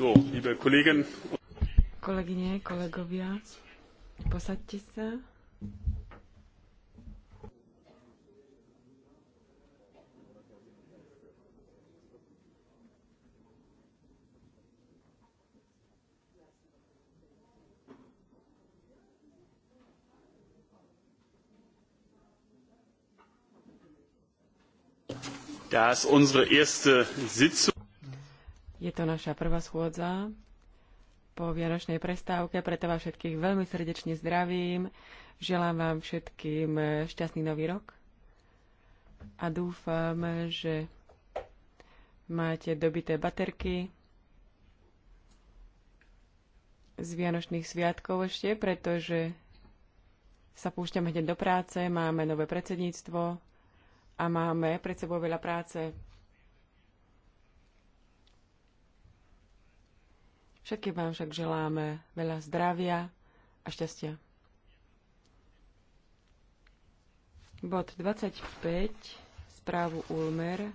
So, liebe Kolleginnen. Kolegyne, kolegovia, posaďte sa. Da ist unsere erste Sitzung. Je to naša prvá schôdza po vianočnej prestávke, preto vás všetkých veľmi srdečne zdravím. Želám vám všetkým šťastný nový rok a dúfam, že máte dobité baterky z Vianočných sviatkov ešte, pretože sa púšťame hneď do práce, máme nové predsedníctvo a máme pred sebou veľa práce. Všetkým vám však želáme veľa zdravia a šťastia. Bod 25, správu Ulmer.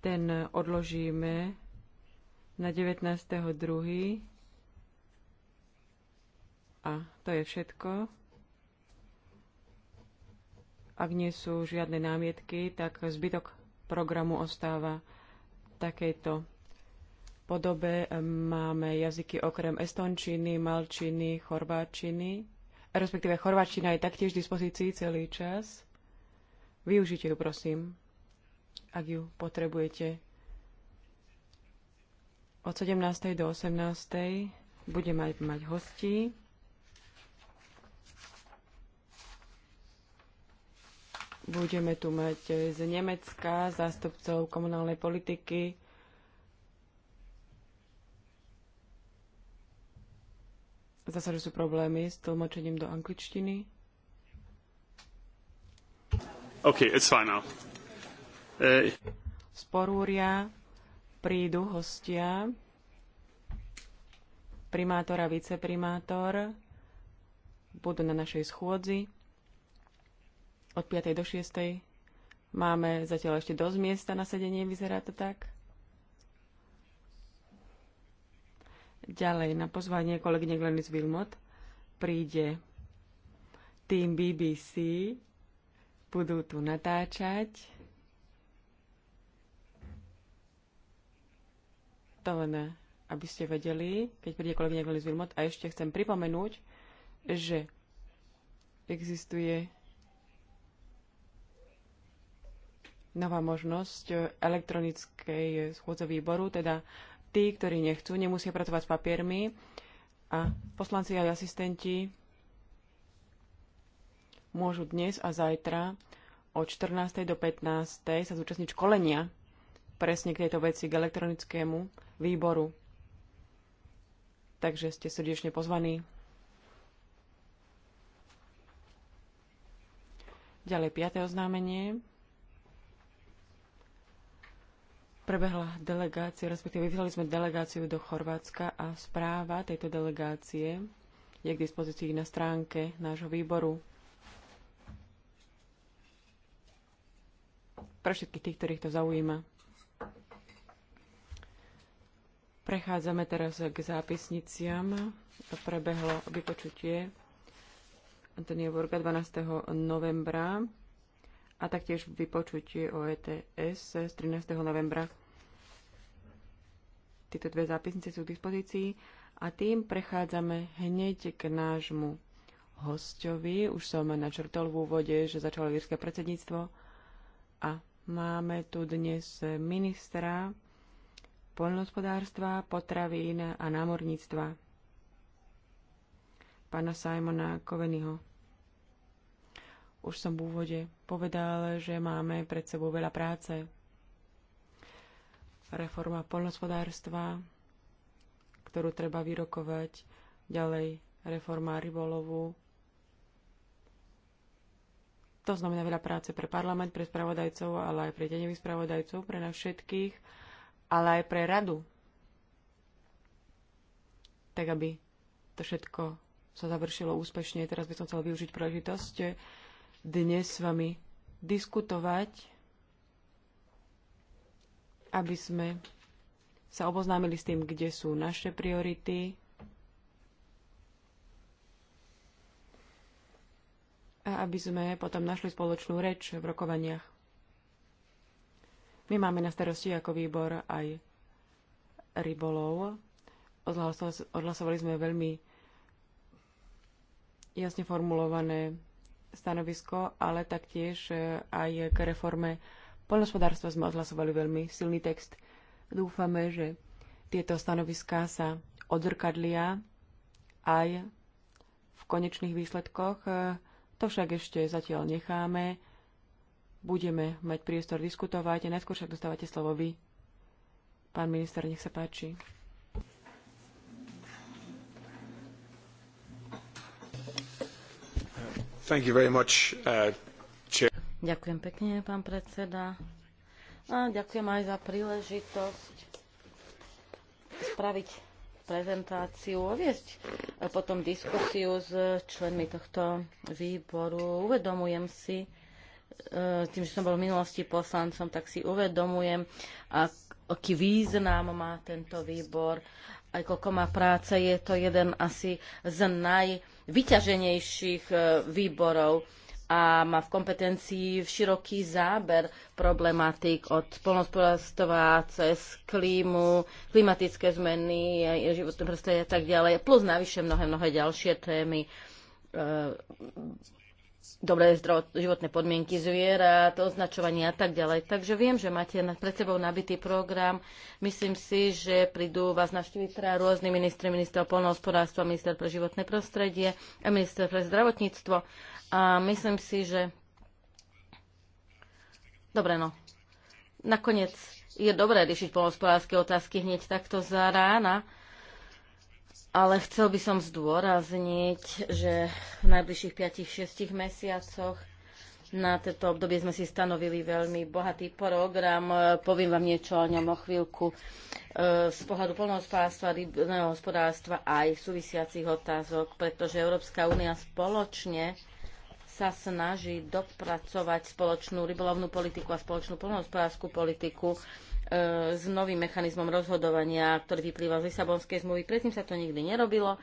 Ten odložíme na 19.2. A to je všetko. Ak nie sú žiadne námietky, tak zbytok programu ostáva v takejto podobe. Máme jazyky okrem estončiny, malčiny, chorváčiny. Respektíve chorváčina je taktiež v dispozícii celý čas. Využite ju, prosím, ak ju potrebujete. Od 17. do 18. budeme mať hostí. Budeme tu mať z Nemecka zástupcov komunálnej politiky. Zase že sú problémy s tlmočením do angličtiny. OK, it's fine now. Hey. Z Porúria prídu hostia, primátor a viceprimátor, budú na našej schôdzi od 5. do 6. Máme zatiaľ ešte dosť miesta na sedenie, vyzerá to tak. Ďalej, na pozvanie kolegyne Glenis Wilmot príde tým BBC, budú tu natáčať. To len, aby ste vedeli, keď príde kolegyňa Glenis Wilmot. A ešte chcem pripomenúť, že existuje nová možnosť e, elektronickej schôdze výboru, teda tí, ktorí nechcú, nemusia pracovať s papiermi a poslanci aj asistenti môžu dnes a zajtra od 14. do 15. sa zúčastniť školenia presne k tejto veci, k elektronickému výboru. Takže ste srdečne pozvaní. Ďalej piaté oznámenie. prebehla delegácia, respektíve vyslali sme delegáciu do Chorvátska a správa tejto delegácie je k dispozícii na stránke nášho výboru. Pre všetkých tých, ktorých to zaujíma. Prechádzame teraz k zápisniciam. Prebehlo vypočutie Antonia Borga 12. novembra a taktiež vypočutie o ETS z 13. novembra. Tieto dve zápisnice sú k dispozícii a tým prechádzame hneď k nášmu hostovi. Už som načrtol v úvode, že začalo vírske predsedníctvo a máme tu dnes ministra poľnohospodárstva, potravín a námorníctva, pána Simona Koveniho. Už som v úvode povedal, že máme pred sebou veľa práce reforma polnospodárstva, ktorú treba vyrokovať, ďalej reforma rybolovu. To znamená veľa práce pre parlament, pre spravodajcov, ale aj pre denevých spravodajcov, pre nás všetkých, ale aj pre radu. Tak, aby to všetko sa završilo úspešne. Teraz by som chcel využiť príležitosť dnes s vami diskutovať aby sme sa oboznámili s tým, kde sú naše priority a aby sme potom našli spoločnú reč v rokovaniach. My máme na starosti ako výbor aj rybolov. Odhlasovali sme veľmi jasne formulované stanovisko, ale taktiež eh, aj k reforme Poľnospodárstvo sme odhlasovali veľmi silný text. Dúfame, že tieto stanoviská sa odzrkadlia aj v konečných výsledkoch. To však ešte zatiaľ necháme. Budeme mať priestor diskutovať. Najskôr však dostávate slovo vy. Pán minister, nech sa páči. Thank you very much, uh, Ďakujem pekne, pán predseda. A ďakujem aj za príležitosť spraviť prezentáciu oviesť potom diskusiu s členmi tohto výboru. Uvedomujem si, e, tým, že som bol v minulosti poslancom, tak si uvedomujem, aký význam má tento výbor, aj koľko má práce. Je to jeden asi z najvyťaženejších e, výborov a má v kompetencii široký záber problematík od polnospodárstva cez klímu, klimatické zmeny, životné prostredie a tak ďalej, plus navyše mnohé, mnohé ďalšie témy, e, dobré životné podmienky zvierat, označovanie a tak ďalej. Takže viem, že máte pred sebou nabitý program. Myslím si, že prídu vás navštíviť teda rôzni ministri, minister polnohospodárstva, minister pre životné prostredie a minister pre zdravotníctvo a myslím si, že... Dobre, no. Nakoniec je dobré riešiť polospodárske otázky hneď takto za rána, ale chcel by som zdôrazniť, že v najbližších 5-6 mesiacoch na toto obdobie sme si stanovili veľmi bohatý program. Poviem vám niečo o ňom o chvíľku e, z pohľadu polnohospodárstva, rybného hospodárstva aj súvisiacich otázok, pretože Európska únia spoločne sa snaží dopracovať spoločnú rybolovnú politiku a spoločnú poľnohospodárskú politiku e, s novým mechanizmom rozhodovania, ktorý vyplýva z Lisabonskej zmluvy. Predtým sa to nikdy nerobilo.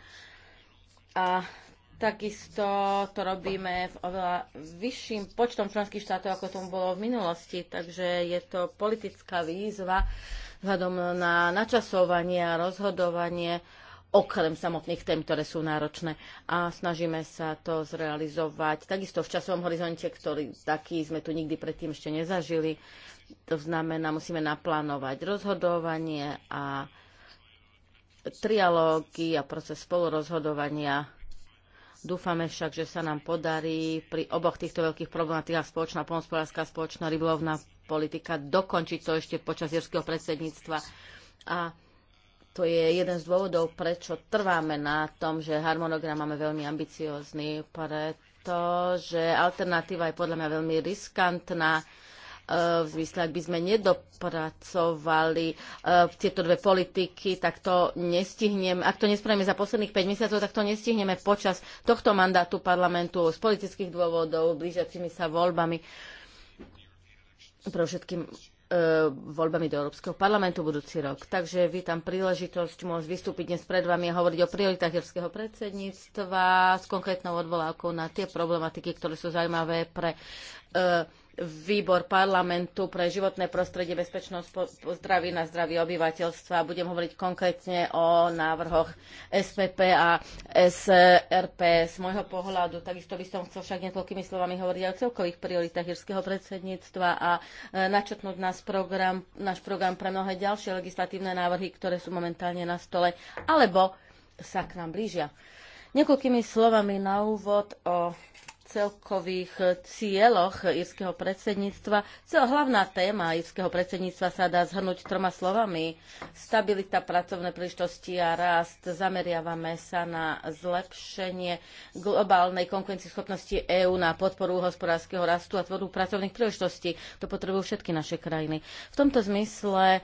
A Takisto to robíme v oveľa vyšším počtom členských štátov, ako tomu bolo v minulosti, takže je to politická výzva vzhľadom na načasovanie a rozhodovanie okrem samotných tém, ktoré sú náročné. A snažíme sa to zrealizovať takisto v časovom horizonte, ktorý taký sme tu nikdy predtým ešte nezažili. To znamená, musíme naplánovať rozhodovanie a trialógy a proces spolurozhodovania. Dúfame však, že sa nám podarí pri oboch týchto veľkých problematikách spoločná pomospodárska, spoločná rybolovná politika dokončiť to ešte počas jerského predsedníctva. A to je jeden z dôvodov, prečo trváme na tom, že harmonogram máme veľmi ambiciózny, pretože alternatíva je podľa mňa veľmi riskantná e, v zmysle, ak by sme nedopracovali uh, tieto dve politiky, tak to nestihneme, ak to nespravíme za posledných 5 mesiacov, tak to nestihneme počas tohto mandátu parlamentu z politických dôvodov, blížiacimi sa voľbami. Pre všetkým E, voľbami do Európskeho parlamentu budúci rok. Takže vítam príležitosť môcť vystúpiť dnes pred vami a hovoriť o prioritách Európskeho predsedníctva s konkrétnou odvolávkou na tie problematiky, ktoré sú zaujímavé pre e, výbor parlamentu pre životné prostredie, bezpečnosť zdraví na zdravie obyvateľstva. Budem hovoriť konkrétne o návrhoch SPP a SRP z môjho pohľadu. Takisto by som chcel však niekoľkými slovami hovoriť o celkových prioritách írskeho predsedníctva a e, načetnúť náš program, náš program pre mnohé ďalšie legislatívne návrhy, ktoré sú momentálne na stole, alebo sa k nám blížia. Niekoľkými slovami na úvod o celkových eh, cieľoch írskeho predsedníctva. Hlavná téma írskeho predsedníctva sa dá zhrnúť troma slovami. Stabilita, pracovné príležitosti a rast. Zameriavame sa na zlepšenie globálnej konkurencieschopnosti EÚ na podporu hospodárskeho rastu a tvorbu pracovných príležitostí. To potrebujú všetky naše krajiny. V tomto zmysle eh,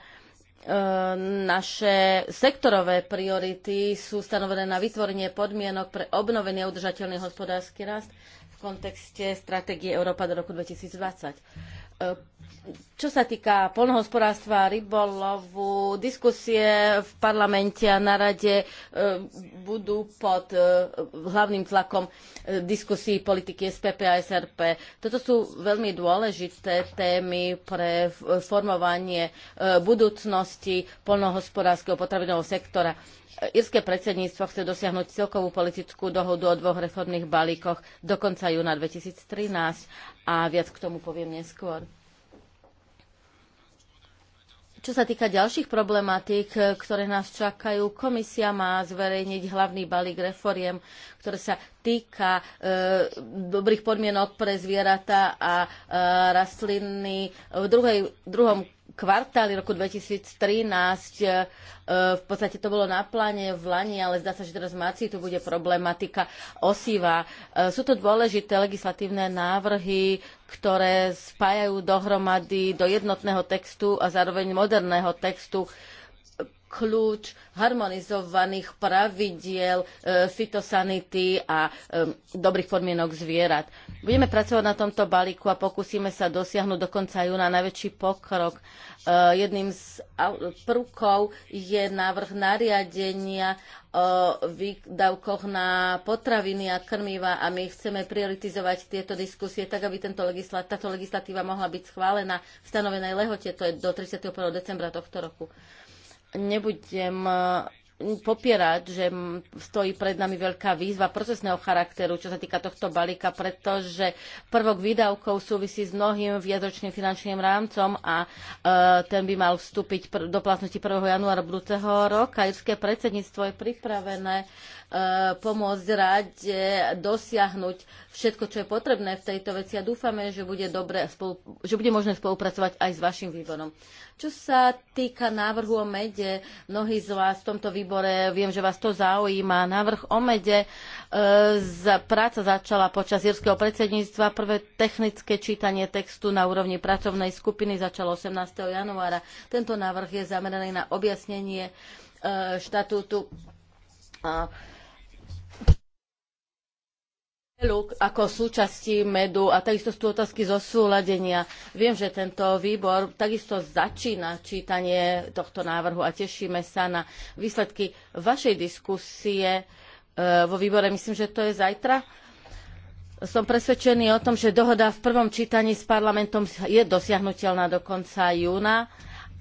naše sektorové priority sú stanovené na vytvorenie podmienok pre obnovený a udržateľný hospodársky rast, kontexte stratégie Európa do roku 2020 čo sa týka polnohospodárstva a rybolovu, diskusie v parlamente a na rade e, budú pod e, hlavným tlakom e, diskusí politiky SPP a SRP. Toto sú veľmi dôležité témy pre formovanie budúcnosti polnohospodárskeho potravinového sektora. Irské predsedníctvo chce dosiahnuť celkovú politickú dohodu o dvoch reformných balíkoch do konca júna 2013 a viac k tomu poviem neskôr. Čo sa týka ďalších problematík, e, ktoré nás čakajú, komisia má zverejniť hlavný balík reforiem, ktoré sa týka e, dobrých podmienok pre zvieratá a e, rastliny. V druhej, druhom kvartály roku 2013. E, v podstate to bolo na pláne v Lani, ale zdá sa, že teraz v Máci tu bude problematika osiva. E, sú to dôležité legislatívne návrhy, ktoré spájajú dohromady do jednotného textu a zároveň moderného textu kľúč harmonizovaných pravidiel e, fitosanity a e, dobrých podmienok zvierat. Budeme pracovať na tomto balíku a pokúsime sa dosiahnuť dokonca júna najväčší pokrok. E, jedným z prvkov je návrh nariadenia o výdavkoch na potraviny a krmiva a my chceme prioritizovať tieto diskusie tak, aby tento táto legislatíva mohla byť schválená v stanovenej lehote, to je do 31. decembra tohto roku nebudem eh, popierať, že stojí pred nami veľká výzva procesného charakteru, čo sa týka tohto balíka, pretože prvok výdavkov súvisí s mnohým viacročným finančným rámcom a e, ten by mal vstúpiť pr- do platnosti 1. januára budúceho roka. Irské predsedníctvo je pripravené Eh, pomôcť rade dosiahnuť všetko, čo je potrebné v tejto veci a dúfame, že bude, dobre, že bude možné spolupracovať aj s vašim výborom. Čo sa týka návrhu o mede, mnohí z vás v tomto výbore, viem, že vás to zaujíma, návrh o mede, e, práca začala počas jirského predsedníctva, prvé technické čítanie textu na úrovni pracovnej skupiny začalo 18. januára. Tento návrh je zameraný na objasnenie e, štatútu e, ako súčasti medu a takisto sú tu otázky zo súladenia. Viem, že tento výbor takisto začína čítanie tohto návrhu a tešíme sa na výsledky vašej diskusie e, vo výbore. Myslím, že to je zajtra. Som presvedčený o tom, že dohoda v prvom čítaní s parlamentom je dosiahnutelná do konca júna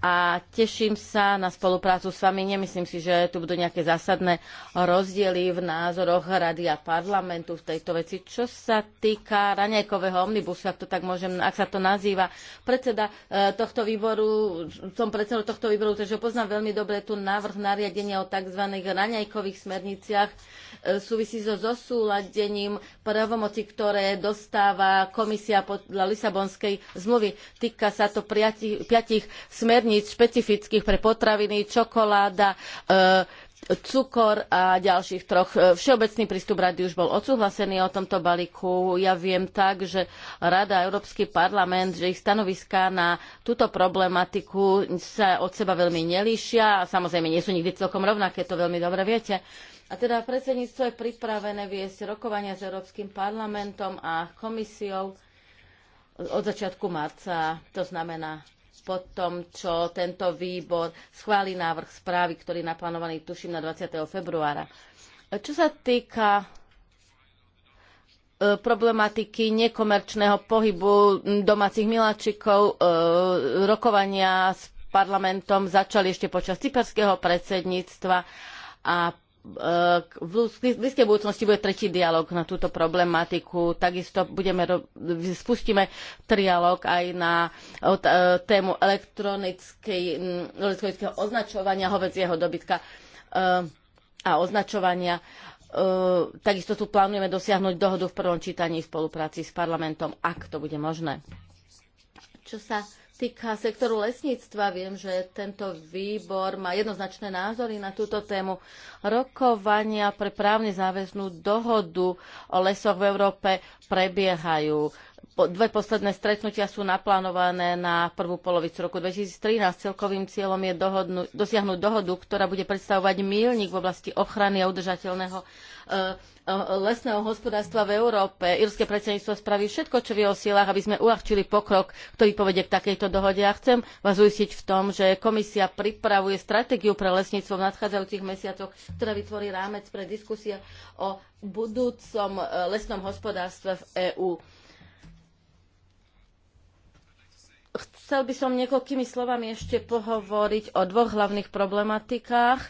a teším sa na spoluprácu s vami. Nemyslím si, že tu budú nejaké zásadné rozdiely v názoroch rady a parlamentu v tejto veci. Čo sa týka raňajkového omnibusu, ak, to tak môžem, ak sa to nazýva, predseda e, tohto výboru, som predseda tohto výboru, takže poznám veľmi dobre tu návrh nariadenia o tzv. raňajkových smerniciach. E, súvisí so zosúladením pravomoci, ktoré dostáva komisia podľa Lisabonskej zmluvy. Týka sa to piatich smerníc hraníc špecifických pre potraviny, čokoláda, e, cukor a ďalších troch. E, všeobecný prístup rady už bol odsúhlasený o tomto balíku. Ja viem tak, že Rada a Európsky parlament, že ich stanoviská na túto problematiku sa od seba veľmi nelíšia a samozrejme nie sú nikdy celkom rovnaké, to veľmi dobre viete. A teda predsedníctvo je pripravené viesť rokovania s Európskym parlamentom a komisiou od začiatku marca, to znamená po tom, čo tento výbor schválí návrh správy, ktorý je naplánovaný, tuším, na 20. februára. Čo sa týka e, problematiky nekomerčného pohybu domácich miláčikov, e, rokovania s parlamentom začali ešte počas cyperského predsedníctva a v blízkej budúcnosti bude tretí dialog na túto problematiku. Takisto budeme, spustíme trialog aj na e, tému elektronického označovania hovedzieho dobytka e, a označovania. E, takisto tu plánujeme dosiahnuť dohodu v prvom čítaní v spolupráci s parlamentom, ak to bude možné. Čo sa týka sektoru lesníctva, viem, že tento výbor má jednoznačné názory na túto tému. Rokovania pre právne záväznú dohodu o lesoch v Európe prebiehajú dve posledné stretnutia sú naplánované na prvú polovicu roku 2013. Celkovým cieľom je dohodnú, dosiahnuť dohodu, ktorá bude predstavovať míľnik v oblasti ochrany a udržateľného e, e, lesného hospodárstva v Európe. Írske predsedníctvo spraví všetko, čo v jeho silách, aby sme uľahčili pokrok, ktorý povedie k takejto dohode. A chcem vás uistiť v tom, že komisia pripravuje stratégiu pre lesníctvo v nadchádzajúcich mesiacoch, ktorá vytvorí rámec pre diskusie o budúcom e, lesnom hospodárstve v EÚ Chcel by som niekoľkými slovami ešte pohovoriť o dvoch hlavných problematikách,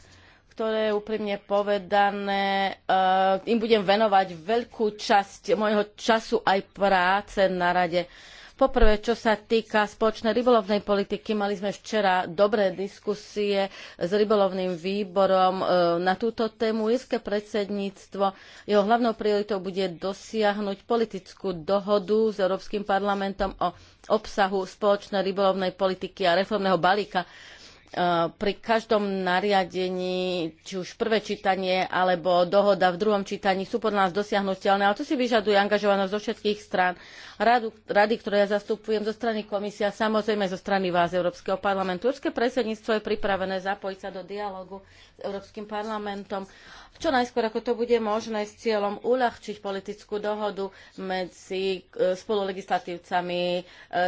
ktoré úprimne povedané, uh, im budem venovať veľkú časť môjho času aj práce na rade. Uh, Poprvé, čo sa týka spoločnej rybolovnej politiky, mali sme včera dobré diskusie s rybolovným výborom e, na túto tému. írske predsedníctvo, jeho hlavnou prioritou bude dosiahnuť politickú dohodu s Európskym parlamentom o obsahu spoločnej rybolovnej politiky a reformného balíka E, pri každom nariadení, či už prvé čítanie alebo dohoda v druhom čítaní sú podľa nás dosiahnuteľné, ale to si vyžaduje angažovanosť zo všetkých strán. Radu, rady, ktoré ja zastupujem zo strany komisia, samozrejme zo strany vás Európskeho parlamentu. Európske predsedníctvo je pripravené zapojiť sa do dialogu s Európskym parlamentom čo najskôr, ako to bude možné, s cieľom uľahčiť politickú dohodu medzi e, spolulegislatívcami. E,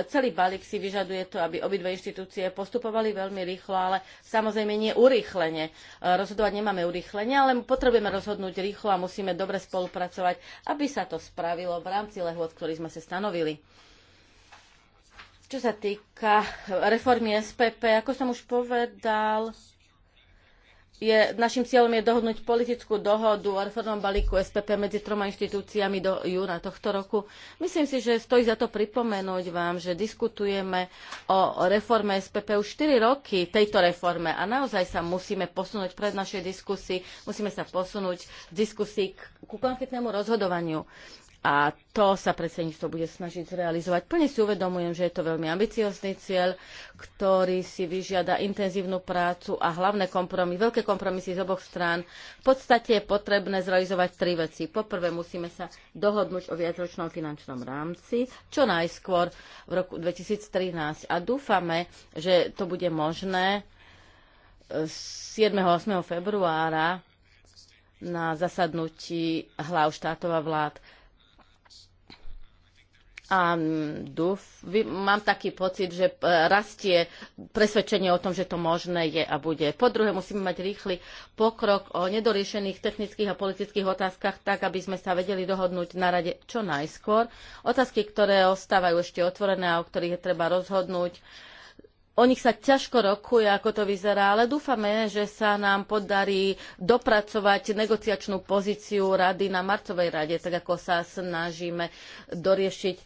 celý balík si vyžaduje to, aby obidve inštitúcie postupovali veľmi rýchlo rýchlo, ale samozrejme nie urýchlene. E, rozhodovať nemáme urýchlenie, ale potrebujeme rozhodnúť rýchlo a musíme dobre spolupracovať, aby sa to spravilo v rámci lehôd, ktorý sme si stanovili. Čo sa týka reformy SPP, ako som už povedal, je, našim cieľom je dohodnúť politickú dohodu o reformnom balíku SPP medzi troma inštitúciami do júna tohto roku. Myslím si, že stojí za to pripomenúť vám, že diskutujeme o reforme SPP už 4 roky, tejto reforme a naozaj sa musíme posunúť pred našej diskusii, musíme sa posunúť v diskusii k, ku konkrétnemu rozhodovaniu a to sa predsedníctvo bude snažiť zrealizovať. Plne si uvedomujem, že je to veľmi ambiciózny cieľ, ktorý si vyžiada intenzívnu prácu a hlavné kompromisy, veľké kompromisy z oboch strán. V podstate je potrebné zrealizovať tri veci. Poprvé musíme sa dohodnúť o viacročnom finančnom rámci, čo najskôr v roku 2013 a dúfame, že to bude možné 7. E, a 8. februára na zasadnutí hlav štátov a vlád a mm, dúf, mám taký pocit, že e, rastie presvedčenie o tom, že to možné je a bude. Po druhé, musíme mať rýchly pokrok o nedoriešených technických a politických otázkach, tak aby sme sa vedeli dohodnúť na rade čo najskôr. Otázky, ktoré ostávajú ešte otvorené a o ktorých je treba rozhodnúť, O nich sa ťažko rokuje, ako to vyzerá, ale dúfame, že sa nám podarí dopracovať negociačnú pozíciu rady na marcovej rade, tak ako sa snažíme doriešiť e,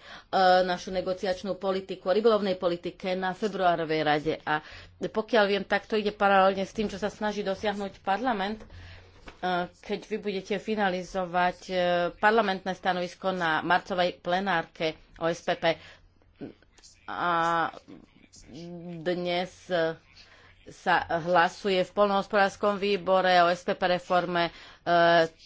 našu negociačnú politiku o rybolovnej politike na februárovej rade. A pokiaľ viem, tak to ide paralelne s tým, čo sa snaží dosiahnuť parlament e, keď vy budete finalizovať e, parlamentné stanovisko na marcovej plenárke o SPP. A dnes e, sa hlasuje v polnohospodárskom výbore o SPP reforme, e,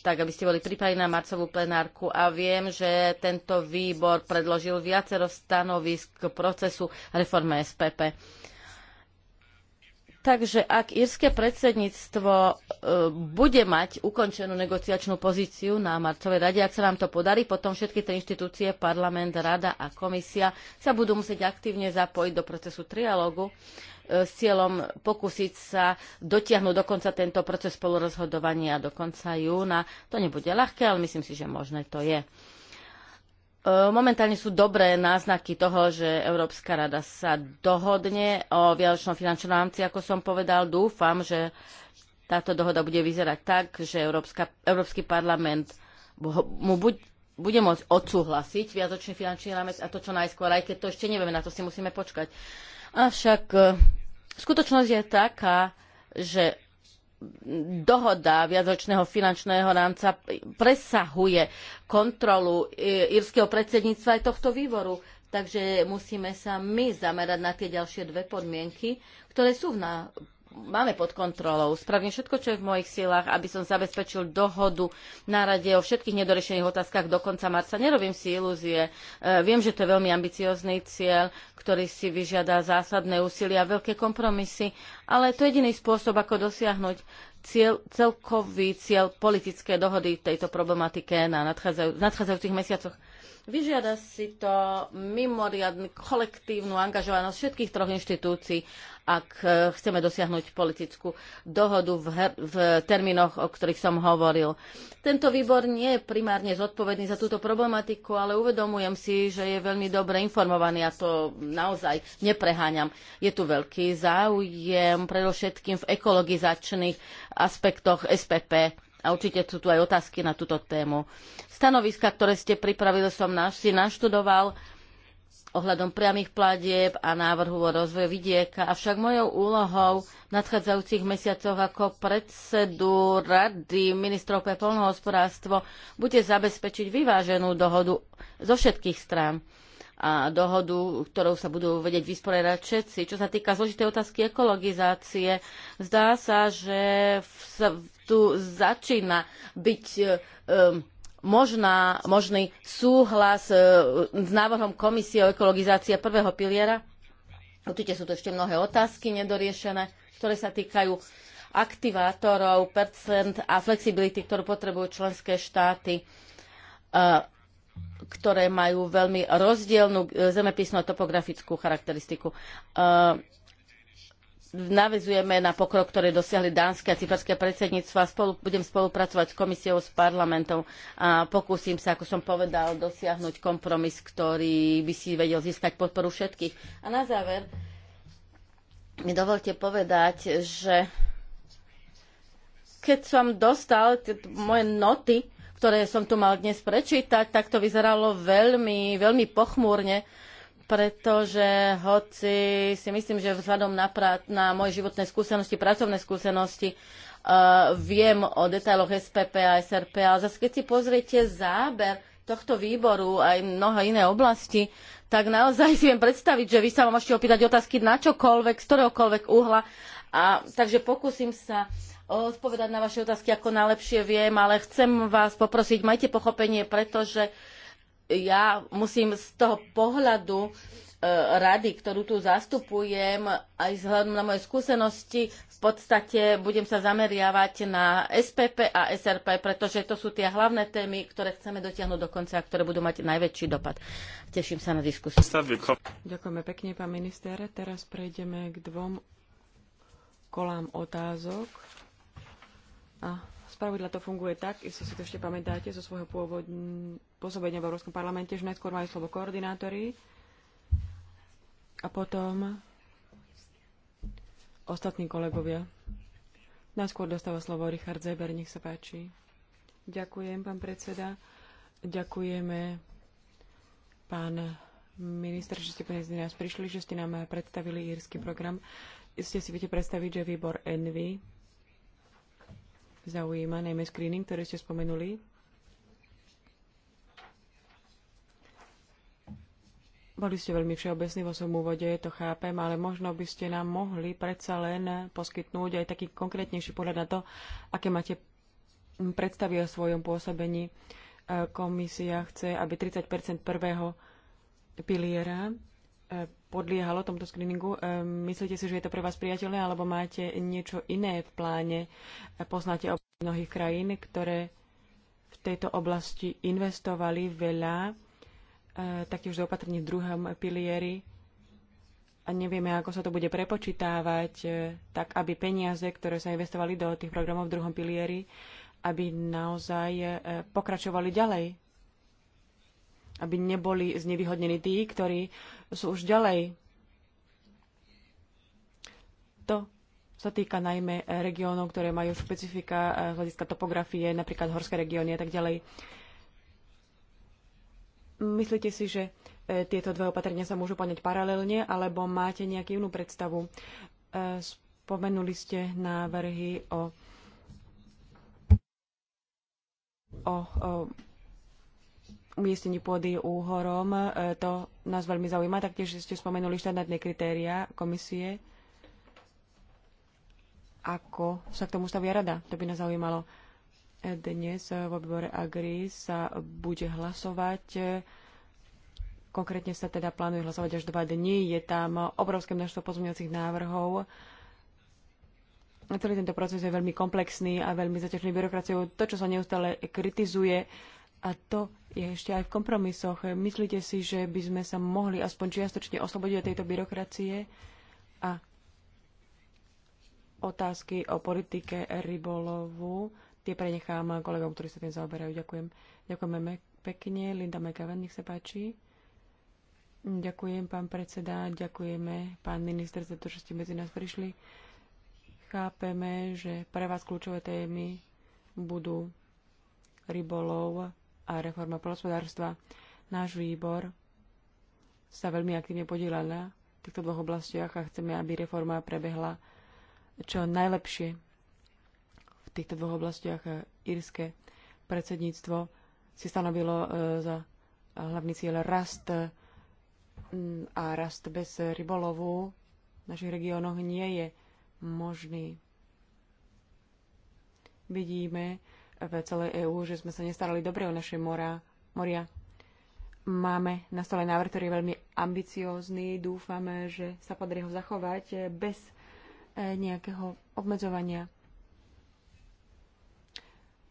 tak aby ste boli pripravení na marcovú plenárku. A viem, že tento výbor predložil viacero stanovisk k procesu reforme SPP. Takže ak írske predsedníctvo e, bude mať ukončenú negociačnú pozíciu na marcovej rade, ak sa nám to podarí, potom všetky tie inštitúcie, parlament, rada a komisia sa budú musieť aktívne zapojiť do procesu trialógu e, s cieľom pokúsiť sa dotiahnuť dokonca tento proces spolurozhodovania do konca júna. To nebude ľahké, ale myslím si, že možné to je. E, momentálne sú dobré náznaky toho, že Európska rada sa dohodne o vianočnom finančnom rámci, ako som povedal. Dúfam, že táto dohoda bude vyzerať tak, že Európska, Európsky parlament mu buď, bude môcť odsúhlasiť viazočný finančný rámec a to čo najskôr, aj keď to ešte nevieme, na to si musíme počkať. Avšak e, skutočnosť je taká, že dohoda viacročného finančného rámca presahuje kontrolu írskeho predsedníctva aj tohto výboru. Takže musíme sa my zamerať na tie ďalšie dve podmienky, ktoré sú v, na, máme pod kontrolou. Spravím všetko, čo je v mojich silách, aby som zabezpečil dohodu na rade o všetkých nedorešených otázkach do konca marca. Nerobím si ilúzie. E, viem, že to je veľmi ambiciózny cieľ, ktorý si vyžiada zásadné úsilie a veľké kompromisy, ale to je jediný spôsob, ako dosiahnuť cieľ, celkový cieľ politické dohody tejto problematike na nadchádzajúcich mesiacoch. Vyžiada si to mimoriadnú kolektívnu angažovanosť všetkých troch inštitúcií, ak e, chceme dosiahnuť politickú dohodu v, her- v termínoch, o ktorých som hovoril. Tento výbor nie je primárne zodpovedný za túto problematiku, ale uvedomujem si, že je veľmi dobre informovaný a to naozaj nepreháňam. Je tu veľký záujem, predovšetkým v ekologizačných aspektoch SPP a určite sú tu aj otázky na túto tému. Stanoviska, ktoré ste pripravili, som naš, si naštudoval ohľadom priamých platieb a návrhu o rozvoju vidieka. Avšak mojou úlohou v nadchádzajúcich mesiacoch ako predsedu Rady ministrov pre polnohospodárstvo bude zabezpečiť vyváženú dohodu zo všetkých strán a dohodu, ktorou sa budú vedieť vysporiadať všetci. Čo sa týka zložitej otázky ekologizácie, zdá sa, že sa tu začína byť um, možná, možný súhlas e, s návrhom komisie o ekologizácie prvého piliera? Určite sú to ešte mnohé otázky nedoriešené, ktoré sa týkajú aktivátorov, percent a flexibility, ktorú potrebujú členské štáty ktoré majú veľmi rozdielnú e, a topografickú charakteristiku. E, navezujeme na pokrok, ktoré dosiahli dánske a cyperské predsedníctva. Spolu, budem spolupracovať s komisiou, s parlamentom a pokúsim sa, ako som povedal, dosiahnuť kompromis, ktorý by si vedel získať podporu všetkých. A na záver mi dovolte povedať, že keď som dostal moje noty, ktoré som tu mal dnes prečítať, tak to vyzeralo veľmi, veľmi pochmúrne, pretože hoci si myslím, že vzhľadom na, na moje životné skúsenosti, pracovné skúsenosti, uh, viem o detailoch SPP a SRP, ale zase keď si pozriete záber tohto výboru aj mnoha iné oblasti, tak naozaj si viem predstaviť, že vy sa ma môžete opýtať otázky na čokoľvek, z ktoréhokoľvek uhla. A, takže pokúsim sa uh, odpovedať na vaše otázky, ako najlepšie viem, ale chcem vás poprosiť, majte pochopenie, pretože ja musím z toho pohľadu e, rady, ktorú tu zastupujem, aj vzhľadom na moje skúsenosti, v podstate budem sa zameriavať na SPP a SRP, pretože to sú tie hlavné témy, ktoré chceme dotiahnuť do konca a ktoré budú mať najväčší dopad. Teším sa na diskusiu. Ďakujeme pekne, pán minister. Teraz prejdeme k dvom kolám otázok. A spravidla to funguje tak, isto si to ešte pamätáte zo svojho pôsobenia v Európskom parlamente, že najskôr majú slovo koordinátori a potom ostatní kolegovia. Najskôr dostáva slovo Richard Zeber, nech sa páči. Ďakujem, pán predseda. Ďakujeme, pán minister, že ste medzi nás prišli, že ste nám predstavili írsky program. Ste si viete predstaviť, že výbor Envy zaujíma, najmä screening, ktorý ste spomenuli. Boli ste veľmi všeobecní vo svojom úvode, to chápem, ale možno by ste nám mohli predsa len poskytnúť aj taký konkrétnejší pohľad na to, aké máte predstavy o svojom pôsobení. Komisia chce, aby 30 prvého piliera podliehalo tomto screeningu. Myslíte si, že je to pre vás priateľné, alebo máte niečo iné v pláne? Poznáte o mnohých krajín, ktoré v tejto oblasti investovali veľa, eh, taktiež do opatrení v druhom pilieri a nevieme, ako sa to bude prepočítavať, eh, tak aby peniaze, ktoré sa investovali do tých programov v druhom pilieri, aby naozaj eh, pokračovali ďalej. Aby neboli znevýhodnení tí, ktorí sú už ďalej. To sa týka najmä eh, regiónov, ktoré majú špecifika eh, z hľadiska topografie, napríklad horské regióny a tak ďalej. Myslíte si, že eh, tieto dve opatrenia sa môžu plniť paralelne, alebo máte nejakú inú predstavu? Spomenuli ste návrhy o, o, o umiestnení pôdy úhorom. E, to nás veľmi zaujíma. Taktiež ste spomenuli štandardné kritéria komisie. Ako sa k tomu stavia rada? To by nás zaujímalo. E, dnes e, vo výbore Agri sa bude hlasovať. Konkrétne sa teda plánuje hlasovať až dva dní. Je tam obrovské množstvo pozmeňovacích návrhov. Celý tento proces je veľmi komplexný a veľmi zaťažený byrokraciou. To, čo sa neustále kritizuje, a to je ešte aj v kompromisoch. Myslíte si, že by sme sa mohli aspoň čiastočne oslobodiť od tejto byrokracie a otázky o politike rybolovu, tie prenechám kolegom, ktorí sa tým zaoberajú. Ďakujem. Ďakujeme pekne. Linda McGavin, nech sa páči. Ďakujem, pán predseda, ďakujeme, pán minister, za to, že ste medzi nás prišli. Chápeme, že pre vás kľúčové témy budú rybolov, a reforma polospodárstva. Náš výbor sa veľmi aktívne podiela na týchto dvoch oblastiach a chceme, aby reforma prebehla čo najlepšie v týchto dvoch oblastiach. Írske predsedníctvo si stanovilo e, za hlavný cieľ rast a rast bez rybolovu v našich regiónoch nie je možný. Vidíme, v celej EÚ, že sme sa nestarali dobre o naše mora, moria. Máme na stole návrh, ktorý je veľmi ambiciózny. Dúfame, že sa podarí ho zachovať bez eh, nejakého obmedzovania.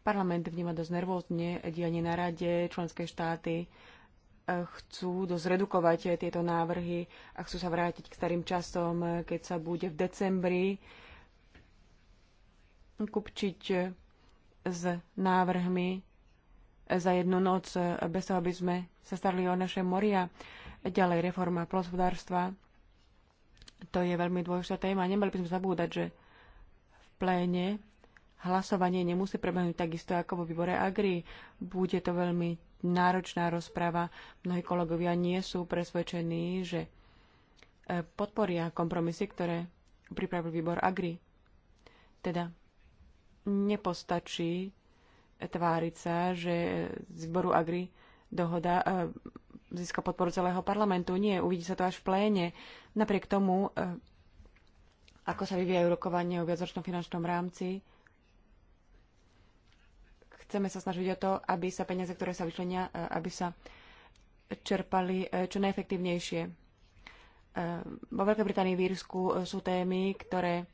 Parlament vníma dosť nervózne dianie na rade, členské štáty eh, chcú dosť redukovať tieto návrhy a chcú sa vrátiť k starým časom, eh, keď sa bude v decembri kupčiť s návrhmi za jednu noc, bez toho, aby sme sa starali o naše moria. Ďalej reforma plospodárstva. To je veľmi dôležitá téma. Nemali by sme zabúdať, že v pléne hlasovanie nemusí prebehnúť takisto ako vo výbore Agri. Bude to veľmi náročná rozprava. Mnohí kolegovia nie sú presvedčení, že eh, podporia kompromisy, ktoré pripravil výbor Agri. Teda nepostačí tváriť sa, že z výboru Agri dohoda e, získa podporu celého parlamentu. Nie, uvidí sa to až v pléne. Napriek tomu, e, ako sa vyvíjajú rokovanie o viacročnom finančnom rámci, chceme sa snažiť o to, aby sa peniaze, ktoré sa vyčlenia, e, aby sa čerpali čo najefektívnejšie. Vo Veľkej Británii v Írsku sú témy, ktoré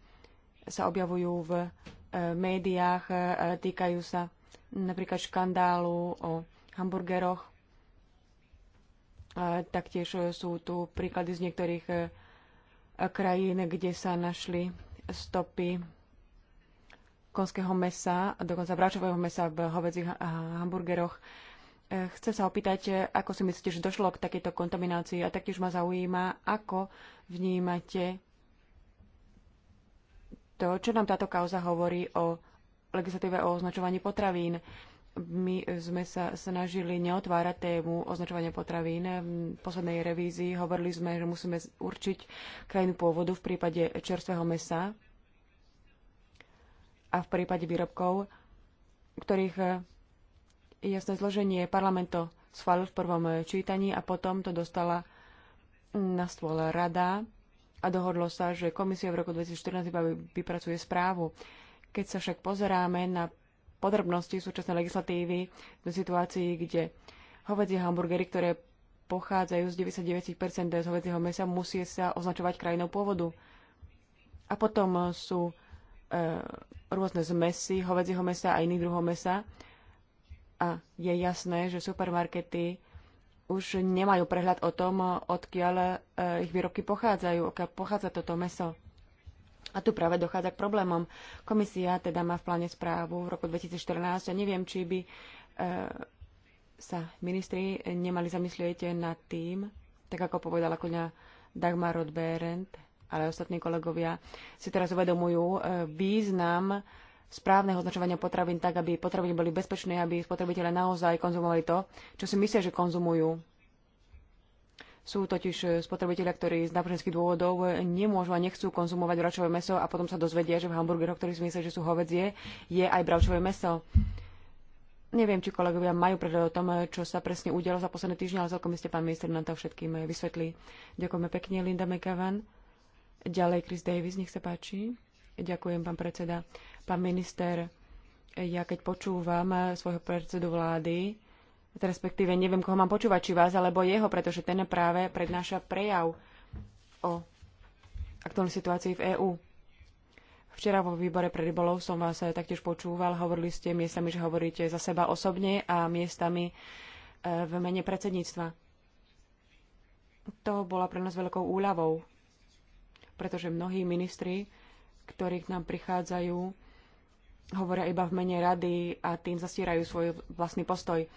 sa objavujú v v e, médiách, e, e, týkajú sa napríklad škandálu o hamburgeroch. Taktiež sú tu príklady z niektorých krajín, kde sa našli stopy konského mesa, dokonca bráčového mesa v hovedzích hamburgeroch. Chcem sa opýtať, ako si myslíte, že došlo k takejto kontaminácii a taktiež ma zaujíma, ako vnímate to, čo nám táto kauza hovorí o legislatíve o označovaní potravín. My sme sa snažili neotvárať tému označovania potravín. V poslednej revízii hovorili sme, že musíme určiť krajinu pôvodu v prípade čerstvého mesa a v prípade výrobkov, ktorých jasné zloženie parlamento schválil v prvom čítaní a potom to dostala na stôl rada a dohodlo sa, že komisia v roku 2014 vypracuje správu. Keď sa však pozeráme na podrobnosti súčasnej legislatívy do situácii, kde hovedzie hamburgery, ktoré pochádzajú z 99% z hovedzieho mesa, musí sa označovať krajinou pôvodu. A potom sú e, rôzne zmesy hovedzieho mesa a iných druhov mesa. A je jasné, že supermarkety už nemajú prehľad o tom, odkiaľ e, ich výrobky pochádzajú, odkiaľ pochádza toto meso. A tu práve dochádza k problémom. Komisia teda má v pláne správu v roku 2014 a neviem, či by e, sa ministri nemali zamyslieť nad tým, tak ako povedala koňa Dagmar Rodberend, ale ostatní kolegovia si teraz uvedomujú e, význam správne označovania potravín tak, aby potraviny boli bezpečné, aby spotrebitelia naozaj konzumovali to, čo si myslia, že konzumujú. Sú totiž eh, spotrebitelia, ktorí z náboženských dôvodov eh, nemôžu a nechcú konzumovať bravčové meso a potom sa dozvedia, že v hamburgeroch, ktorí si myslia, že sú hovedzie, je aj bravčové meso. Neviem, či kolegovia majú prehľad o tom, eh, čo sa presne udialo za posledné týždne, ale celkom ste pán minister nám to všetkým vysvetlí. Ďakujeme pekne, Linda McAvan. Ďalej Chris Davis, nech sa páči. Ďakujem, pán predseda. Pán minister, ja keď počúvam svojho predsedu vlády, teda respektíve neviem, koho mám počúvať, či vás alebo jeho, pretože ten práve prednáša prejav o aktuálnej situácii v EÚ. Včera vo výbore pre rybolov som vás taktiež počúval. Hovorili ste miestami, že hovoríte za seba osobne a miestami e, v mene predsedníctva. To bola pre nás veľkou úľavou, pretože mnohí ministri, ktorí k nám prichádzajú, hovoria iba v mene rady a tým zastierajú svoj vlastný postoj e,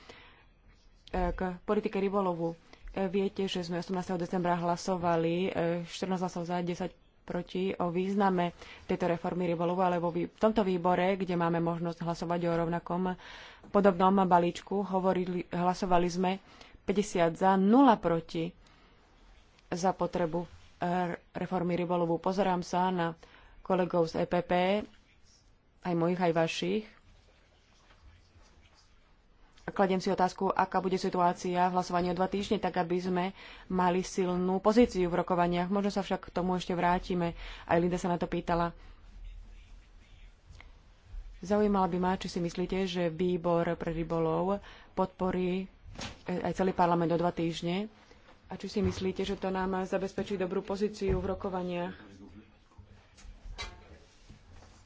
k politike rybolovu. E, viete, že sme 18. decembra hlasovali 14 e, hlasov za 10 proti o význame tejto reformy rybolovu, ale vo v tomto výbore, kde máme možnosť hlasovať o rovnakom podobnom balíčku, hovorili, hlasovali sme 50 za, 0 proti za potrebu reformy rybolovu. Pozerám sa na kolegov z EPP aj mojich, aj vašich. Kladiem si otázku, aká bude situácia v hlasovaní o dva týždne, tak aby sme mali silnú pozíciu v rokovaniach. Možno sa však k tomu ešte vrátime. Aj Linda sa na to pýtala. Zaujímalo by ma, či si myslíte, že výbor pre rybolov podporí e, aj celý parlament o dva týždne a či si myslíte, že to nám zabezpečí dobrú pozíciu v rokovaniach.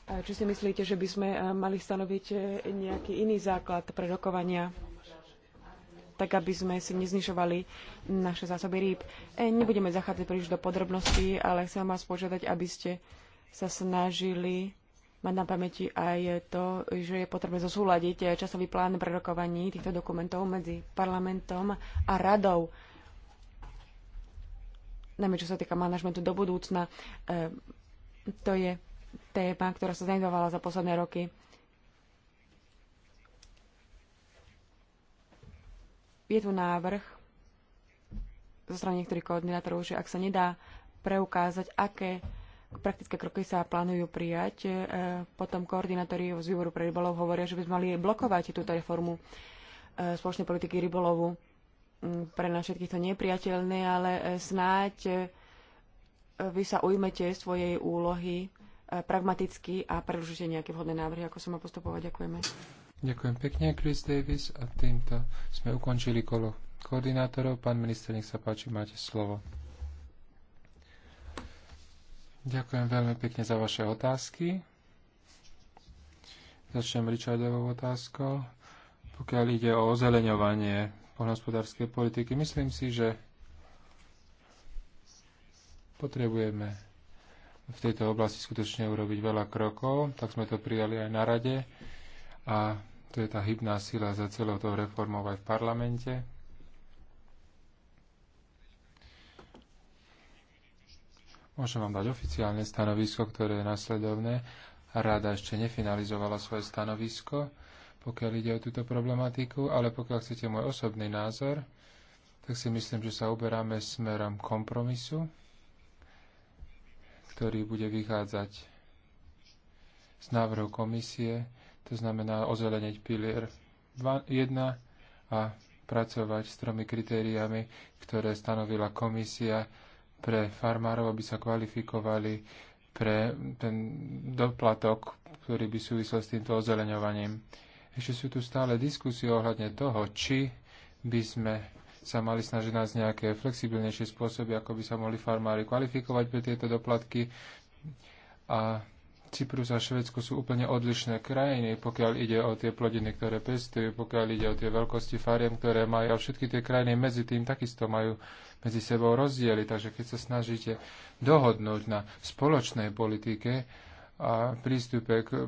Či si myslíte, že by sme eh, mali stanoviť eh, nejaký iný základ pre rokovania, tak aby sme si neznišovali naše zásoby rýb? E, nebudeme zachádzať príliš do podrobností, ale chcem vás požiadať, aby ste sa snažili mať na pamäti aj to, že je potrebné zosúľadiť eh, časový plán pre rokovaní týchto dokumentov medzi parlamentom a radou. Najmä čo sa týka manažmentu do budúcna, to je téma, ktorá sa zanedbávala za posledné roky. Je tu návrh zo strany niektorých koordinátorov, že ak sa nedá preukázať, aké praktické kroky sa plánujú prijať, e, potom koordinátori z výboru pre rybolov hovoria, že by sme mali blokovať túto reformu e, spoločnej politiky rybolovu. Pre nás všetkých to nepriateľné, ale e, snáď vy sa ujmete svojej úlohy E, pragmaticky a predlžite nejaké vhodné návrhy, ako sa má postupovať. Ďakujeme. Ďakujem pekne, Chris Davis. A týmto sme ukončili kolo koordinátorov. Pán minister, nech sa páči, máte slovo. Ďakujem veľmi pekne za vaše otázky. Začnem Richardovou otázkou. Pokiaľ ide o ozeleňovanie poľnohospodárskej politiky, myslím si, že potrebujeme v tejto oblasti skutočne urobiť veľa krokov, tak sme to prijali aj na rade a to je tá hybná sila za celou tou reformou aj v parlamente. Môžem vám dať oficiálne stanovisko, ktoré je nasledovné. Rada ešte nefinalizovala svoje stanovisko, pokiaľ ide o túto problematiku, ale pokiaľ chcete môj osobný názor, tak si myslím, že sa uberáme smerom kompromisu ktorý bude vychádzať z návrhu komisie, to znamená ozeleniť pilier 1 a pracovať s tromi kritériami, ktoré stanovila komisia pre farmárov, aby sa kvalifikovali pre ten doplatok, ktorý by súvisel s týmto ozeleňovaním. Ešte sú tu stále diskusie ohľadne toho, či by sme sa mali snažiť nájsť nejaké flexibilnejšie spôsoby, ako by sa mohli farmári kvalifikovať pre tieto doplatky. A Cyprus a Švedsko sú úplne odlišné krajiny, pokiaľ ide o tie plodiny, ktoré pestujú, pokiaľ ide o tie veľkosti fariem, ktoré majú. A všetky tie krajiny medzi tým takisto majú medzi sebou rozdiely. Takže keď sa snažíte dohodnúť na spoločnej politike a prístupe k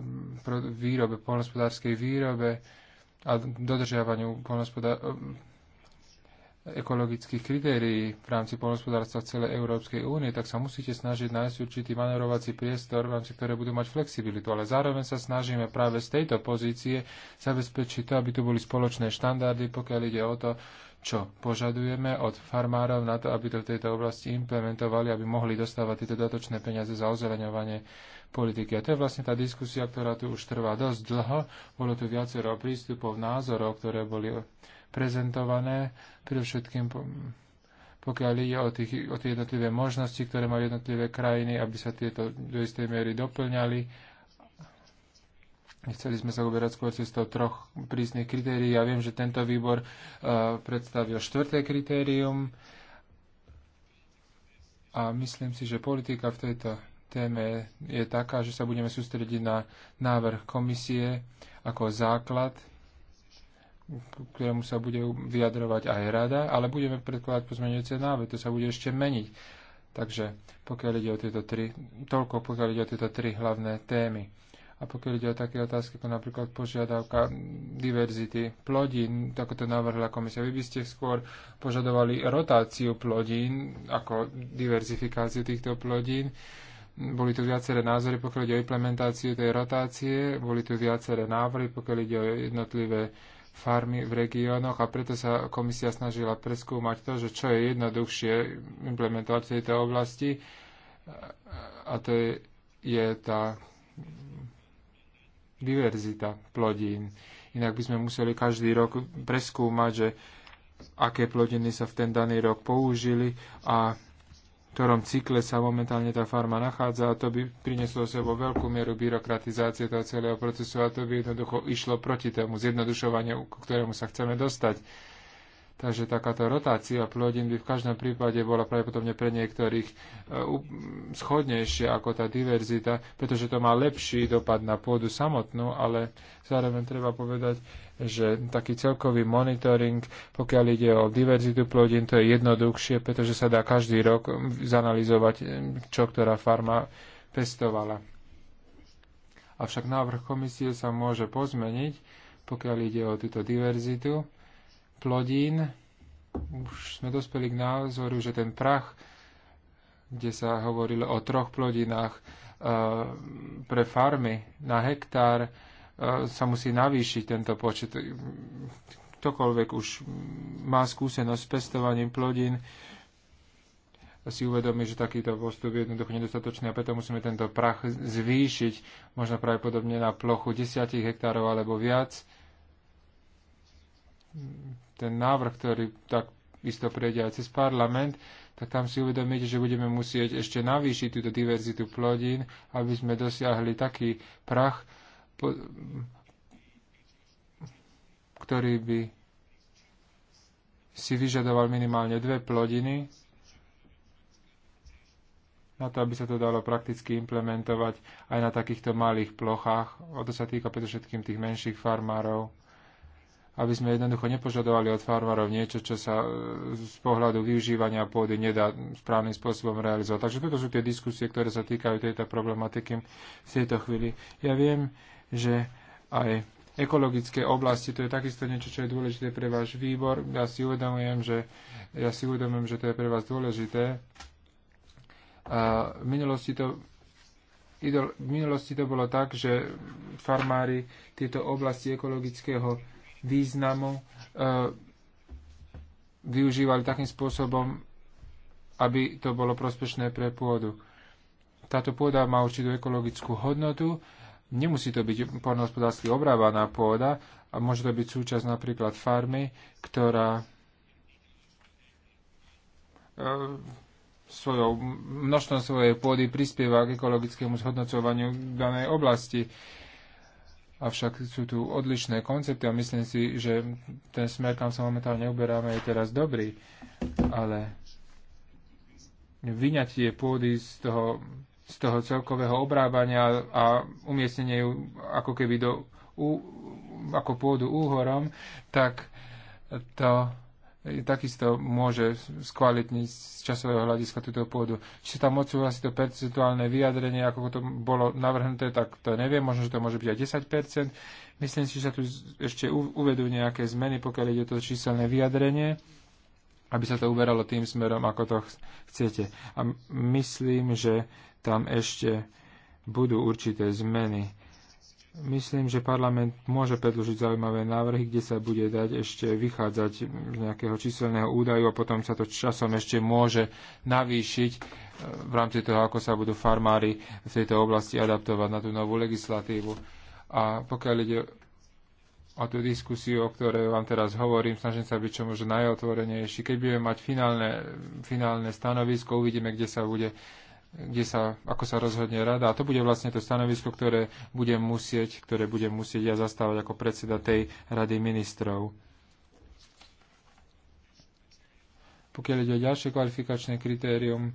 výrobe, polnospodárskej výrobe, a dodržiavaniu ekologických kritérií v rámci polnospodárstva celej Európskej únie, tak sa musíte snažiť nájsť určitý manevrovací priestor, v rámci ktoré budú mať flexibilitu. Ale zároveň sa snažíme práve z tejto pozície zabezpečiť to, aby tu boli spoločné štandardy, pokiaľ ide o to, čo požadujeme od farmárov na to, aby to v tejto oblasti implementovali, aby mohli dostávať tieto dotočné peniaze za ozeleňovanie politiky. A to je vlastne tá diskusia, ktorá tu už trvá dosť dlho. Bolo tu viacero prístupov, názorov, ktoré boli prezentované, predovšetkým pokiaľ ide o, tých, o tie jednotlivé možnosti, ktoré majú jednotlivé krajiny, aby sa tieto do istej miery doplňali. Chceli sme sa uberať skôr toho troch prísnych kritérií. Ja viem, že tento výbor uh, predstavil štvrté kritérium a myslím si, že politika v tejto téme je taká, že sa budeme sústrediť na návrh komisie ako základ ktorému sa bude vyjadrovať aj rada, ale budeme predkladať pozmeňujúce návrhy, to sa bude ešte meniť. Takže pokiaľ ide o tieto tri, toľko pokiaľ ide o tieto tri hlavné témy. A pokiaľ ide o také otázky, ako napríklad požiadavka diverzity plodín, ako to navrhla komisia, vy by ste skôr požadovali rotáciu plodín ako diverzifikáciu týchto plodín. Boli tu viaceré názory, pokiaľ ide o implementáciu tej rotácie, boli tu viaceré návrhy, pokiaľ ide o jednotlivé farmy v regiónoch a preto sa komisia snažila preskúmať to, že čo je jednoduchšie implementovať v tejto oblasti a to je, je tá diverzita plodín. Inak by sme museli každý rok preskúmať, že aké plodiny sa v ten daný rok použili a ktorom cykle sa momentálne tá farma nachádza a to by prinieslo sebou veľkú mieru byrokratizácie toho celého procesu a to by jednoducho išlo proti tomu zjednodušovaniu, k ktorému sa chceme dostať. Takže takáto rotácia plodín by v každom prípade bola pravdepodobne pre niektorých eh, schodnejšia ako tá diverzita, pretože to má lepší dopad na pôdu samotnú, ale zároveň treba povedať, že taký celkový monitoring, pokiaľ ide o diverzitu plodín, to je jednoduchšie, pretože sa dá každý rok hm, zanalizovať, hm, čo ktorá farma pestovala. Avšak návrh komisie sa môže pozmeniť, pokiaľ ide o túto diverzitu plodín už sme dospeli k názoru, že ten prach, kde sa hovorilo o troch plodinách e, pre farmy na hektár, e, sa musí navýšiť tento počet. Ktokoľvek už má skúsenosť s pestovaním plodín, si uvedomí, že takýto postup je jednoducho nedostatočný a preto musíme tento prach zvýšiť, možno pravdepodobne na plochu 10 hektárov alebo viac ten návrh, ktorý tak isto prejde aj cez parlament, tak tam si uvedomíte, že budeme musieť ešte navýšiť túto diverzitu plodín, aby sme dosiahli taký prach, ktorý by si vyžadoval minimálne dve plodiny, na to, aby sa to dalo prakticky implementovať aj na takýchto malých plochách. O to sa týka predovšetkým tých menších farmárov aby sme jednoducho nepožadovali od farmárov niečo, čo sa e, z pohľadu využívania pôdy nedá správnym spôsobom realizovať. Takže toto sú tie diskusie, ktoré sa týkajú tejto problematiky v tejto chvíli. Ja viem, že aj ekologické oblasti, to je takisto niečo, čo je dôležité pre váš výbor. Ja si uvedomujem, že, ja si uvedomujem, že to je pre vás dôležité. A v minulosti to v minulosti to bolo tak, že farmári tieto oblasti ekologického významu, e, využívali takým spôsobom, aby to bolo prospešné pre pôdu. Táto pôda má určitú ekologickú hodnotu, nemusí to byť poľnohospodársky obrávaná pôda a môže to byť súčasť napríklad farmy, ktorá e, svojou, množstvom svojej pôdy prispieva k ekologickému zhodnocovaniu danej oblasti. Avšak sú tu odlišné koncepty a myslím si, že ten smer, kam sa momentálne uberáme, je teraz dobrý, ale vyňatie pôdy z toho, z toho celkového obrábania a umiestnenie ju ako keby do, ako pôdu úhorom, tak to takisto môže skvalitniť z časového hľadiska túto pôdu. Či sa tam odsúhlasí to percentuálne vyjadrenie, ako to bolo navrhnuté, tak to neviem, možno, že to môže byť aj 10%. Myslím si, že sa tu ešte uvedú nejaké zmeny, pokiaľ ide o to číselné vyjadrenie, aby sa to uberalo tým smerom, ako to chcete. A myslím, že tam ešte budú určité zmeny Myslím, že parlament môže predložiť zaujímavé návrhy, kde sa bude dať ešte vychádzať z nejakého číselného údaju a potom sa to časom ešte môže navýšiť e, v rámci toho, ako sa budú farmári v tejto oblasti adaptovať na tú novú legislatívu. A pokiaľ ide o tú diskusiu, o ktorej vám teraz hovorím, snažím sa byť čo možno najotvorenejší. Keď budeme mať finálne, finálne stanovisko, uvidíme, kde sa bude kde sa, ako sa rozhodne rada. A to bude vlastne to stanovisko, ktoré budem musieť, ktoré budem musieť ja zastávať ako predseda tej rady ministrov. Pokiaľ ide o ďalšie kvalifikačné kritérium,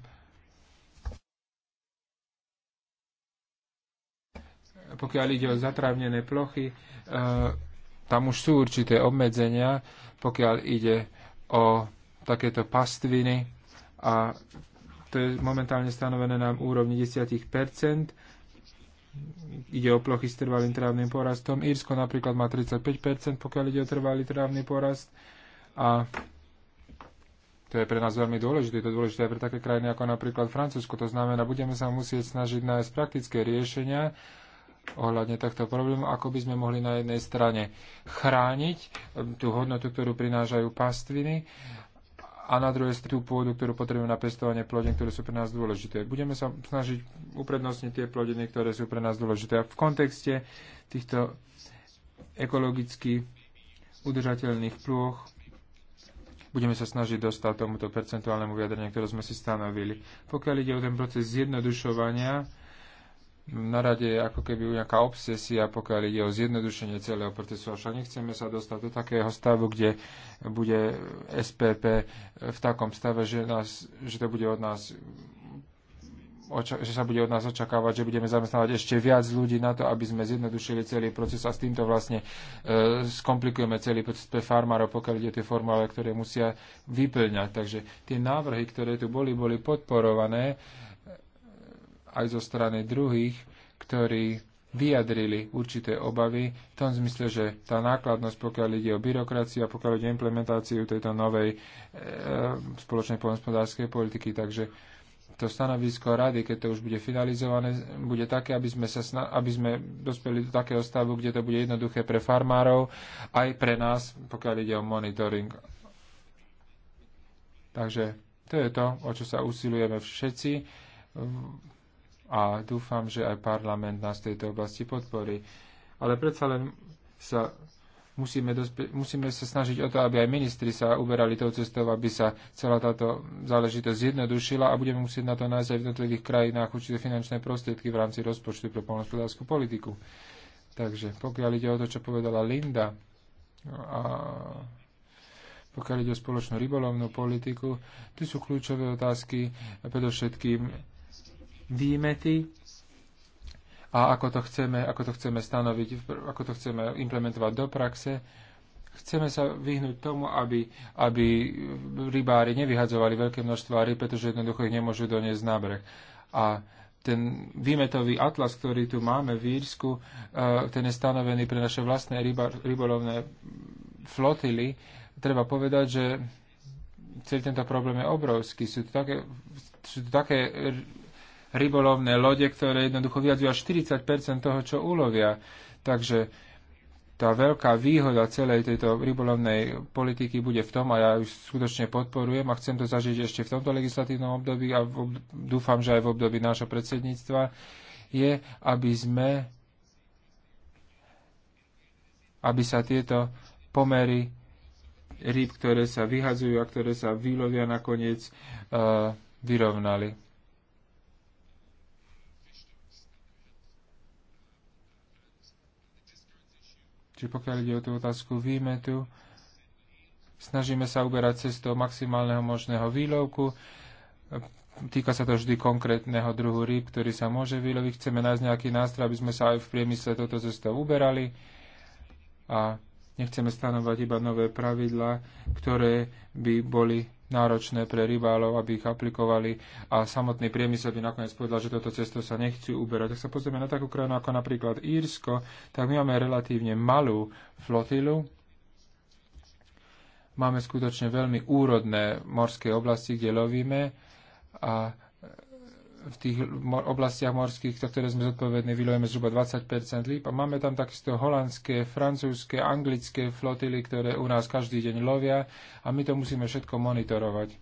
pokiaľ ide o zatrávnené plochy, eh, tam už sú určité obmedzenia, pokiaľ ide o takéto pastviny a to je momentálne stanovené na úrovni 10 ide o plochy s trvalým trávnym porastom. Írsko napríklad má 35%, pokiaľ ide o trvalý trávny porast. A to je pre nás veľmi dôležité. Je to dôležité aj pre také krajiny ako napríklad Francúzsko. To znamená, budeme sa musieť snažiť nájsť praktické riešenia ohľadne takto problému, ako by sme mohli na jednej strane chrániť eh, tú hodnotu, ktorú prinášajú pastviny a na druhej strane tú pôdu, ktorú potrebujeme na pestovanie plodín, ktoré sú pre nás dôležité. Budeme sa snažiť uprednostniť tie plodiny, ktoré sú pre nás dôležité. A v kontexte týchto ekologicky udržateľných plôch budeme sa snažiť dostať tomuto percentuálnemu vyjadreniu, ktoré sme si stanovili. Pokiaľ ide o ten proces zjednodušovania, na rade je ako keby nejaká obsesia, pokiaľ ide o zjednodušenie celého procesu. však. nechceme sa dostať do takého stavu, kde bude SPP v takom stave, že, nás, že to bude od nás že sa bude od nás očakávať, že budeme zamestnávať ešte viac ľudí na to, aby sme zjednodušili celý proces a s týmto vlastne e, skomplikujeme celý proces pre farmárov, pokiaľ ide tie formále, ktoré musia vyplňať. Takže tie návrhy, ktoré tu boli, boli podporované. E, aj zo strany druhých, ktorí vyjadrili určité obavy v tom zmysle, že tá nákladnosť, pokiaľ ide o byrokraciu a pokiaľ ide o implementáciu tejto novej e, spoločnej poľnospodárskej politiky. Takže to stanovisko rady, keď to už bude finalizované, bude také, aby sme, sa aby sme dospeli do takého stavu, kde to bude jednoduché pre farmárov, aj pre nás, pokiaľ ide o monitoring. Takže to je to, o čo sa usilujeme všetci a dúfam, že aj parlament nás v tejto oblasti podporí. Ale predsa len sa musíme, dospie- musíme sa snažiť o to, aby aj ministri sa uberali tou cestou, aby sa celá táto záležitosť zjednodušila a budeme musieť na to nájsť aj v jednotlivých krajinách určité finančné prostriedky v rámci rozpočtu pre polnospodárskú politiku. Takže pokiaľ ide o to, čo povedala Linda, a pokiaľ ide o spoločnú rybolovnú politiku, tu sú kľúčové otázky, predovšetkým výmety a ako to chceme, ako to chceme stanoviť, ako to chceme implementovať do praxe. Chceme sa vyhnúť tomu, aby, aby rybári nevyhadzovali veľké množstvo ryb, pretože jednoducho ich nemôžu doniesť na breh. A ten výmetový atlas, ktorý tu máme v Írsku, e, ten je stanovený pre naše vlastné ryba, rybolovné flotily. Treba povedať, že celý tento problém je obrovský. Sú tu také, sú tu také rybolovné lode, ktoré jednoducho vyjadrujú až 40 toho, čo ulovia. Takže tá veľká výhoda celej tejto rybolovnej politiky bude v tom, a ja ju skutočne podporujem a chcem to zažiť ešte v tomto legislatívnom období a v, dúfam, že aj v období nášho predsedníctva, je, aby sme aby sa tieto pomery rýb, ktoré sa vyhazujú a ktoré sa vylovia nakoniec, uh, vyrovnali. Čiže pokiaľ ide o tú otázku výmetu, snažíme sa uberať cestou maximálneho možného výlovku. Týka sa to vždy konkrétneho druhu rýb, ktorý sa môže vyloviť. Chceme nájsť nejaký nástroj, aby sme sa aj v priemysle toto cestou uberali. A nechceme stanovať iba nové pravidlá, ktoré by boli náročné pre rybálov, aby ich aplikovali a samotný priemysel by nakoniec povedal, že toto cesto sa nechcú uberať. Ak sa pozrieme na takú krajinu ako napríklad Írsko, tak my máme relatívne malú flotilu, máme skutočne veľmi úrodné morské oblasti, kde lovíme a v tých oblastiach morských, za ktoré sme zodpovední, vylujeme zhruba 20 líp. A máme tam takisto holandské, francúzske, anglické flotily, ktoré u nás každý deň lovia a my to musíme všetko monitorovať.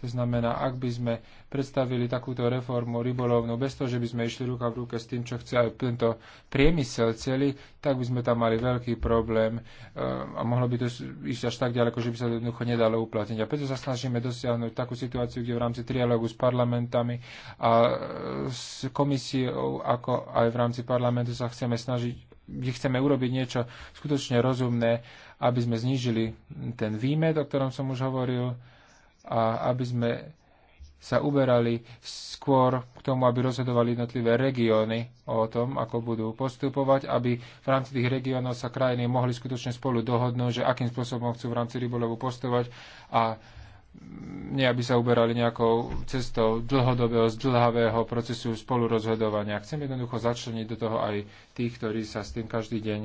To znamená, ak by sme predstavili takúto reformu rybolovnú bez toho, že by sme išli ruka v ruke s tým, čo chce aj tento priemysel celý, tak by sme tam mali veľký problém eh, a mohlo by to ísť až tak ďaleko, že by sa to jednoducho nedalo uplatniť. A preto sa snažíme dosiahnuť takú situáciu, kde v rámci trialógu s parlamentami a eh, s komisiou, ako aj v rámci parlamentu sa chceme snažiť kde chceme urobiť niečo skutočne rozumné, aby sme znížili ten výmet, o ktorom som už hovoril, a aby sme sa uberali skôr k tomu, aby rozhodovali jednotlivé regióny o tom, ako budú postupovať, aby v rámci tých regiónov sa krajiny mohli skutočne spolu dohodnúť, že akým spôsobom chcú v rámci rybolovu postovať a nie aby sa uberali nejakou cestou dlhodobého, zdlhavého procesu spolurozhodovania. Chcem jednoducho začleniť do toho aj tých, ktorí sa s tým každý deň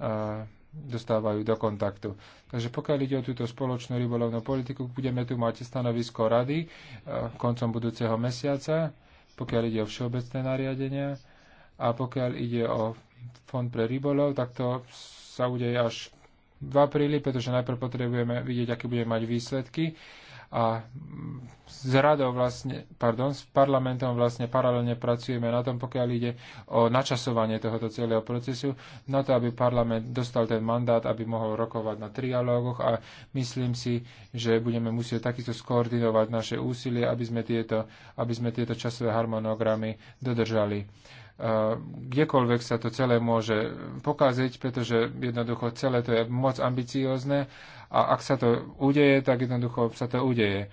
uh, dostávajú do kontaktu. Takže pokiaľ ide o túto spoločnú rybolovnú politiku, budeme tu mať stanovisko rady e, koncom budúceho mesiaca, pokiaľ ide o všeobecné nariadenia a pokiaľ ide o fond pre rybolov, tak to sa udeje až v apríli, pretože najprv potrebujeme vidieť, aké budeme mať výsledky a s radou vlastne, pardon, s parlamentom vlastne paralelne pracujeme na tom, pokiaľ ide o načasovanie tohoto celého procesu, na to, aby parlament dostal ten mandát, aby mohol rokovať na trialógoch a myslím si, že budeme musieť takisto skoordinovať naše úsilie, aby sme tieto, aby sme tieto časové harmonogramy dodržali kdekoľvek sa to celé môže pokaziť, pretože jednoducho celé to je moc ambiciózne a ak sa to udeje, tak jednoducho sa to udeje.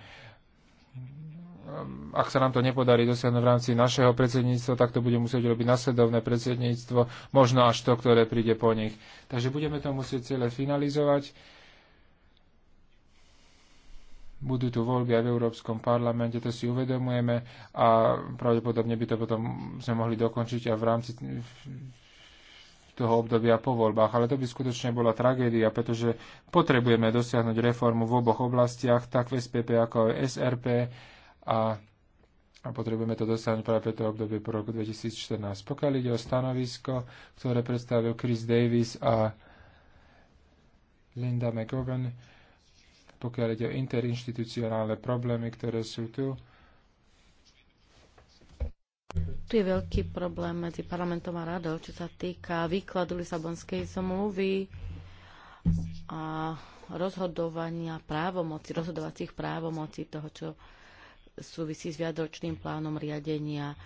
Ak sa nám to nepodarí dosiahnuť v rámci našeho predsedníctva, tak to bude musieť robiť nasledovné predsedníctvo, možno až to, ktoré príde po nich. Takže budeme to musieť celé finalizovať budú tu voľby aj v Európskom parlamente, to si uvedomujeme a pravdepodobne by to potom sme mohli dokončiť aj v rámci toho obdobia po voľbách. Ale to by skutočne bola tragédia, pretože potrebujeme dosiahnuť reformu v oboch oblastiach, tak v SPP ako aj SRP a, a potrebujeme to dosiahnuť práve pre to obdobie po roku 2014. Pokiaľ ide o stanovisko, ktoré predstavil Chris Davis a Linda McGovern, pokiaľ ide o interinstitucionálne problémy, ktoré sú tu. Tu je veľký problém medzi parlamentom a radou, čo sa týka výkladu Lisabonskej zmluvy a rozhodovania právomoci, rozhodovacích právomocí toho, čo súvisí s viadročným plánom riadenia e,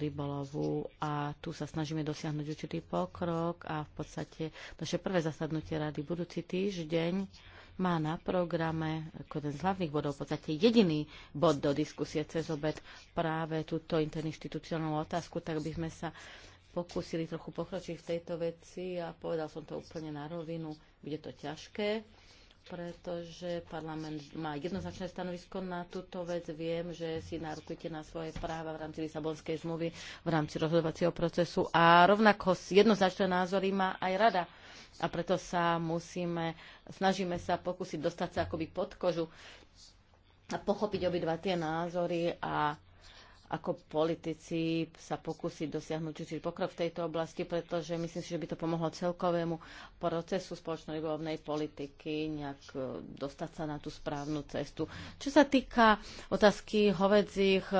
rybolovu a tu sa snažíme dosiahnuť určitý pokrok a v podstate naše prvé zasadnutie rady budúci týždeň má na programe ako jeden z hlavných bodov, v podstate jediný bod do diskusie cez obed práve túto interinstitucionálnu otázku, tak by sme sa pokúsili trochu pokročiť v tejto veci a povedal som to úplne na rovinu, bude to ťažké, pretože parlament má jednoznačné stanovisko na túto vec. Viem, že si narukujete na svoje práva v rámci Lisabonskej zmluvy, v rámci rozhodovacieho procesu a rovnako jednoznačné názory má aj rada a preto sa musíme, snažíme sa pokúsiť dostať sa akoby pod kožu a pochopiť obidva tie názory a ako politici sa pokúsiť dosiahnuť určitý pokrok v tejto oblasti, pretože myslím si, že by to pomohlo celkovému procesu spoločnej rybovnej politiky nejak e, dostať sa na tú správnu cestu. Čo sa týka otázky hovedzích e,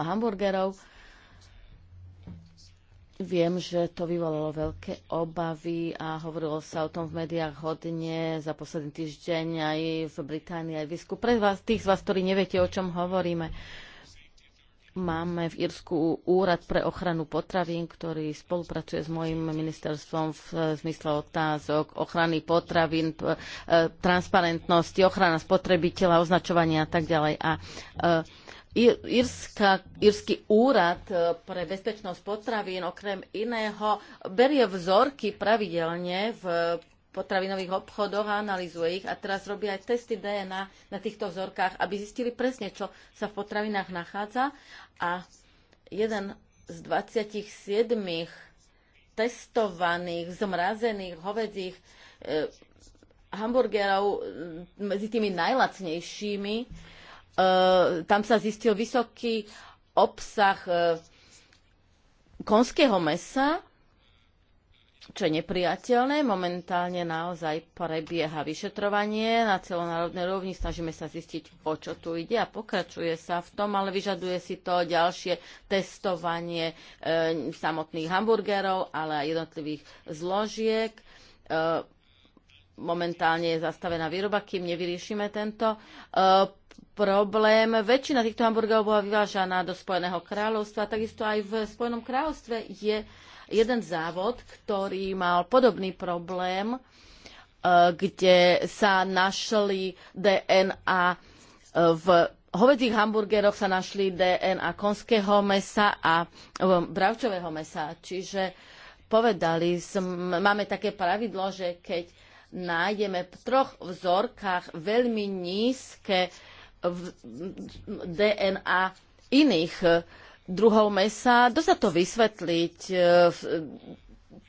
hamburgerov, Viem, že to vyvolalo veľké obavy a hovorilo sa o tom v médiách hodne za posledný týždeň aj v Británii, aj v Isku. Pre vás, tých z vás, ktorí neviete, o čom hovoríme, Máme v Irsku úrad pre ochranu potravín, ktorý spolupracuje s mojim ministerstvom v zmysle otázok ochrany potravín, e, transparentnosti, ochrana spotrebiteľa, označovania a tak ďalej. A e, Írsky úrad e, pre bezpečnosť potravín okrem iného berie vzorky pravidelne v potravinových obchodoch a analizuje ich a teraz robí aj testy DNA na týchto vzorkách, aby zistili presne, čo sa v potravinách nachádza a jeden z 27 testovaných, zmrazených, hovedzích e, hamburgerov medzi tými najlacnejšími Eh, tam sa zistil vysoký obsah eh, konského mesa, čo je nepriateľné. Momentálne naozaj prebieha vyšetrovanie na celonárodnej rovni. Snažíme sa zistiť, o čo tu ide a pokračuje sa v tom, ale vyžaduje si to ďalšie testovanie eh, samotných hamburgerov, ale aj jednotlivých zložiek momentálne je zastavená výroba, kým nevyriešime tento e, problém. Väčšina týchto hamburgerov bola vyvážaná do Spojeného kráľovstva, takisto aj v Spojenom kráľovstve je jeden závod, ktorý mal podobný problém, e, kde sa našli DNA eh, v hovedzích hamburgeroch sa našli DNA konského mesa a bravčového mesa. Čiže povedali, máme také pravidlo, že keď nájdeme v troch vzorkách veľmi nízke DNA iných druhov mesa. Dá sa to vysvetliť e,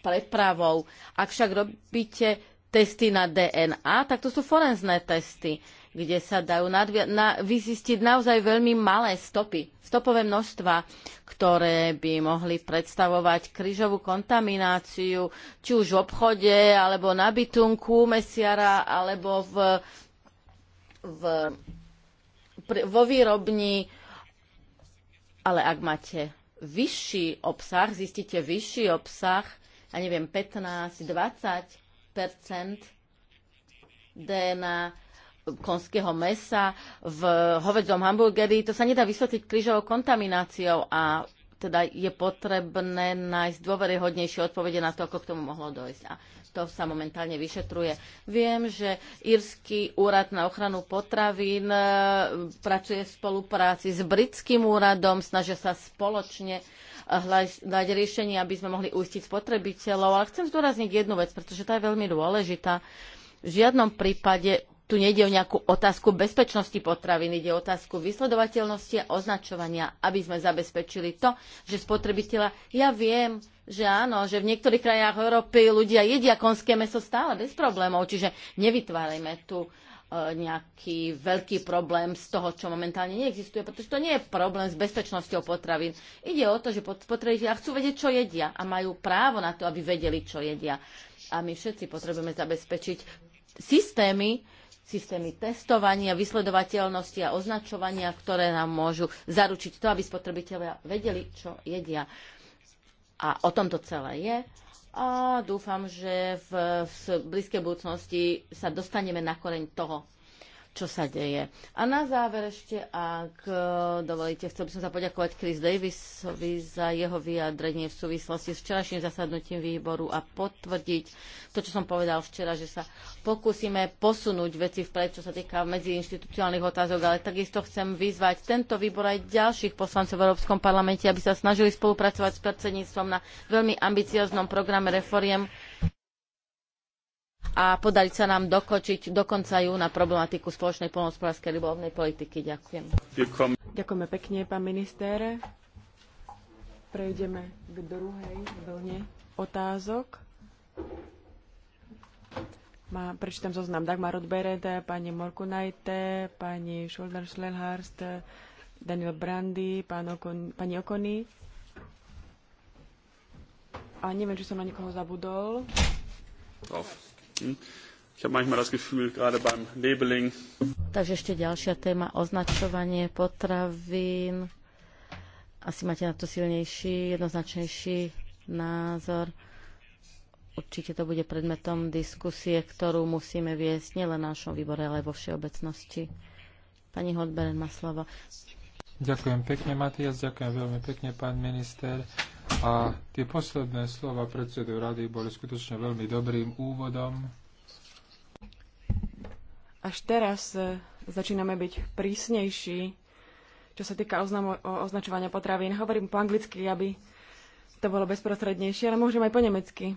prepravou. Ak však robíte testy na DNA, tak to sú forenzné testy kde sa dajú na- vyzistiť naozaj veľmi malé stopy, stopové množstva, ktoré by mohli predstavovať krížovú kontamináciu, či už v obchode, alebo na bytunku mesiara, alebo v, v, pri, vo výrobni. Ale ak máte vyšší obsah, zistíte vyšší obsah, ja neviem, 15, 20 DNA konského mesa v hovedzom hamburgeri, to sa nedá vysvetliť krížovou kontamináciou a teda je potrebné nájsť dôveryhodnejšie odpovede na to, ako k tomu mohlo dojsť. A to sa momentálne vyšetruje. Viem, že Írsky úrad na ochranu potravín e, pracuje v spolupráci s britským úradom, snažia sa spoločne e, hľadať riešenie, aby sme mohli uistiť spotrebiteľov. Ale chcem zdôrazniť jednu vec, pretože tá je veľmi dôležitá. V žiadnom prípade tu nejde o nejakú otázku bezpečnosti potravín, ide o otázku vysledovateľnosti a označovania, aby sme zabezpečili to, že spotrebiteľa, ja viem, že áno, že v niektorých krajinách Európy ľudia jedia konské meso stále bez problémov, čiže nevytvárajme tu e, nejaký veľký problém z toho, čo momentálne neexistuje, pretože to nie je problém s bezpečnosťou potravín. Ide o to, že spotrebitelia chcú vedieť, čo jedia a majú právo na to, aby vedeli, čo jedia. A my všetci potrebujeme zabezpečiť systémy, systémy testovania, vysledovateľnosti a označovania, ktoré nám môžu zaručiť to, aby spotrebitelia vedeli, čo jedia. A o tom to celé je. A dúfam, že v, v blízkej budúcnosti sa dostaneme na koreň toho, čo sa deje. A na záver ešte, ak e, dovolíte, chcel by som sa poďakovať Chris Davisovi za jeho vyjadrenie v súvislosti s včerajším zasadnutím výboru a potvrdiť to, čo som povedal včera, že sa pokúsime posunúť veci vpred, čo sa týka medziinstitucionálnych otázok, ale takisto chcem vyzvať tento výbor aj ďalších poslancov v Európskom parlamente, aby sa snažili spolupracovať s predsedníctvom na veľmi ambicioznom programe reforiem, a podarí sa nám dokočiť dokonca ju na problematiku spoločnej polnospodárskej rybolovnej politiky. Ďakujem. Ďakujeme pekne, pán minister. Prejdeme k druhej vlne otázok. Má, prečítam zoznam Dagmar Odberet, pani Morkunajte, pani Šulder Schlelharst, Daniel Brandy, pán Okon, pani Okony. A neviem, či som na niekoho zabudol. Hm. Takže ešte ďalšia téma, označovanie potravín. Asi máte na to silnejší, jednoznačnejší názor. Určite to bude predmetom diskusie, ktorú musíme viesť nielen na našom výbore, ale aj vo všeobecnosti. Pani Hodberen má slovo. Ďakujem pekne, Matias, ďakujem veľmi pekne, pán minister. A tie posledné slova predsedu rady boli skutočne veľmi dobrým úvodom. Až teraz e, začíname byť prísnejší, čo sa týka oznamo- označovania potravín. Hovorím po anglicky, aby to bolo bezprostrednejšie, ale môžem aj po nemecky.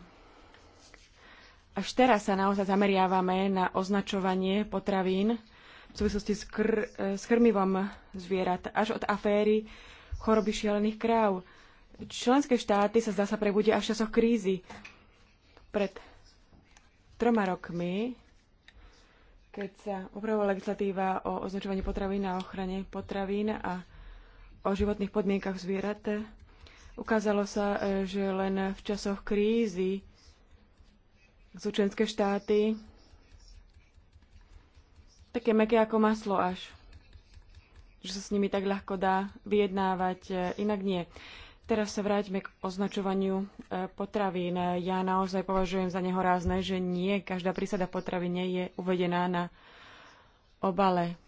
Až teraz sa naozaj zameriavame na označovanie potravín v súvislosti s, kr- e, s krmivom zvierat. Až od aféry choroby šialených kráv Členské štáty sa zdá sa prebudia až v časoch krízy. Pred troma rokmi, keď sa upravovala legislatíva o označovaní potravín a ochrane potravín a o životných podmienkach zvierat, ukázalo sa, že len v časoch krízy sú členské štáty také meké ako maslo až že sa s nimi tak ľahko dá vyjednávať, inak nie. Teraz sa vráťme k označovaniu e, potravín. Ja naozaj považujem za nehorázne, že nie každá prísada potravine je uvedená na obale.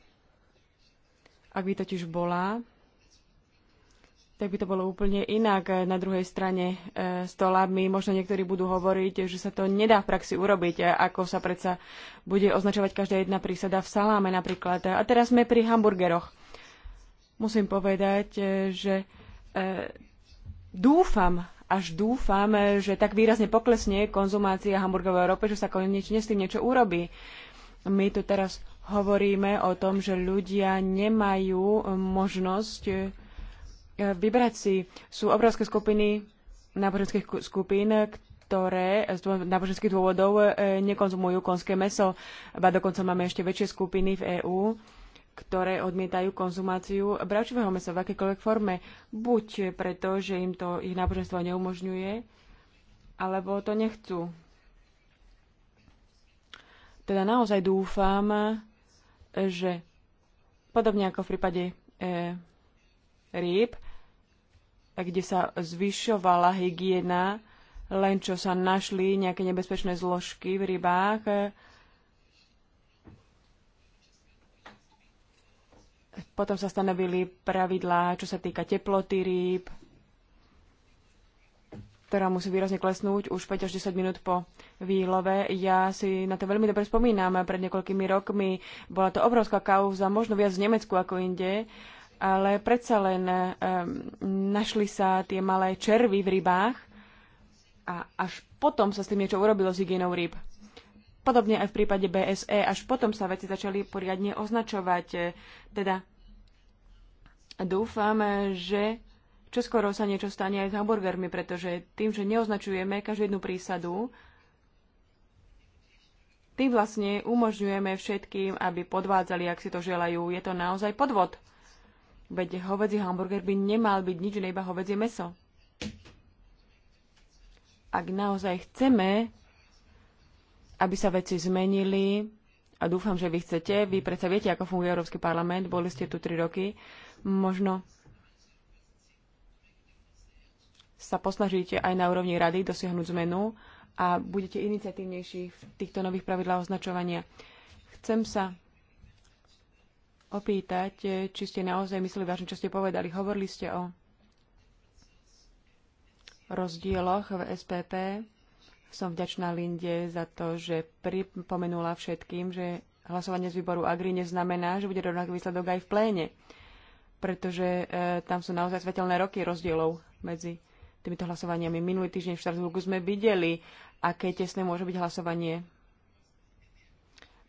Ak by totiž bola, tak by to bolo úplne inak. Na druhej strane e, stola my možno niektorí budú hovoriť, že sa to nedá v praxi urobiť, ako sa predsa bude označovať každá jedna prísada v saláme napríklad. A teraz sme pri hamburgeroch. Musím povedať, e, že dúfam, až dúfam, že tak výrazne poklesne konzumácia hamburgovej rope, že sa konečne s tým niečo urobí. My tu teraz hovoríme o tom, že ľudia nemajú možnosť eh, vybrať si. Sú obrovské skupiny náboženských skupín, ktoré z náboženských dôvodov eh, nekonzumujú konské meso, ba dokonca máme ešte väčšie skupiny v EÚ, ktoré odmietajú konzumáciu bravčového mesa v akékoľvek forme. Buď preto, že im to ich náboženstvo neumožňuje, alebo to nechcú. Teda naozaj dúfam, že podobne ako v prípade e, rýb, kde sa zvyšovala hygiena, len čo sa našli nejaké nebezpečné zložky v rybách, e, Potom sa stanovili pravidlá, čo sa týka teploty rýb, ktorá musí výrazne klesnúť už 5 až 10 minút po výlove. Ja si na to veľmi dobre spomínam. Pred niekoľkými rokmi bola to obrovská kauza, možno viac v Nemecku ako inde, ale predsa len um, našli sa tie malé červy v rybách a až potom sa s tým niečo urobilo s hygienou rýb. Podobne aj v prípade BSE, až potom sa veci začali poriadne označovať. Teda dúfam, že čoskoro sa niečo stane aj s hamburgermi, pretože tým, že neoznačujeme každú jednu prísadu, tým vlastne umožňujeme všetkým, aby podvádzali, ak si to želajú. Je to naozaj podvod. Veď hovedzí hamburger by nemal byť nič, iba hovedzie meso. Ak naozaj chceme aby sa veci zmenili. A dúfam, že vy chcete. Vy predsa viete, ako funguje Európsky parlament. Boli ste tu tri roky. Možno sa posnažíte aj na úrovni rady dosiahnuť zmenu a budete iniciatívnejší v týchto nových pravidlách označovania. Chcem sa opýtať, či ste naozaj mysleli vážne, čo ste povedali. Hovorili ste o rozdieloch v SPP som vďačná Linde za to, že pripomenula všetkým, že hlasovanie z výboru Agri neznamená, že bude rovnaký výsledok aj v pléne, pretože e, tam sú naozaj svetelné roky rozdielov medzi týmito hlasovaniami. Minulý týždeň v Štrasburgu sme videli, aké tesné môže byť hlasovanie.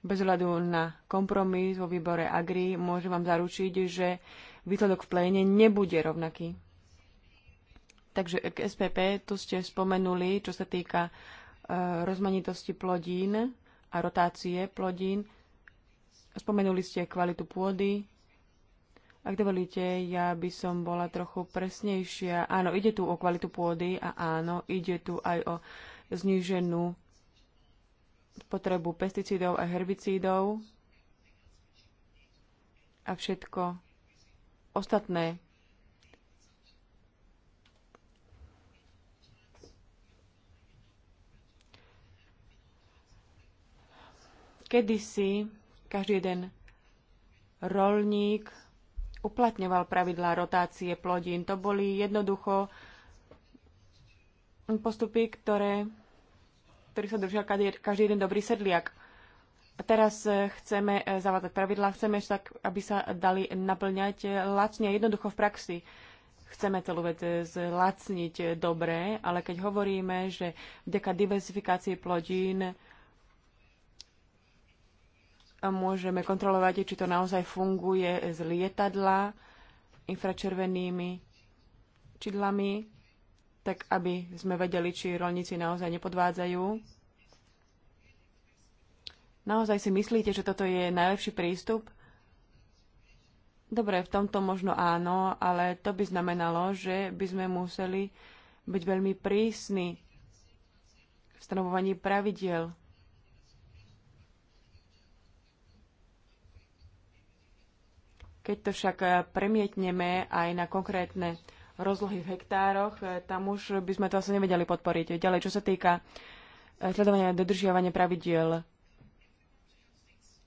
Bez hľadu na kompromis vo výbore Agri môžem vám zaručiť, že výsledok v pléne nebude rovnaký. Takže k SPP tu ste spomenuli, čo sa týka e, rozmanitosti plodín a rotácie plodín. Spomenuli ste kvalitu pôdy. Ak dovolíte, ja by som bola trochu presnejšia. Áno, ide tu o kvalitu pôdy a áno, ide tu aj o zníženú potrebu pesticídov a herbicídov a všetko ostatné, kedysi každý jeden rolník uplatňoval pravidlá rotácie plodín. To boli jednoducho postupy, ktoré, ktorý sa držal každý jeden dobrý sedliak. A teraz e, chceme e, zavádzať pravidlá, chceme tak, aby sa dali naplňať lacne a jednoducho v praxi. Chceme celú vec e, zlacniť dobre, ale keď hovoríme, že vďaka diversifikácii plodín Môžeme kontrolovať, či to naozaj funguje z lietadla infračervenými čidlami, tak aby sme vedeli, či rolníci naozaj nepodvádzajú. Naozaj si myslíte, že toto je najlepší prístup? Dobre, v tomto možno áno, ale to by znamenalo, že by sme museli byť veľmi prísni v stanovovaní pravidiel. Keď to však e, premietneme aj na konkrétne rozlohy v hektároch, e, tam už by sme to asi nevedeli podporiť. Ďalej, čo sa týka e, sledovania a dodržiavania pravidiel,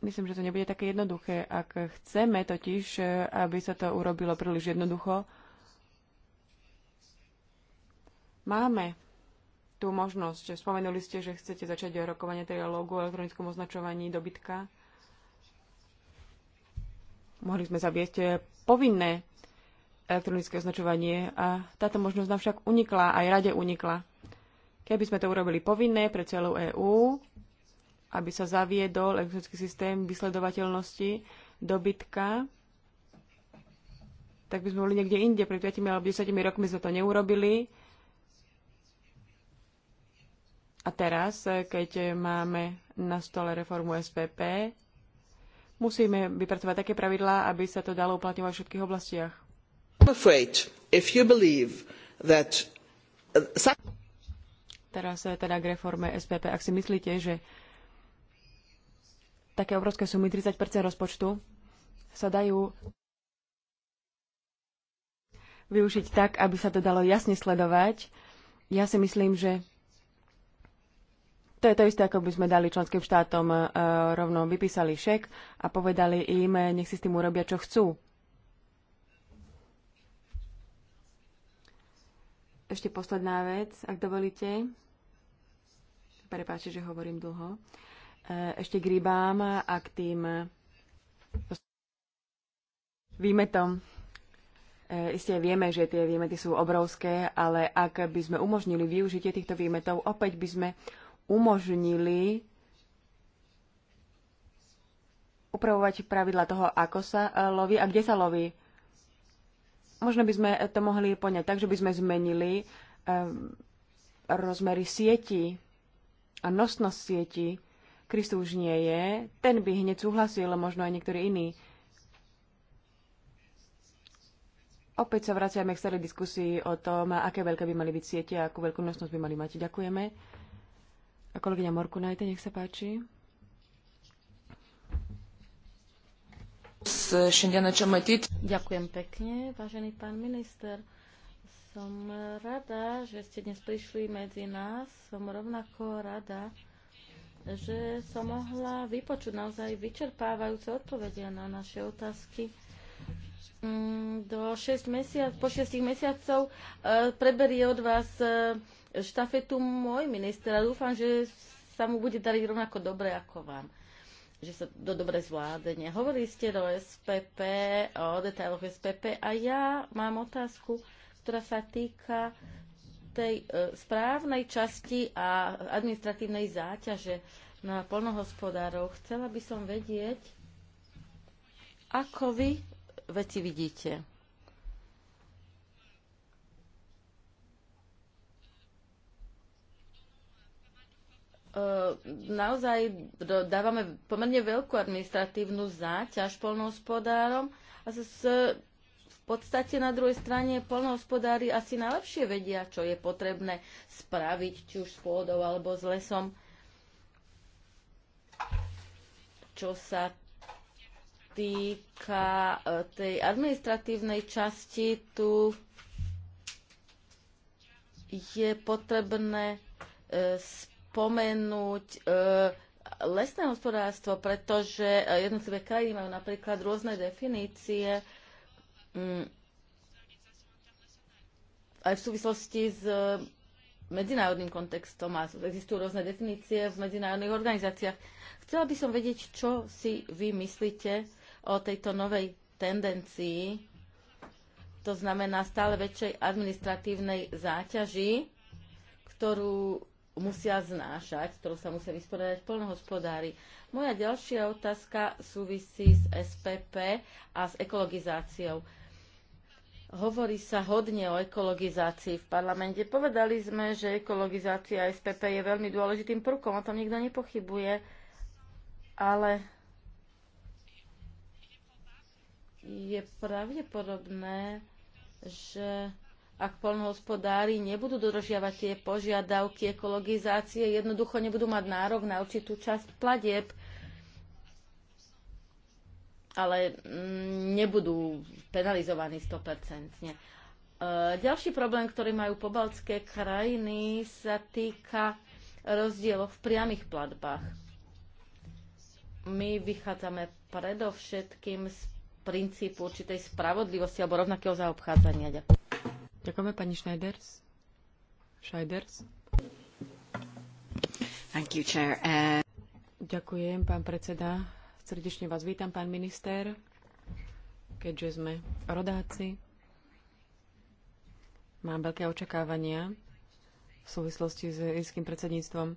myslím, že to nebude také jednoduché. Ak chceme totiž, aby sa to urobilo príliš jednoducho, máme tú možnosť. Spomenuli ste, že chcete začať rokovanie trialógu o elektronickom označovaní dobytka. Mohli sme zaviesť eh, povinné elektronické označovanie a táto možnosť nám však unikla, aj rade unikla. Keby sme to urobili povinné pre celú EÚ, aby sa zaviedol elektronický systém vysledovateľnosti dobytka, tak by sme boli niekde inde. Pred 5 alebo 10 rokmi sme to neurobili. A teraz, eh, keď eh, máme na stole reformu SPP, Musíme vypracovať také pravidlá, aby sa to dalo uplatňovať v všetkých oblastiach. Uh, Teraz eh, teda k reforme SPP. Ak si myslíte, že také obrovské sumy, 30 rozpočtu, sa dajú využiť tak, aby sa to dalo jasne sledovať. Ja si myslím, že to je to isté, ako by sme dali členským štátom e, rovno vypísali šek a povedali im, e, nech si s tým urobia, čo chcú. Ešte posledná vec, ak dovolíte. Prepáčte, že hovorím dlho. E, ešte k rybám a k tým výmetom. Isté vieme, že tie výmety sú obrovské, ale ak by sme umožnili využitie týchto výmetov, opäť by sme umožnili upravovať pravidla toho, ako sa eh, loví a kde sa loví. Možno by sme to mohli poňať tak, že by sme zmenili eh, rozmery sieti a nosnosť sieti. Kristus už nie je, ten by hneď súhlasil, možno aj niektorý iní. Opäť sa vraciame k starej diskusii o tom, aké veľké by mali byť siete a akú veľkú nosnosť by mali mať. Ďakujeme. A kolegyňa Morkunajte, nech sa páči. Ďakujem pekne, vážený pán minister. Som rada, že ste dnes prišli medzi nás. Som rovnako rada, že som mohla vypočuť naozaj vyčerpávajúce odpovede na naše otázky mm, do 6 mesiac, po 6 mesiacov eh, preberie od vás eh, štafetu môj minister a dúfam, že sa mu bude dariť rovnako dobre ako vám že sa do dobre zvládne. Hovorili ste do SPP, o detailoch SPP a ja mám otázku, ktorá sa týka tej e, správnej časti a administratívnej záťaže na polnohospodárov. Chcela by som vedieť, ako vy veci vidíte. E, naozaj dávame pomerne veľkú administratívnu záťaž polnohospodárom a v podstate na druhej strane polnohospodári asi najlepšie vedia, čo je potrebné spraviť, či už s pôdou alebo s lesom. Čo sa týka e, tej administratívnej časti, tu je potrebné spraviť e, pomenúť e, lesné hospodárstvo, pretože e, jednotlivé krajiny majú napríklad rôzne definície mm, aj v súvislosti s e, medzinárodným kontextom a existujú rôzne definície v medzinárodných organizáciách. Chcela by som vedieť, čo si vy myslíte o tejto novej tendencii, to znamená stále väčšej administratívnej záťaži, ktorú musia znášať, ktorú sa musia vysporiadať plnohospodári. Moja ďalšia otázka súvisí s SPP a s ekologizáciou. Hovorí sa hodne o ekologizácii v parlamente. Povedali sme, že ekologizácia SPP je veľmi dôležitým prvkom, o tom nikto nepochybuje, ale je pravdepodobné, že ak polnohospodári nebudú dodržiavať tie požiadavky ekologizácie, jednoducho nebudú mať nárok na určitú časť platieb, ale mm, nebudú penalizovaní 100%. E, ďalší problém, ktorý majú pobaltské krajiny, sa týka rozdielov v priamých platbách. My vychádzame predovšetkým z princípu určitej spravodlivosti alebo rovnakého zaobchádzania. Ďakujem. Ďakujeme pani Schneiders. Schneiders. Thank you, chair. Uh... Ďakujem, pán predseda. Srdečne vás vítam, pán minister, keďže sme rodáci. Mám veľké očakávania v súvislosti s irským predsedníctvom.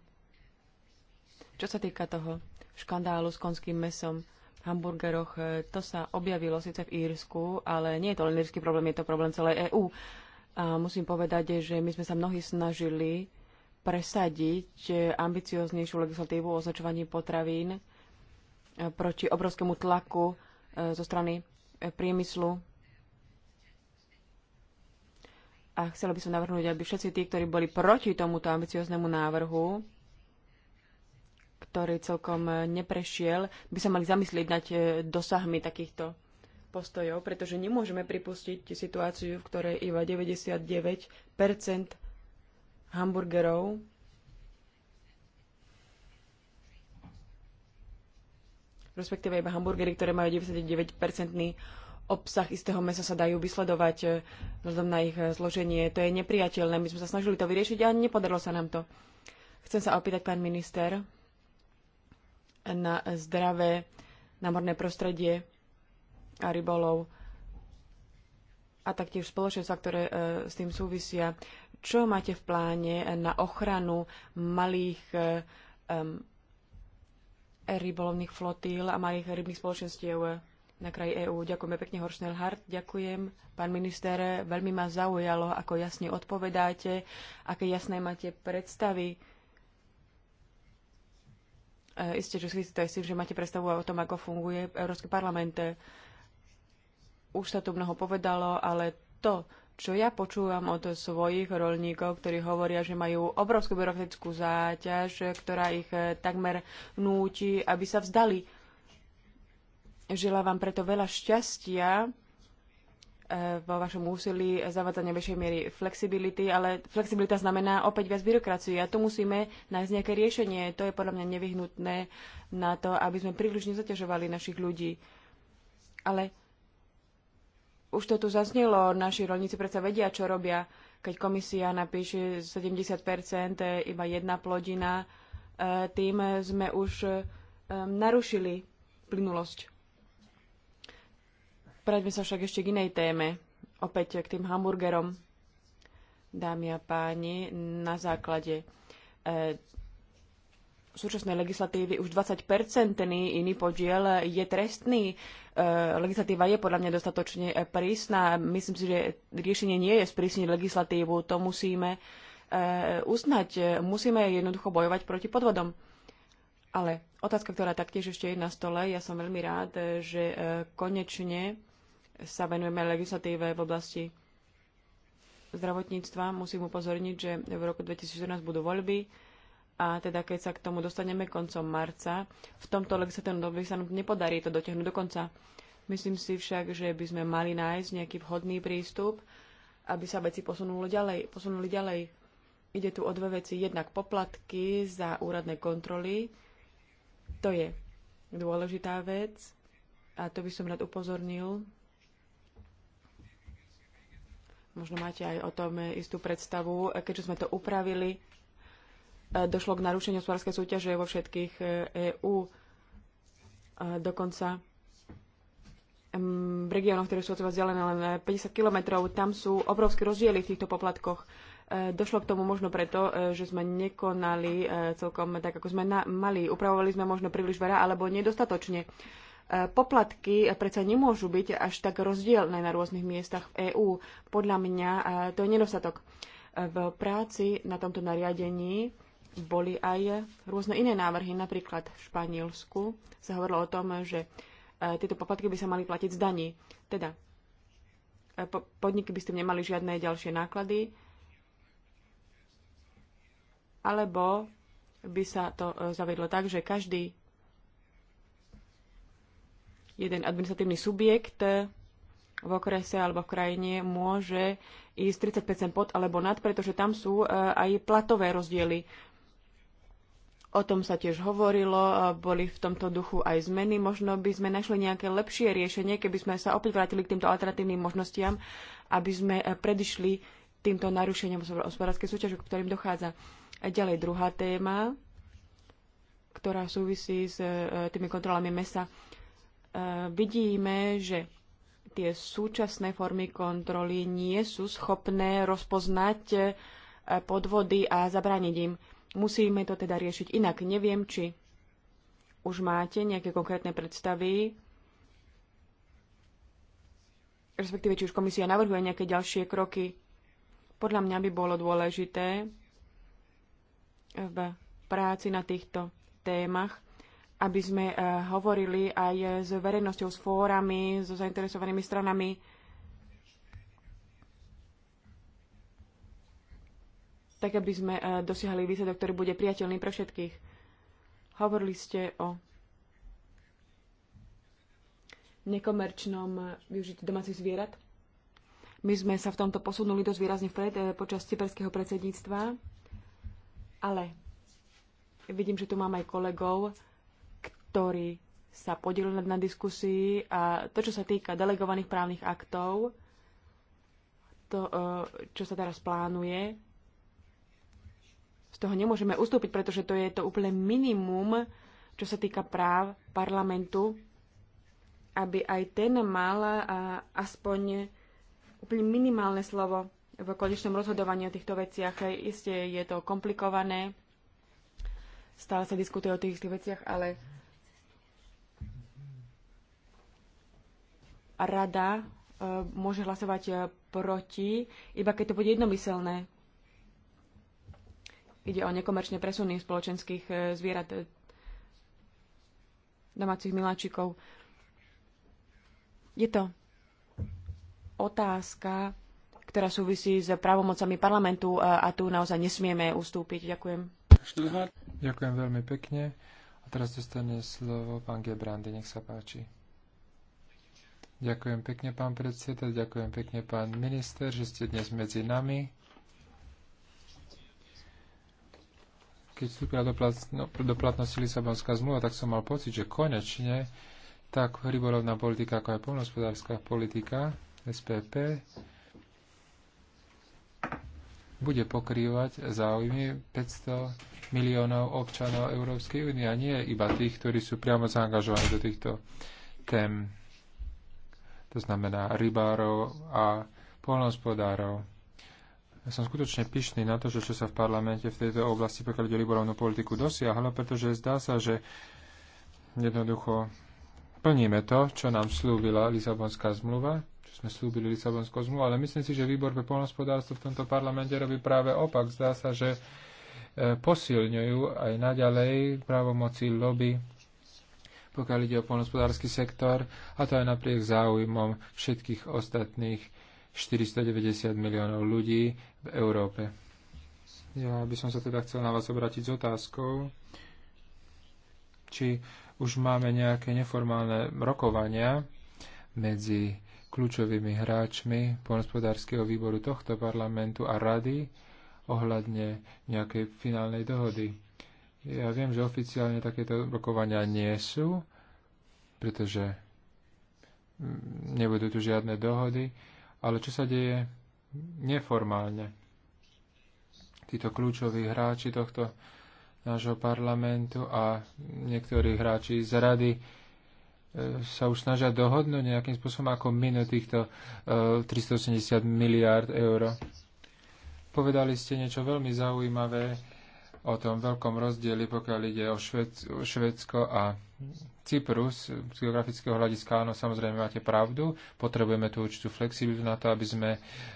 Čo sa týka toho škandálu s konským mesom, hamburgeroch, to sa objavilo síce v Írsku, ale nie je to len írsky problém, je to problém celej EÚ. A musím povedať, že my sme sa mnohí snažili presadiť ambicioznejšiu legislatívu o označovaní potravín e, proti obrovskému tlaku e, zo strany e, priemyslu. A chcela by som navrhnúť, aby všetci tí, ktorí boli proti tomuto ambicioznému návrhu, ktorý celkom neprešiel, by sa mali zamyslieť nad dosahmi takýchto postojov, pretože nemôžeme pripustiť situáciu, v ktorej iba 99 hamburgerov respektíve iba hamburgery, ktoré majú 99-percentný obsah istého mesa sa dajú vysledovať eh, vzhľadom na ich eh, zloženie. To je nepriateľné. My sme sa snažili to vyriešiť a nepodarilo sa nám to. Chcem sa opýtať, pán minister, na zdravé námorné prostredie a rybolov a taktiež spoločenstva, ktoré e, s tým súvisia. Čo máte v pláne na ochranu malých e, e, rybolovných flotíl a malých rybných spoločenstiev e, na kraji EÚ? Ďakujeme pekne, Horšnel Hart. Ďakujem, pán minister. Veľmi ma zaujalo, ako jasne odpovedáte, aké jasné máte predstavy. E, isté, že si to aj že máte predstavu o tom, ako funguje Európsky parlament. E, už sa tu mnoho povedalo, ale to, čo ja počúvam od svojich rolníkov, ktorí hovoria, že majú obrovskú byrokratickú záťaž, ktorá ich eh, takmer núti, aby sa vzdali. Želám vám preto veľa šťastia eh, vo vašom úsilí zavádzania väčšej miery flexibility, ale flexibilita znamená opäť viac byrokracie a tu musíme nájsť nejaké riešenie. To je podľa mňa nevyhnutné na to, aby sme príliš nezaťažovali našich ľudí. Ale už to tu zaznelo, naši rolníci predsa vedia, čo robia, keď komisia napíše 70%, eh, iba jedna plodina, eh, tým sme už eh, narušili plynulosť. Praďme sa však ešte k inej téme, opäť k tým hamburgerom. Dámy a páni, na základe súčasnej legislatívy už 20-percentný iný podiel je trestný. E, legislatíva je podľa mňa dostatočne prísna. Myslím si, že riešenie nie je sprísniť legislatívu. To musíme e, uznať. Musíme jednoducho bojovať proti podvodom. Ale otázka, ktorá taktiež ešte je na stole, ja som veľmi rád, že e, konečne sa venujeme legislatíve v oblasti zdravotníctva. Musím upozorniť, že v roku 2014 budú voľby a teda keď sa k tomu dostaneme koncom marca, v tomto legislatívnom období sa nám nepodarí to dotiahnuť do konca. Myslím si však, že by sme mali nájsť nejaký vhodný prístup, aby sa veci posunuli ďalej. Posunuli ďalej. Ide tu o dve veci. Jednak poplatky za úradné kontroly. To je dôležitá vec a to by som rád upozornil. Možno máte aj o tom istú predstavu, keďže sme to upravili došlo k narušeniu hospodárskej súťaže vo všetkých EÚ. E dokonca v regiónoch, ktoré sú od seba vzdialené len 50 e, kilometrov, tam sú obrovské rozdiely v týchto poplatkoch. E, došlo k tomu možno preto, že sme nekonali celkom tak, ako sme mali. Upravovali sme možno príliš veľa alebo nedostatočne. Poplatky predsa nemôžu byť až tak rozdielne na rôznych miestach v EÚ. Podľa mňa to je nedostatok. V práci na tomto nariadení boli aj rôzne iné návrhy. Napríklad v Španielsku sa hovorilo o tom, že e, tieto poplatky by sa mali platiť z daní. Teda e, podniky by ste nemali žiadne ďalšie náklady, alebo by sa to e, zavedlo tak, že každý jeden administratívny subjekt v okrese alebo v krajine môže ísť 30 pod alebo nad, pretože tam sú aj platové rozdiely O tom sa tiež hovorilo, boli v tomto duchu aj zmeny. Možno by sme našli nejaké lepšie riešenie, keby sme sa opäť vrátili k týmto alternatívnym možnostiam, aby sme e, predišli týmto narušeniam hospodárskej súťaže, k ktorým dochádza. A ďalej druhá téma, ktorá súvisí s e, tými kontrolami mesa. E, vidíme, že tie súčasné formy kontroly nie sú schopné rozpoznať podvody a zabrániť im Musíme to teda riešiť inak. Neviem, či už máte nejaké konkrétne predstavy, respektíve či už komisia navrhuje nejaké ďalšie kroky. Podľa mňa by bolo dôležité v práci na týchto témach, aby sme eh, hovorili aj s verejnosťou, s fórami, so zainteresovanými stranami, tak aby sme e, dosiahli výsledok, ktorý bude priateľný pre všetkých. Hovorili ste o nekomerčnom e, využití domácich zvierat. My sme sa v tomto posunuli dosť výrazne vpred e, počas cyperského predsedníctva, ale vidím, že tu mám aj kolegov, ktorí sa podielili na diskusii a to, čo sa týka delegovaných právnych aktov, to, čo sa teraz plánuje, z toho nemôžeme ustúpiť, pretože to je to úplne minimum, čo sa týka práv parlamentu, aby aj ten mal aspoň úplne minimálne slovo v konečnom rozhodovaní o týchto veciach. Isté je to komplikované, stále sa diskutuje o týchto veciach, ale rada e, môže hlasovať e, proti, iba keď to bude jednomyselné. Ide o nekomerčne presuny spoločenských e, zvierat e, domácich miláčikov. Je to otázka, ktorá súvisí s právomocami parlamentu a tu naozaj nesmieme ustúpiť. Ďakujem. Ďakujem veľmi pekne. A teraz dostane slovo pán Gebrandy, nech sa páči. Ďakujem pekne, pán predseda, ďakujem pekne, pán minister, že ste dnes medzi nami. keď vstúpila do, no, do platnosti Lisabonská zmluva, tak som mal pocit, že konečne tak rybolovná politika, ako aj polnospodárska politika SPP bude pokrývať záujmy 500 miliónov občanov Európskej únie a nie iba tých, ktorí sú priamo zaangažovaní do týchto tém. To znamená rybárov a polnospodárov. Ja som skutočne pyšný na to, že čo sa v parlamente v tejto oblasti, pokiaľ ide liberálnu politiku, dosiahlo, pretože zdá sa, že jednoducho plníme to, čo nám slúbila Lisabonská zmluva, čo sme slúbili Lisabonskou zmluvu, ale myslím si, že výbor pre polnospodárstvo v tomto parlamente robí práve opak. Zdá sa, že e, posilňujú aj naďalej právomoci lobby pokiaľ ide o polnospodársky sektor, a to aj napriek záujmom všetkých ostatných 490 miliónov ľudí v Európe. Ja by som sa teda chcel na vás obrátiť s otázkou, či už máme nejaké neformálne rokovania medzi kľúčovými hráčmi poľnospodárskeho výboru tohto parlamentu a rady ohľadne nejakej finálnej dohody. Ja viem, že oficiálne takéto rokovania nie sú, pretože mm, nebudú tu žiadne dohody, ale čo sa deje neformálne. Títo kľúčoví hráči tohto nášho parlamentu a niektorí hráči z rady e, sa už snažia dohodnúť nejakým spôsobom, ako minú týchto 380 e, miliárd eur. Povedali ste niečo veľmi zaujímavé, o tom veľkom rozdieli, pokiaľ ide o Švedsko a Cyprus. Z geografického hľadiska, áno, samozrejme máte pravdu. Potrebujeme tú určitú flexibilitu na to, aby sme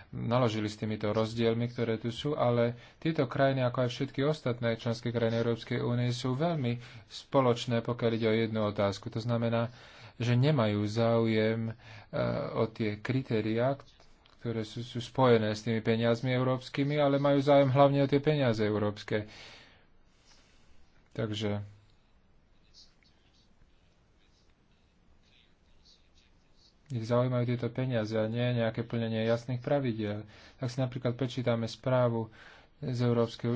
naložili s týmito rozdielmi, ktoré tu sú, ale tieto krajiny, ako aj všetky ostatné členské krajiny Európskej únie, sú veľmi spoločné, pokiaľ ide o jednu otázku. To znamená, že nemajú záujem e, o tie kritériá, ktoré sú, sú spojené s tými peniazmi európskymi, ale majú záujem hlavne o tie peniaze európske. Takže ich zaujímajú tieto peniaze a nie nejaké plnenie jasných pravidiel. Ak si napríklad prečítame správu z Európskeho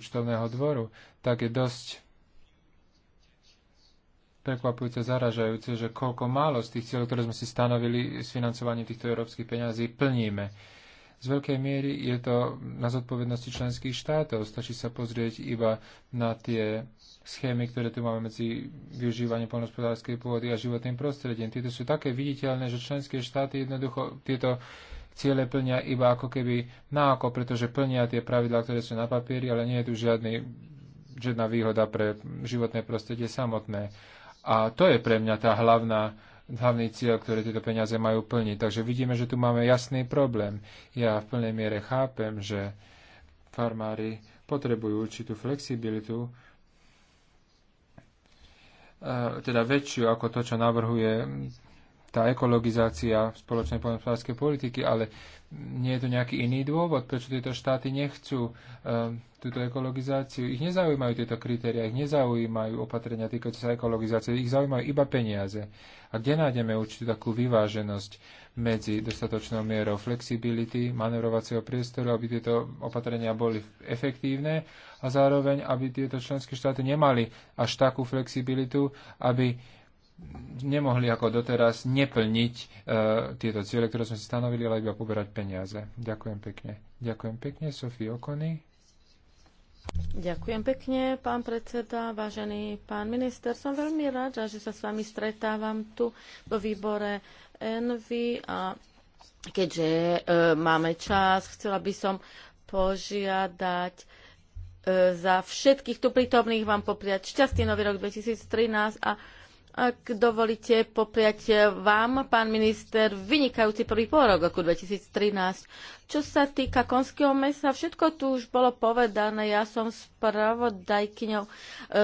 účtovného dvoru, tak je dosť prekvapujúce, zaražajúce, že koľko málo z tých cieľov, ktoré sme si stanovili s financovaním týchto európskych peňazí, plníme. Z veľkej miery je to na zodpovednosti členských štátov. Stačí sa pozrieť iba na tie schémy, ktoré tu máme medzi využívaním poľnohospodárskej pôdy a životným prostredím. Tieto sú také viditeľné, že členské štáty jednoducho tieto ciele plnia iba ako keby náoko, pretože plnia tie pravidlá, ktoré sú na papieri, ale nie je tu žiadny, žiadna výhoda pre životné prostredie samotné. A to je pre mňa tá hlavná hlavný cieľ, ktoré tieto peniaze majú plniť. Takže vidíme, že tu máme jasný problém. Ja v plnej miere chápem, že farmári potrebujú určitú flexibilitu, e, teda väčšiu ako to, čo navrhuje tá ekologizácia spoločnej poľnohospodárskej politiky, ale nie je to nejaký iný dôvod, prečo tieto štáty nechcú um, túto ekologizáciu. Ich nezaujímajú tieto kritéria, ich nezaujímajú opatrenia týkajúce sa ekologizácie, ich zaujímajú iba peniaze. A kde nájdeme určitú takú vyváženosť medzi dostatočnou mierou flexibility, manevrovacieho priestoru, aby tieto opatrenia boli efektívne a zároveň, aby tieto členské štáty nemali až takú flexibilitu, aby nemohli ako doteraz neplniť e, tieto ciele, ktoré sme si stanovili, ale iba poberať peniaze. Ďakujem pekne. Ďakujem pekne, Sofie Okony. Ďakujem pekne, pán predseda, vážený pán minister. Som veľmi rada, že sa s vami stretávam tu vo výbore Envy a keďže e, máme čas, chcela by som požiadať e, za všetkých tu prítomných vám popriať šťastný nový rok 2013 a ak dovolíte popriať vám, pán minister, vynikajúci prvý pôrok roku 2013. Čo sa týka konského mesa, všetko tu už bolo povedané. Ja som spravodajkyňou e,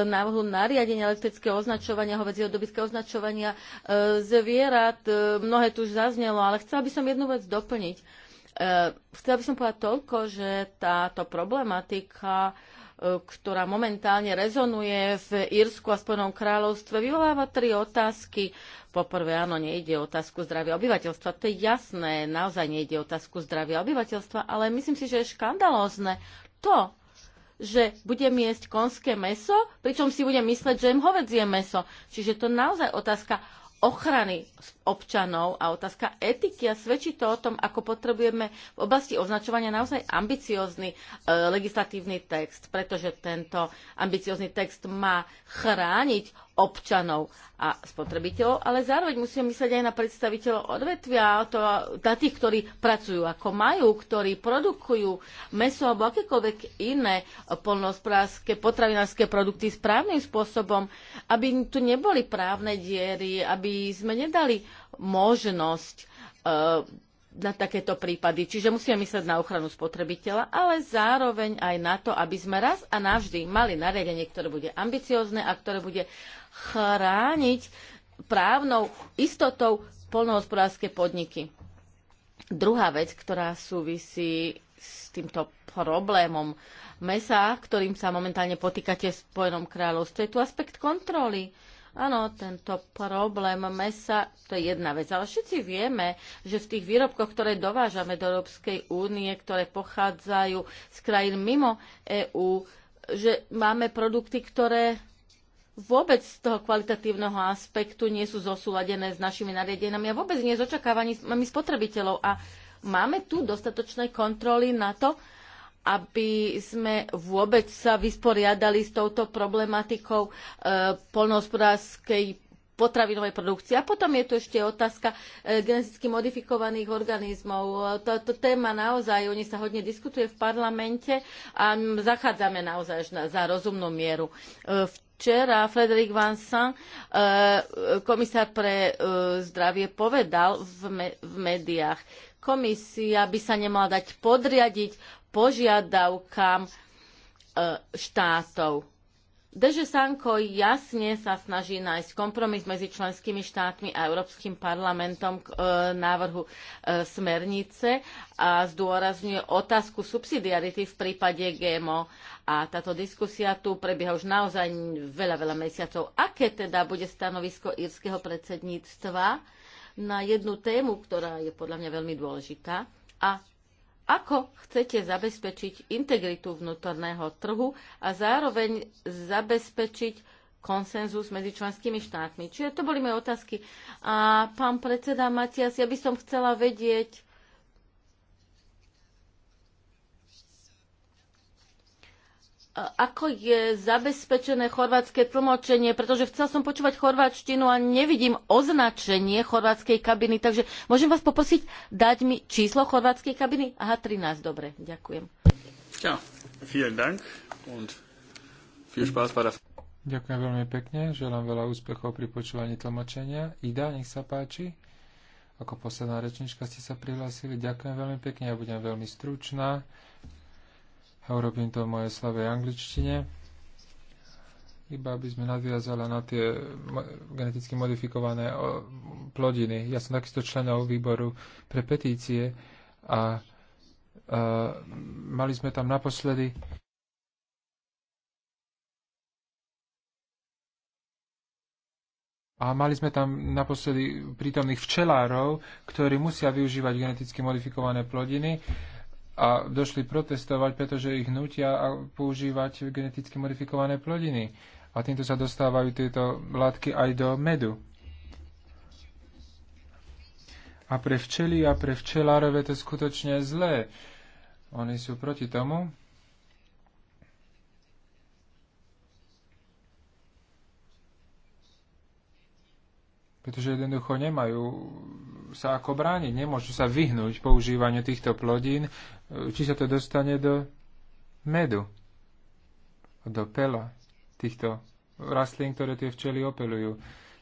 návrhu nariadenia elektrického označovania, hovedzieho dobytského označovania e, zvierat. E, mnohé tu už zaznelo, ale chcela by som jednu vec doplniť. Chcela by som povedať toľko, že táto problematika ktorá momentálne rezonuje v Írsku a Spojenom kráľovstve, vyvoláva tri otázky. Poprvé, áno, nejde o otázku zdravia obyvateľstva. To je jasné, naozaj nejde o otázku zdravia obyvateľstva, ale myslím si, že je škandalózne to, že budem jesť konské meso, pričom si budem mysleť, že jem hovedzie meso. Čiže to naozaj otázka ochrany občanov a otázka etiky a svedčí to o tom, ako potrebujeme v oblasti označovania naozaj ambiciózny e, legislatívny text, pretože tento ambiciózny text má chrániť občanov a spotrebiteľov, ale zároveň musíme myslieť aj na predstaviteľov odvetvia, to, na tých, ktorí pracujú ako majú, ktorí produkujú meso alebo akékoľvek iné polnohospodárske, potravinárske produkty správnym spôsobom, aby tu neboli právne diery, aby sme nedali možnosť e, na takéto prípady. Čiže musíme myslieť na ochranu spotrebiteľa, ale zároveň aj na to, aby sme raz a navždy mali nariadenie, ktoré bude ambiciozne a ktoré bude chrániť právnou istotou polnohospodárske podniky. Druhá vec, ktorá súvisí s týmto problémom mesa, ktorým sa momentálne potýkate v Spojenom kráľovstve, je tu aspekt kontroly. Uh, Áno, tento problém mesa, to je jedna vec, ale všetci vieme, že v tých výrobkoch, ktoré dovážame do Európskej únie, ktoré pochádzajú z krajín mimo EÚ, že máme produkty, ktoré vôbec z toho kvalitatívneho aspektu nie sú zosúladené s našimi nariadenami a vôbec nie s očakávaním spotrebiteľov. A máme tu dostatočné kontroly na to, aby sme vôbec sa vysporiadali s touto problematikou e, polnohospodárskej potravinovej produkcie. A potom je tu ešte otázka e, geneticky modifikovaných organizmov. Toto téma naozaj, o nej sa hodne diskutuje v parlamente a zachádzame naozaj na, za rozumnú mieru. E, včera Frederik Vincent, e, komisár pre e, zdravie, povedal v, me, v médiách, komisia by sa nemala dať podriadiť požiadavkám e, štátov. Deže Sanko jasne sa snaží nájsť kompromis medzi členskými štátmi a Európskym parlamentom k e, návrhu e, smernice a zdôrazňuje otázku subsidiarity v prípade GMO. A táto diskusia tu prebieha už naozaj veľa, veľa mesiacov. Aké teda bude stanovisko írskeho predsedníctva na jednu tému, ktorá je podľa mňa veľmi dôležitá, a ako chcete zabezpečiť integritu vnútorného trhu a zároveň zabezpečiť konsenzus medzi členskými štátmi. Čiže to boli moje otázky. A pán predseda Matias, ja by som chcela vedieť, ako je zabezpečené chorvátske tlmočenie, pretože chcel som počúvať chorvátštinu a nevidím označenie chorvátskej kabiny, takže môžem vás poprosiť dať mi číslo chorvátskej kabiny? Aha, 13, dobre, ďakujem. Ja, vielen Dank und viel Spaß bei der... Ďakujem veľmi pekne, želám veľa úspechov pri počúvaní tlmočenia. Ida, nech sa páči. Ako posledná rečnička ste sa prihlásili. Ďakujem veľmi pekne, ja budem veľmi stručná a urobím to v mojej slavej angličtine. Iba aby sme nadviazali na tie geneticky modifikované plodiny. Ja som takisto členov výboru pre petície a, a mali sme tam naposledy A mali sme tam naposledy prítomných včelárov, ktorí musia využívať geneticky modifikované plodiny a došli protestovať, pretože ich nutia používať geneticky modifikované plodiny. A týmto sa dostávajú tieto látky aj do medu. A pre včely a pre včelárov je to skutočne zlé. Oni sú proti tomu. Pretože jednoducho nemajú sa ako brániť, nemôžu sa vyhnúť používaniu týchto plodín či sa to dostane do medu, do pela týchto rastlín, ktoré tie včely opelujú.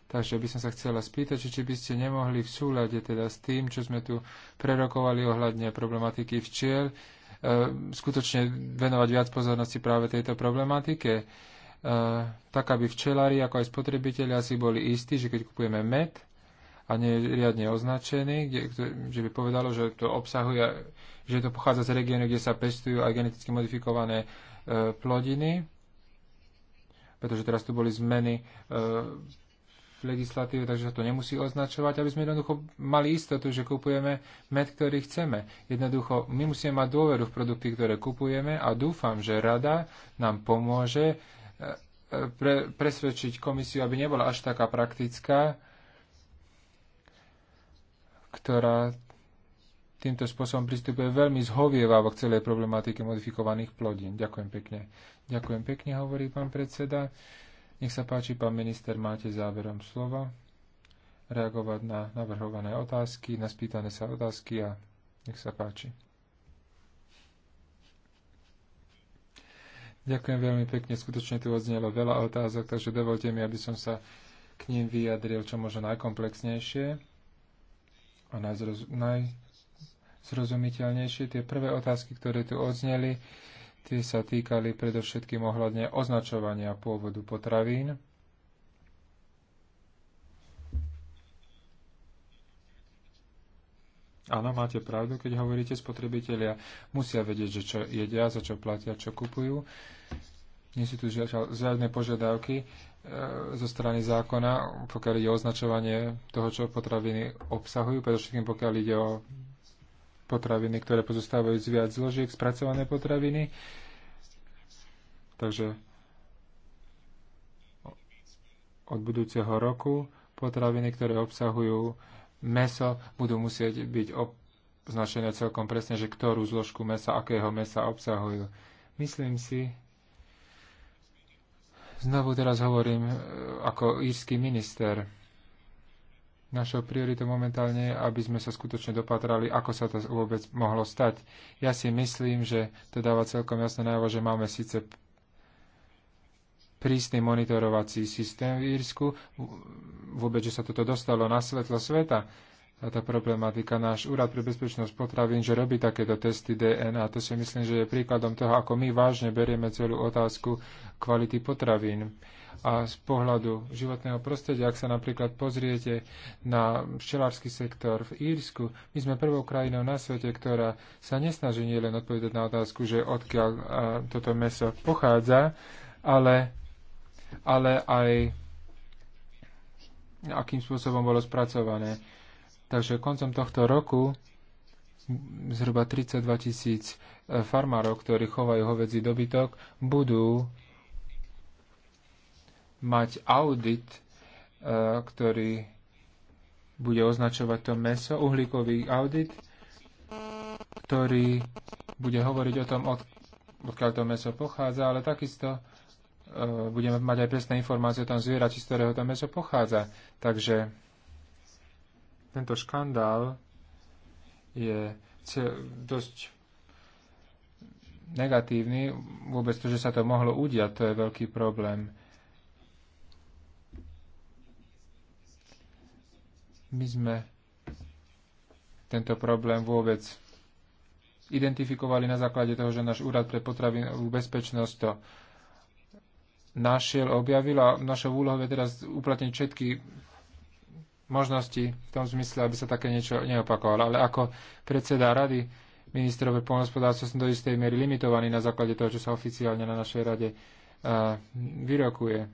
Takže by som sa chcela spýtať, či by ste nemohli v súlade teda s tým, čo sme tu prerokovali ohľadne problematiky včiel, e, skutočne venovať viac pozornosti práve tejto problematike, e, tak aby včelári ako aj spotrebitelia si boli istí, že keď kupujeme med, a nie je riadne označený, kde, že by povedalo, že to obsahuje, že to pochádza z regiónu, kde sa pestujú aj geneticky modifikované e, plodiny, pretože teraz tu boli zmeny e, v legislatíve, takže sa to nemusí označovať, aby sme jednoducho mali istotu, že kupujeme med, ktorý chceme. Jednoducho, my musíme mať dôveru v produkty, ktoré kupujeme a dúfam, že rada nám pomôže e, e, pre, presvedčiť komisiu, aby nebola až taká praktická, ktorá týmto spôsobom pristupuje veľmi zhovievavo k celej problematike modifikovaných plodín. Ďakujem pekne. Ďakujem pekne, hovorí pán predseda. Nech sa páči, pán minister, máte záverom slova reagovať na navrhované otázky, na spýtané sa otázky a nech sa páči. Ďakujem veľmi pekne, skutočne tu odznelo veľa otázok, takže dovolte mi, aby som sa k ním vyjadril čo možno najkomplexnejšie a najzrozumiteľnejšie. Tie prvé otázky, ktoré tu odzneli, tie sa týkali predovšetkým ohľadne označovania pôvodu potravín. Áno, máte pravdu, keď hovoríte, spotrebitelia musia vedieť, že čo jedia, za čo platia, čo kupujú. Nie sú tu žiadne požiadavky E, zo strany zákona, pokiaľ ide o označovanie toho, čo potraviny obsahujú, predovšetkým pokiaľ ide o potraviny, ktoré pozostávajú z viac zložiek, spracované potraviny. Takže od budúceho roku potraviny, ktoré obsahujú meso, budú musieť byť označené celkom presne, že ktorú zložku mesa, akého mesa obsahujú. Myslím si, Znovu teraz hovorím e, ako írsky minister. Našou prioritou momentálne je, aby sme sa skutočne dopatrali, ako sa to vôbec mohlo stať. Ja si myslím, že to dáva celkom jasné najavo, že máme síce prísny monitorovací systém v Írsku, vôbec, že sa toto dostalo na svetlo sveta, tá problematika. Náš úrad pre bezpečnosť potravín, že robí takéto testy DNA. To si myslím, že je príkladom toho, ako my vážne berieme celú otázku kvality potravín. A z pohľadu životného prostredia, ak sa napríklad pozriete na včelársky sektor v Írsku, my sme prvou krajinou na svete, ktorá sa nesnaží nielen odpovedať na otázku, že odkiaľ a, toto meso pochádza, ale, ale aj akým spôsobom bolo spracované Takže koncom tohto roku zhruba 32 tisíc e, farmárov, ktorí chovajú hovedzí dobytok, budú mať audit, e, ktorý bude označovať to meso, uhlíkový audit, ktorý bude hovoriť o tom, od, odkiaľ to meso pochádza, ale takisto e, budeme mať aj presné informácie o tom zvierači, z ktorého to meso pochádza. Takže tento škandál je dosť negatívny. Vôbec to, že sa to mohlo udiať, to je veľký problém. My sme tento problém vôbec identifikovali na základe toho, že náš úrad pre potravinovú bezpečnosť to našiel, objavil a našou úlohou je teraz uplatniť všetky možnosti v tom zmysle, aby sa také niečo neopakovalo. Ale ako predseda rady ministrov poľnohospodárstva som do istej miery limitovaný na základe toho, čo sa oficiálne na našej rade uh, vyrokuje.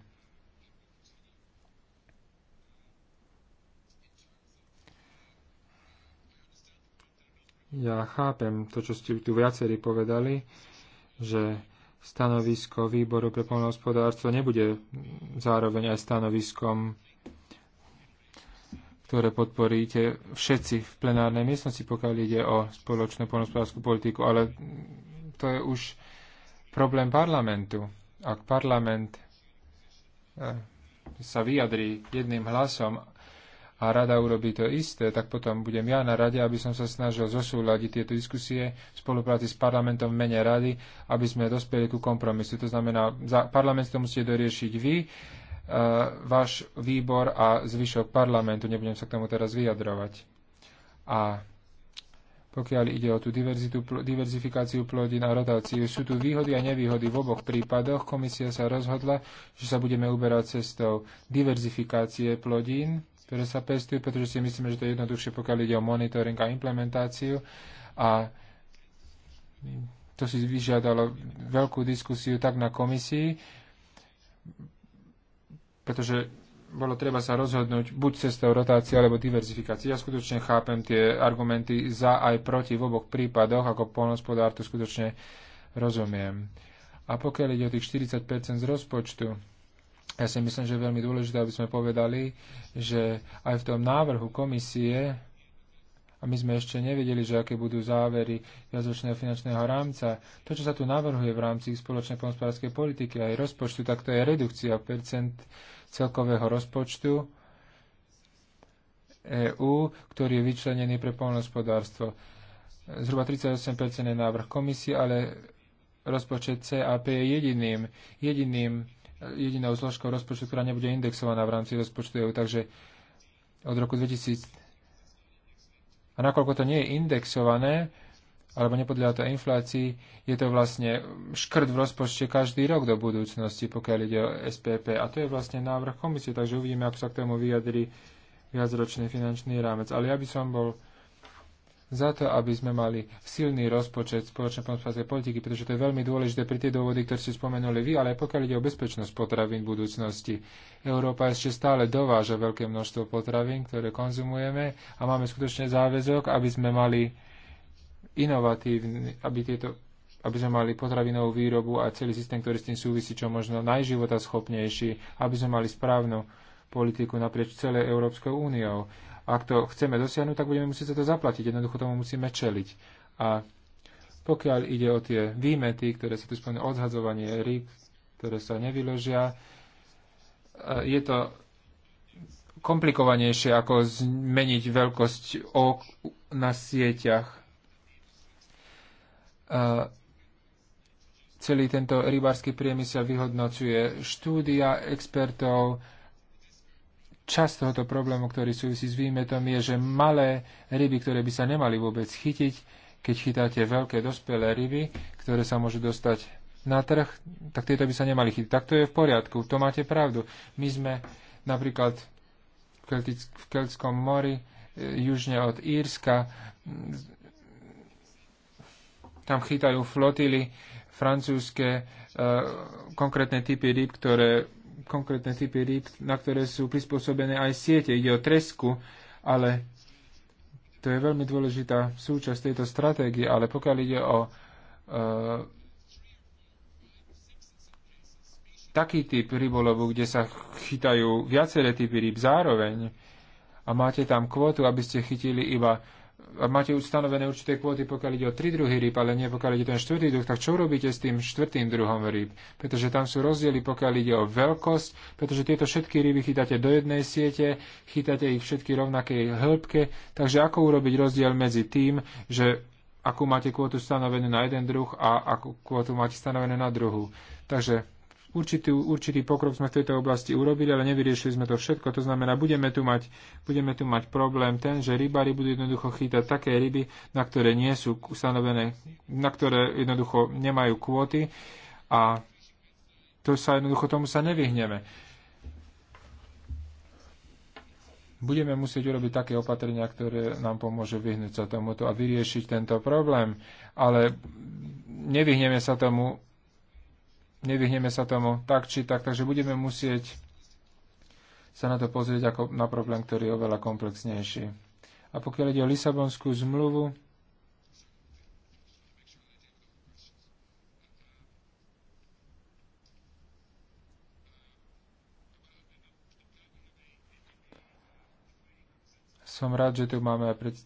Ja chápem to, čo ste tu viacerí povedali, že stanovisko výboru pre poľnohospodárstvo nebude zároveň aj stanoviskom ktoré podporíte všetci v plenárnej miestnosti, pokiaľ ide o spoločnú poľnohospodárskú politiku, ale to je už problém parlamentu. Ak parlament eh, sa vyjadrí jedným hlasom a rada urobí to isté, tak potom budem ja na rade, aby som sa snažil zosúľadiť tieto diskusie v spolupráci s parlamentom v mene rady, aby sme dospeli ku kompromisu. To znamená, za parlament to musíte doriešiť vy, Eh, váš výbor a zvyšok parlamentu. Nebudem sa k tomu teraz vyjadrovať. A pokiaľ ide o tú diverzitu, diverzifikáciu plodín a rotáciu, sú tu výhody a nevýhody. V oboch prípadoch komisia sa rozhodla, že sa budeme uberať cestou diverzifikácie plodín, ktoré sa pestujú, pretože si myslíme, že to je jednoduchšie, pokiaľ ide o monitoring a implementáciu. A to si vyžiadalo veľkú diskusiu tak na komisii, pretože bolo treba sa rozhodnúť buď cestou rotácie alebo diverzifikácie. Ja skutočne chápem tie argumenty za aj proti v oboch prípadoch, ako polnospodár to skutočne rozumiem. A pokiaľ ide o tých 40% z rozpočtu, ja si myslím, že je veľmi dôležité, aby sme povedali, že aj v tom návrhu komisie a my sme ešte nevedeli, že aké budú závery viacročného finančného rámca. To, čo sa tu navrhuje v rámci spoločnej pomospodárskej politiky aj rozpočtu, tak to je redukcia percent celkového rozpočtu EÚ, ktorý je vyčlenený pre polnospodárstvo. Zhruba 38% je návrh komisie, ale rozpočet CAP je jediným, jediným, jedinou zložkou rozpočtu, ktorá nebude indexovaná v rámci rozpočtu EU. Takže od roku 2000 a nakoľko to nie je indexované, alebo nepodľa to inflácii, je to vlastne škrt v rozpočte každý rok do budúcnosti, pokiaľ ide o SPP. A to je vlastne návrh komisie, takže uvidíme, ako sa k tomu vyjadri viacročný finančný rámec. Ale ja by som bol za to, aby sme mali silný rozpočet spoločnej poľnohospodárskej politiky, pretože to je veľmi dôležité pri tie dôvody, ktoré ste spomenuli vy, ale aj pokiaľ ide o bezpečnosť potravín v budúcnosti. Európa ešte stále dováža veľké množstvo potravín, ktoré konzumujeme a máme skutočne záväzok, aby sme mali inovatívny, aby tieto aby sme mali potravinovú výrobu a celý systém, ktorý s tým súvisí, čo možno schopnejší, aby sme mali správnu politiku naprieč celej Európskou úniou. Ak to chceme dosiahnuť, tak budeme musieť sa to zaplatiť. Jednoducho tomu musíme čeliť. A pokiaľ ide o tie výmety, ktoré sa tu spomínajú, odhadzovanie rýb, ktoré sa nevyložia, e, je to komplikovanejšie, ako zmeniť veľkosť ok na sieťach. E, celý tento rybársky priemysel vyhodnocuje štúdia expertov, Časť tohoto problému, ktorý súvisí s výmetom, je, že malé ryby, ktoré by sa nemali vôbec chytiť, keď chytáte veľké dospelé ryby, ktoré sa môžu dostať na trh, tak tieto by sa nemali chytiť. Tak to je v poriadku, to máte pravdu. My sme napríklad v, v Keltskom mori, e, južne od Írska, mm, tam chytajú flotily francúzske, e, konkrétne typy ryb, ktoré konkrétne typy rýb, na ktoré sú prispôsobené aj siete. Ide o tresku, ale to je veľmi dôležitá súčasť tejto stratégie, ale pokiaľ ide o e, taký typ rybolovu, kde sa chytajú viaceré typy rýb zároveň a máte tam kvotu, aby ste chytili iba a máte ustanovené určité kvóty, pokiaľ ide o tri druhy rýb, ale nie pokiaľ ide o ten štvrtý druh, tak čo robíte s tým štvrtým druhom rýb? Pretože tam sú rozdiely, pokiaľ ide o veľkosť, pretože tieto všetky ryby chytáte do jednej siete, chytáte ich všetky rovnakej hĺbke, takže ako urobiť rozdiel medzi tým, že akú máte kvotu stanovenú na jeden druh a akú kvotu máte stanovenú na druhú. Takže Určitý, určitý pokrok sme v tejto oblasti urobili, ale nevyriešili sme to všetko. To znamená, budeme tu mať, budeme tu mať problém ten, že rybári budú jednoducho chýtať také ryby, na ktoré nie sú stanovené, na ktoré jednoducho nemajú kvóty a to sa jednoducho tomu sa nevyhneme. Budeme musieť urobiť také opatrenia, ktoré nám pomôžu vyhnúť sa tomuto a vyriešiť tento problém, ale nevyhneme sa tomu nevyhneme sa tomu tak či tak, takže budeme musieť sa na to pozrieť ako na problém, ktorý je oveľa komplexnejší. A pokiaľ ide o Lisabonskú zmluvu, som rád, že tu máme pred...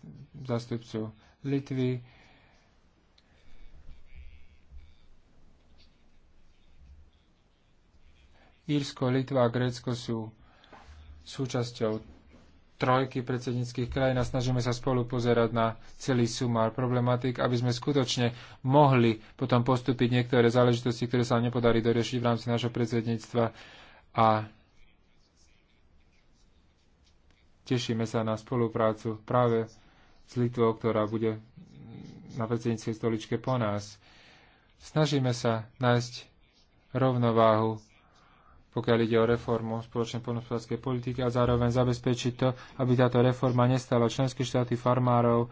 zastupcu Litvy, Írsko, Litva a Grécko sú súčasťou trojky predsedníckých krajín a snažíme sa spolu pozerať na celý sumár problematik, aby sme skutočne mohli potom postúpiť niektoré záležitosti, ktoré sa nepodarí doriešiť v rámci našho predsedníctva a tešíme sa na spoluprácu práve s Litvou, ktorá bude na predsedníckej stoličke po nás. Snažíme sa nájsť rovnováhu pokiaľ ide o reformu spoločnej poľnohospodárskej politiky a zároveň zabezpečiť to, aby táto reforma nestala členské štáty farmárov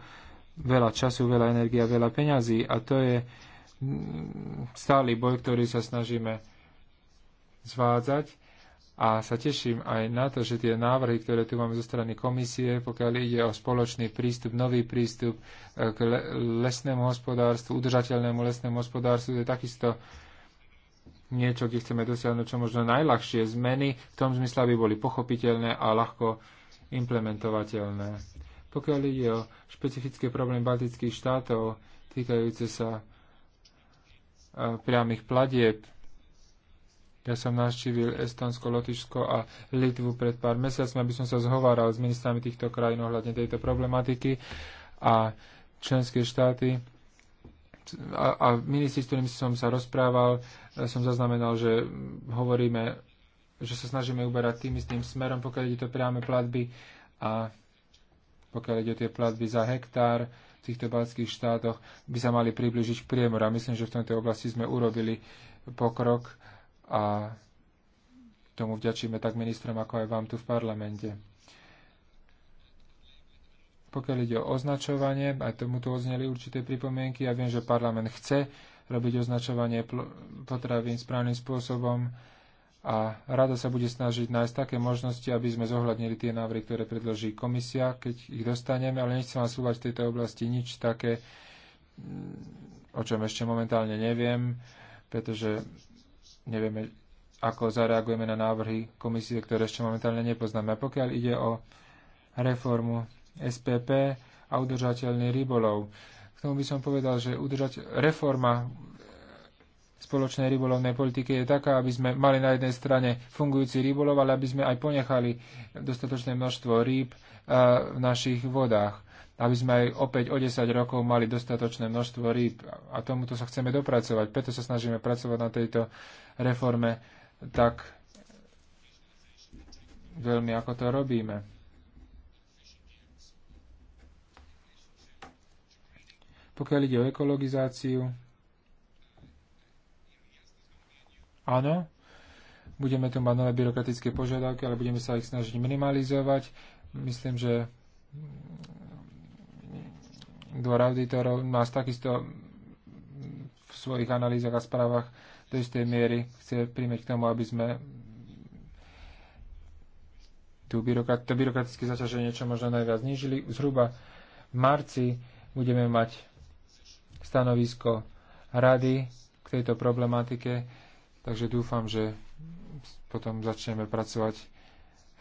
veľa času, veľa energie a veľa peňazí. A to je mm, stály boj, ktorý sa snažíme zvádzať. A sa teším aj na to, že tie návrhy, ktoré tu máme zo strany komisie, pokiaľ ide o spoločný prístup, nový prístup eh, k lesnému hospodárstvu, udržateľnému lesnému hospodárstvu, to je takisto niečo, kde chceme dosiahnuť čo možno najľahšie zmeny, v tom zmysle, aby boli pochopiteľné a ľahko implementovateľné. Pokiaľ ide o špecifické problémy baltických štátov týkajúce sa e, priamých platieb, ja som navštívil Estonsko, Lotyšsko a Litvu pred pár mesiacmi, aby som sa zhováral s ministrami týchto krajín ohľadne tejto problematiky a členské štáty a, a ministri, s ktorými som sa rozprával, e, som zaznamenal, že hovoríme, že sa snažíme uberať tým istým smerom, pokiaľ ide to priame platby a pokiaľ ide o tie platby za hektár v týchto baltských štátoch, by sa mali približiť k priemoru. A myslím, že v tejto oblasti sme urobili pokrok a tomu vďačíme tak ministrom, ako aj vám tu v parlamente. Pokiaľ ide o označovanie, aj tomu tu ozneli určité pripomienky. Ja viem, že parlament chce robiť označovanie potravín správnym spôsobom a rada sa bude snažiť nájsť také možnosti, aby sme zohľadnili tie návrhy, ktoré predloží komisia, keď ich dostaneme, ale nechcem vám slúvať v tejto oblasti nič také, mm, o čom ešte momentálne neviem, pretože nevieme, ako zareagujeme na návrhy komisie, ktoré ešte momentálne nepoznáme. A pokiaľ ide o reformu SPP a udržateľný rybolov. K tomu by som povedal, že udržať reforma e, spoločnej rybolovnej politiky je taká, aby sme mali na jednej strane fungujúci rybolov, ale aby sme aj ponechali dostatočné množstvo rýb e, v našich vodách. Aby sme aj opäť o 10 rokov mali dostatočné množstvo rýb. A tomuto sa chceme dopracovať. Preto sa snažíme pracovať na tejto reforme tak veľmi, ako to robíme. Pokiaľ ide o ekologizáciu, áno, budeme tu mať nové byrokratické požiadavky, ale budeme sa ich snažiť minimalizovať. Myslím, že dvor auditorov nás takisto v svojich analýzach a správach do istej miery chce príjmeť k tomu, aby sme tú byrokrat- to byrokratické zaťaženie čo možno najviac znížili. Zhruba v marci budeme mať stanovisko rady k tejto problematike, takže dúfam, že potom začneme pracovať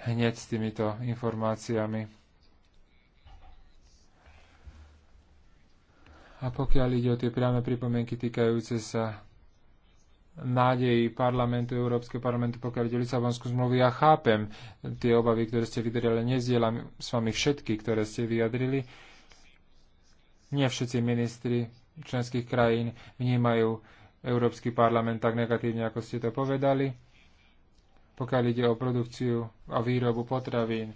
hneď s týmito informáciami. A pokiaľ ide o tie priame pripomienky týkajúce sa nádejí parlamentu, Európskeho parlamentu, pokiaľ ide o Lisabonskú zmluvu. Ja chápem tie obavy, ktoré ste vyjadrili, nezdielam s vami všetky, ktoré ste vyjadrili. Nie všetci ministri členských krajín vnímajú Európsky parlament tak negatívne, ako ste to povedali, pokiaľ ide o produkciu a výrobu potravín.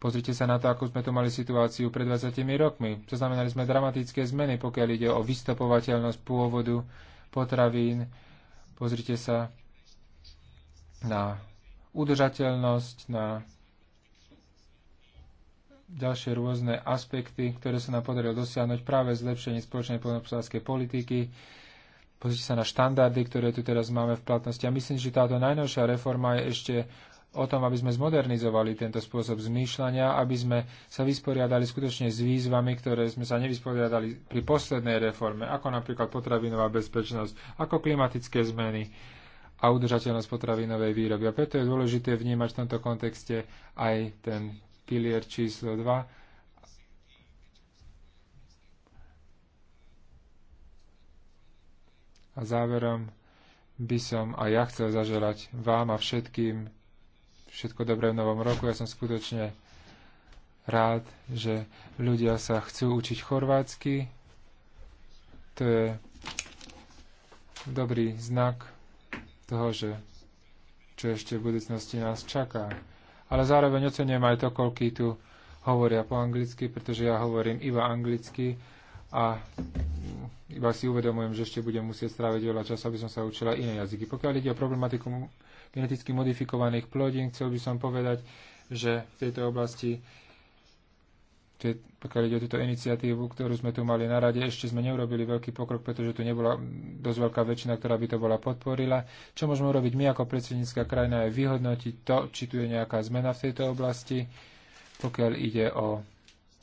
Pozrite sa na to, ako sme tu mali situáciu pred 20 rokmi. To znamenali sme dramatické zmeny, pokiaľ ide o vystopovateľnosť pôvodu potravín. Pozrite sa na udržateľnosť, na ďalšie rôzne aspekty, ktoré sa nám podarilo dosiahnuť práve zlepšenie spoločnej poľnohospodárskej politiky. Pozrite sa na štandardy, ktoré tu teraz máme v platnosti. A myslím, že táto najnovšia reforma je ešte o tom, aby sme zmodernizovali tento spôsob zmýšľania, aby sme sa vysporiadali skutočne s výzvami, ktoré sme sa nevysporiadali pri poslednej reforme, ako napríklad potravinová bezpečnosť, ako klimatické zmeny a udržateľnosť potravinovej výroby. A preto je dôležité vnímať v tomto kontexte aj ten pilier číslo 2. A záverom by som a ja chcel zaželať vám a všetkým všetko dobré v novom roku. Ja som skutočne rád, že ľudia sa chcú učiť chorvátsky. To je dobrý znak toho, že čo ešte v budúcnosti nás čaká ale zároveň ocenujem aj to, koľký tu hovoria po anglicky, pretože ja hovorím iba anglicky a iba si uvedomujem, že ešte budem musieť stráviť veľa času, aby som sa učila iné jazyky. Pokiaľ ide o problematiku geneticky modifikovaných plodín, chcel by som povedať, že v tejto oblasti pokiaľ ide o túto iniciatívu, ktorú sme tu mali na rade, ešte sme neurobili veľký pokrok, pretože tu nebola dosť veľká väčšina, ktorá by to bola podporila. Čo môžeme urobiť my ako predsednícka krajina je vyhodnotiť to, či tu je nejaká zmena v tejto oblasti, pokiaľ ide o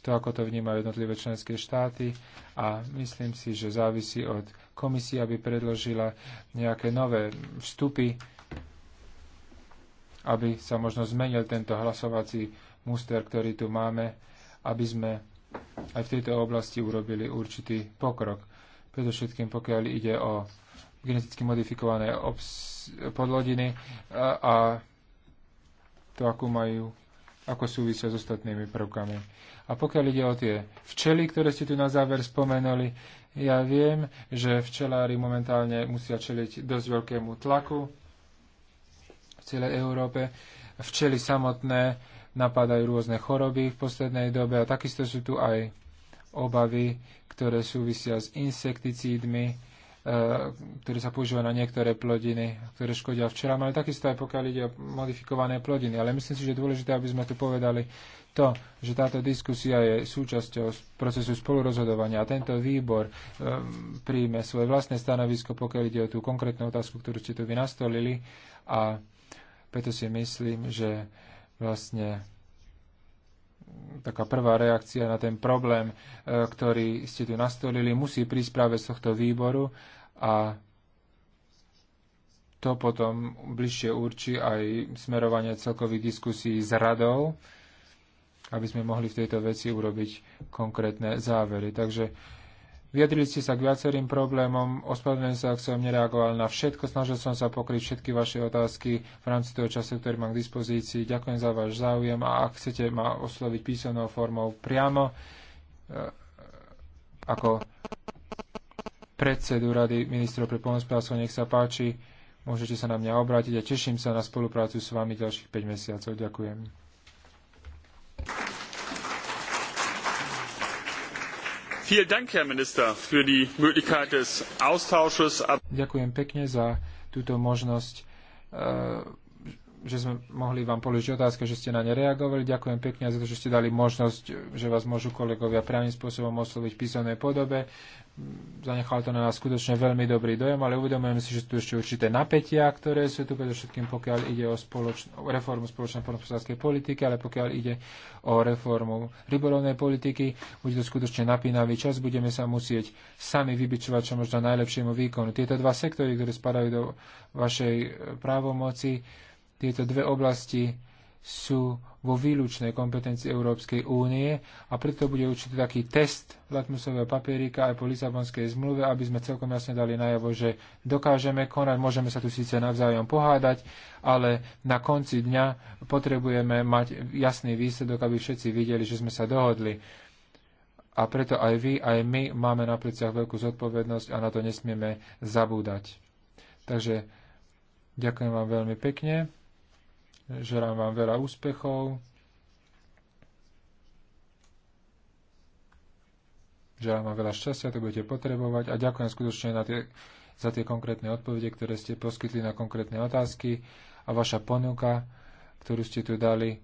to, ako to vnímajú jednotlivé členské štáty a myslím si, že závisí od komisie, aby predložila nejaké nové vstupy, aby sa možno zmenil tento hlasovací muster, ktorý tu máme aby sme aj v tejto oblasti urobili určitý pokrok. Predovšetkým pokiaľ ide o geneticky modifikované podlodiny a, a to, ako majú, ako súvisia s ostatnými prvkami. A pokiaľ ide o tie včely, ktoré ste tu na záver spomenuli, ja viem, že včelári momentálne musia čeliť dosť veľkému tlaku v celej Európe. Včely samotné napadajú rôzne choroby v poslednej dobe a takisto sú tu aj obavy, ktoré súvisia s insekticídmi, e, ktoré sa používajú na niektoré plodiny, ktoré škodia včera, ale takisto aj pokiaľ ide o modifikované plodiny. Ale myslím si, že je dôležité, aby sme tu povedali to, že táto diskusia je súčasťou procesu spolurozhodovania a tento výbor e, príjme svoje vlastné stanovisko, pokiaľ ide o tú konkrétnu otázku, ktorú ste tu vy nastolili a preto si myslím, že vlastne taká prvá reakcia na ten problém, e, ktorý ste tu nastolili, musí prísť práve z tohto výboru a to potom bližšie určí aj smerovanie celkových diskusí s radou, aby sme mohli v tejto veci urobiť konkrétne závery. Takže Vyjadrili ste sa k viacerým problémom, ospravedlňujem sa, ak som nereagoval na všetko, snažil som sa pokryť všetky vaše otázky v rámci toho času, ktorý mám k dispozícii. Ďakujem za váš záujem a ak chcete ma osloviť písomnou formou priamo eh, ako predsedu Rady ministrov pre pomospodárstvo, nech sa páči, môžete sa na mňa obrátiť a teším sa na spoluprácu s vami ďalších 5 mesiacov. Ďakujem. Ďakujem pekne za túto možnosť eh, že sme mohli vám položiť otázky, že ste na ne reagovali. Ďakujem pekne za to, že ste dali možnosť, že vás môžu kolegovia priamým spôsobom osloviť v písomnej podobe. Zanechalo to na nás skutočne veľmi dobrý dojem, ale uvedomujem si, že sú tu ešte určité napätia, ktoré sú tu, predovšetkým pokiaľ ide o, spoločn- o reformu spoločnej poľnohospodárskej politiky, ale pokiaľ ide o reformu rybolovnej politiky, bude to skutočne napínavý čas, budeme sa musieť sami vybičovať čo možno najlepšiemu výkonu. Tieto dva sektory, ktoré spadajú do vašej e, právomoci, tieto dve oblasti sú vo výlučnej kompetencii Európskej únie a preto bude určite taký test latmusového papierika aj po Lisabonskej zmluve, aby sme celkom jasne dali najavo, že dokážeme konať, môžeme sa tu síce navzájom pohádať, ale na konci dňa potrebujeme mať jasný výsledok, aby všetci videli, že sme sa dohodli. A preto aj vy, aj my máme na pleciach veľkú zodpovednosť a na to nesmieme zabúdať. Takže ďakujem vám veľmi pekne. Želám vám veľa úspechov. Želám vám veľa šťastia, to budete potrebovať a ďakujem skutočne na tie, za tie konkrétne odpovede, ktoré ste poskytli na konkrétne otázky a vaša ponuka, ktorú ste tu dali,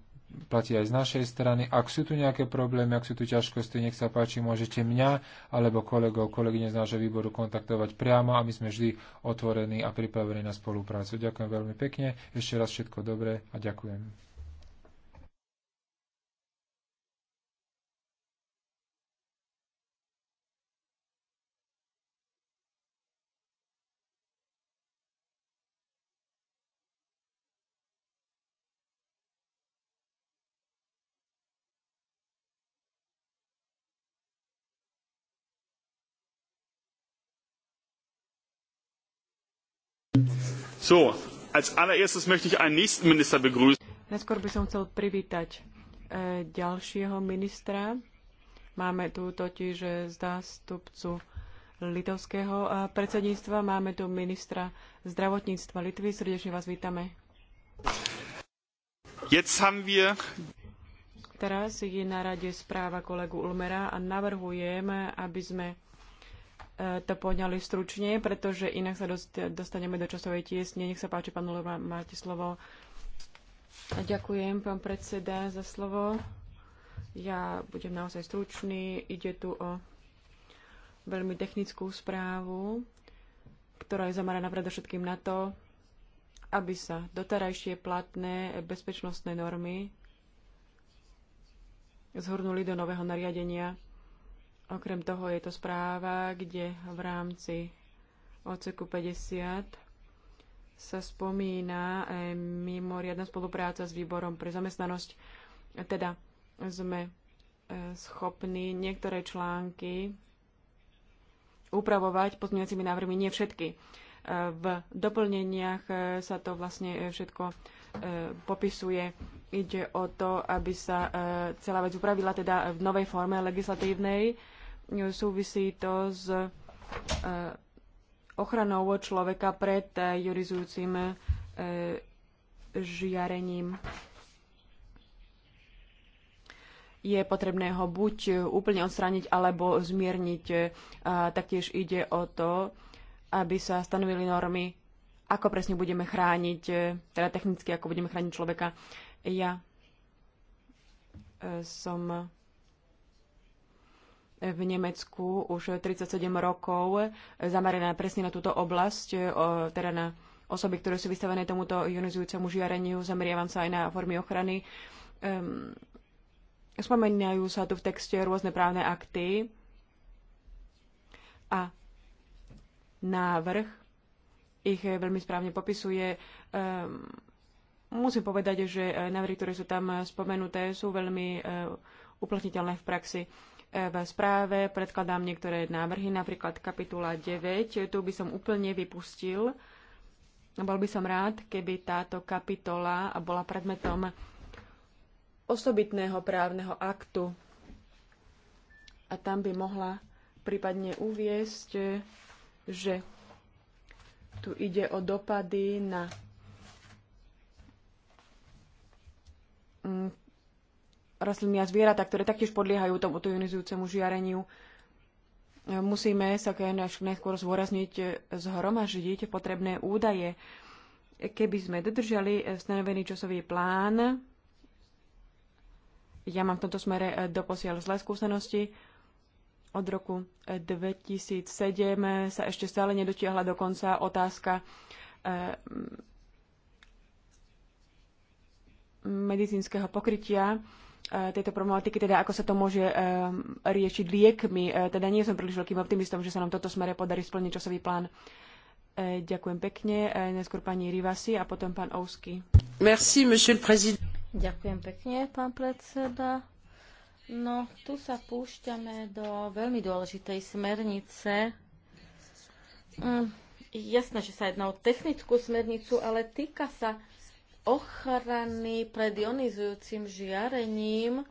platí aj z našej strany. Ak sú tu nejaké problémy, ak sú tu ťažkosti, nech sa páči, môžete mňa alebo kolegov, kolegyne z nášho výboru kontaktovať priamo a my sme vždy otvorení a pripravení na spoluprácu. Ďakujem veľmi pekne, ešte raz všetko dobré a ďakujem. So, als allererstes möchte ich einen nächsten Minister begrüßen. Najskôr by som chcel privítať e, ďalšieho ministra. Máme tu totiž zástupcu litovského e, predsedníctva, máme tu ministra zdravotníctva Litvy. Srdečne vás vítame. Jetzt haben wir Teraz je na rade správa kolegu Ulmera a navrhujem, aby sme to poňali stručne, pretože inak sa dostaneme do časovej tiesne. Nech sa páči, pán Lula, máte slovo. Ďakujem, pán predseda, za slovo. Ja budem naozaj stručný. Ide tu o veľmi technickú správu, ktorá je zameraná predovšetkým na to, aby sa doterajšie platné bezpečnostné normy zhrnuli do nového nariadenia Okrem toho je to správa, kde v rámci odseku 50 sa spomína e, mimoriadna spolupráca s výborom pre zamestnanosť. Teda sme e, schopní niektoré články upravovať pozmeňovacími návrhmi, nie všetky. E, v doplneniach sa to vlastne všetko popisuje. Ide o to, aby sa celá vec upravila teda v novej forme legislatívnej, Súvisí to s e, ochranou človeka pred e, jurizujúcim e, žiarením. Je potrebné ho buď úplne odstrániť, alebo zmierniť. A taktiež ide o to, aby sa stanovili normy, ako presne budeme chrániť, teda technicky, ako budeme chrániť človeka. Ja som v Nemecku už 37 rokov zameraná presne na túto oblasť, e, teda na osoby, ktoré sú vystavené tomuto ionizujúcemu žiareniu. Zameriavam sa aj na formy ochrany. Spomeniajú sa tu v texte rôzne právne akty a návrh ich veľmi správne popisuje. Musím povedať, že návrhy, ktoré sú tam spomenuté, sú veľmi e, uplatniteľné v praxi v správe predkladám niektoré návrhy, napríklad kapitula 9. Tu by som úplne vypustil. Bol by som rád, keby táto kapitola bola predmetom osobitného právneho aktu. A tam by mohla prípadne uviesť, že tu ide o dopady na rastliny a zvieratá, ktoré taktiež podliehajú tomu ionizujúcemu žiareniu. E, musíme sa najskôr zvorazniť, e, zhromaždiť potrebné údaje. E, keby sme dodržali stanovený časový plán, ja mám v tomto smere doposiaľ zlé skúsenosti, od roku 2007 sa ešte stále nedotiahla dokonca otázka medicínskeho pokrytia E, tejto problematiky, teda ako sa to môže e, riešiť liekmi. E, teda nie som príliš veľkým optimistom, že sa nám toto smere podarí splniť časový plán. Ďakujem pekne. Neskôr pani Rivasi a potom pán Ousky. Merci, monsieur le président. Ďakujem pekne, pán predseda. No, tu sa púšťame do veľmi dôležitej smernice. Mm, jasné, že sa jedná o technickú smernicu, ale týka sa ochrany pred ionizujúcim žiarením,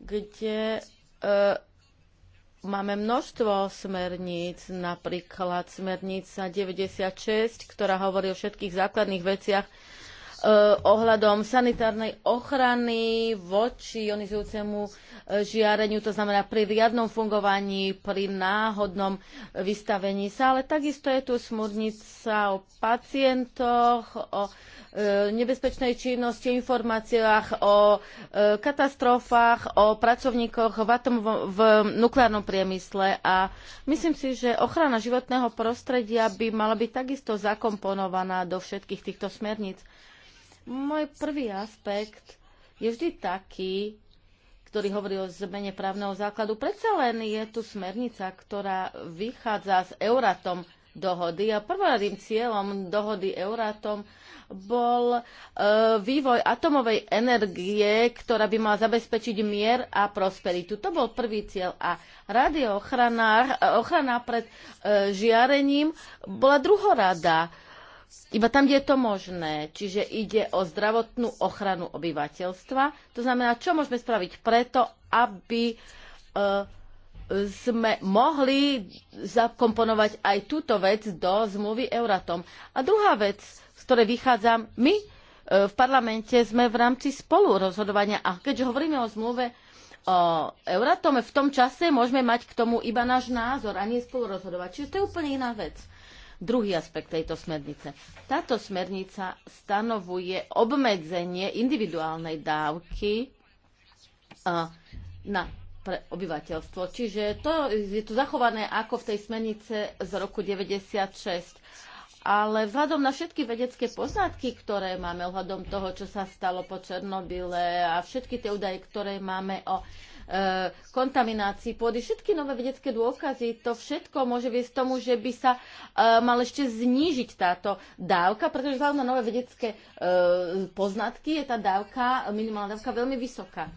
kde e, máme množstvo smerníc, napríklad smernica 96, ktorá hovorí o všetkých základných veciach, Eh, ohľadom sanitárnej ochrany voči ionizujúcemu eh, žiareniu, to znamená pri riadnom fungovaní, pri náhodnom eh, vystavení sa, ale takisto je tu smurnica o pacientoch, o nebezpečnej činnosti, informáciách o katastrofách, o pracovníkoch v, atomovom, v nukleárnom priemysle a myslím si, že ochrana životného prostredia by mala byť takisto zakomponovaná do všetkých týchto smerníc. Môj prvý aspekt je vždy taký, ktorý hovorí o zmene právneho základu. Predsa len je tu smernica, ktorá vychádza z Euratom dohody a prvým cieľom dohody Euratom bol e, vývoj atomovej energie, ktorá by mala zabezpečiť mier a prosperitu. To bol prvý cieľ. A radioochrana e, ochrana pred e, žiarením bola druhorada. E, iba tam, kde je to možné, čiže ide o zdravotnú ochranu obyvateľstva. To znamená, čo môžeme spraviť preto, aby e, sme mohli zakomponovať aj túto vec do zmluvy Euratom. A druhá vec, z ktorej vychádzam, my e, v parlamente sme v rámci spolurozhodovania a keďže hovoríme o zmluve o Euratome, v tom čase môžeme mať k tomu iba náš názor a nie spolurozhodovať. Čiže to je úplne iná vec druhý aspekt tejto smernice. Táto smernica stanovuje obmedzenie individuálnej dávky na pre obyvateľstvo. Čiže to je tu zachované ako v tej smernice z roku 96. Ale vzhľadom na všetky vedecké poznatky, ktoré máme ohľadom toho, čo sa stalo po Černobyle a všetky tie údaje, ktoré máme o E, kontaminácii pôdy, všetky nové vedecké dôkazy, to všetko môže viesť tomu, že by sa e, mal ešte znížiť táto dávka, pretože vzhľadom na nové vedecké e, poznatky je tá dávka, minimálna dávka veľmi vysoká.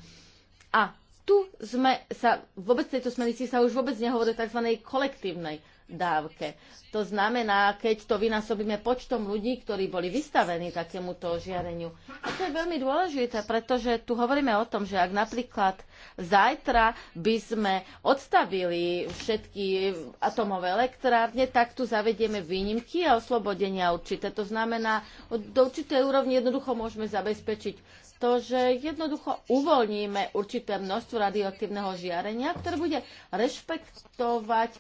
A tu sme sa, vôbec tejto smernici sa už vôbec nehovorí o tzv. kolektívnej dávke. To znamená, keď to vynásobíme počtom ľudí, ktorí boli vystavení takémuto žiareniu. A to je veľmi dôležité, pretože tu hovoríme o tom, že ak napríklad zajtra by sme odstavili všetky atomové elektrárne, tak tu zavedieme výnimky a oslobodenia určité. To znamená, do určitej úrovni jednoducho môžeme zabezpečiť to, že jednoducho uvoľníme určité množstvo radioaktívneho žiarenia, ktoré bude rešpektovať e,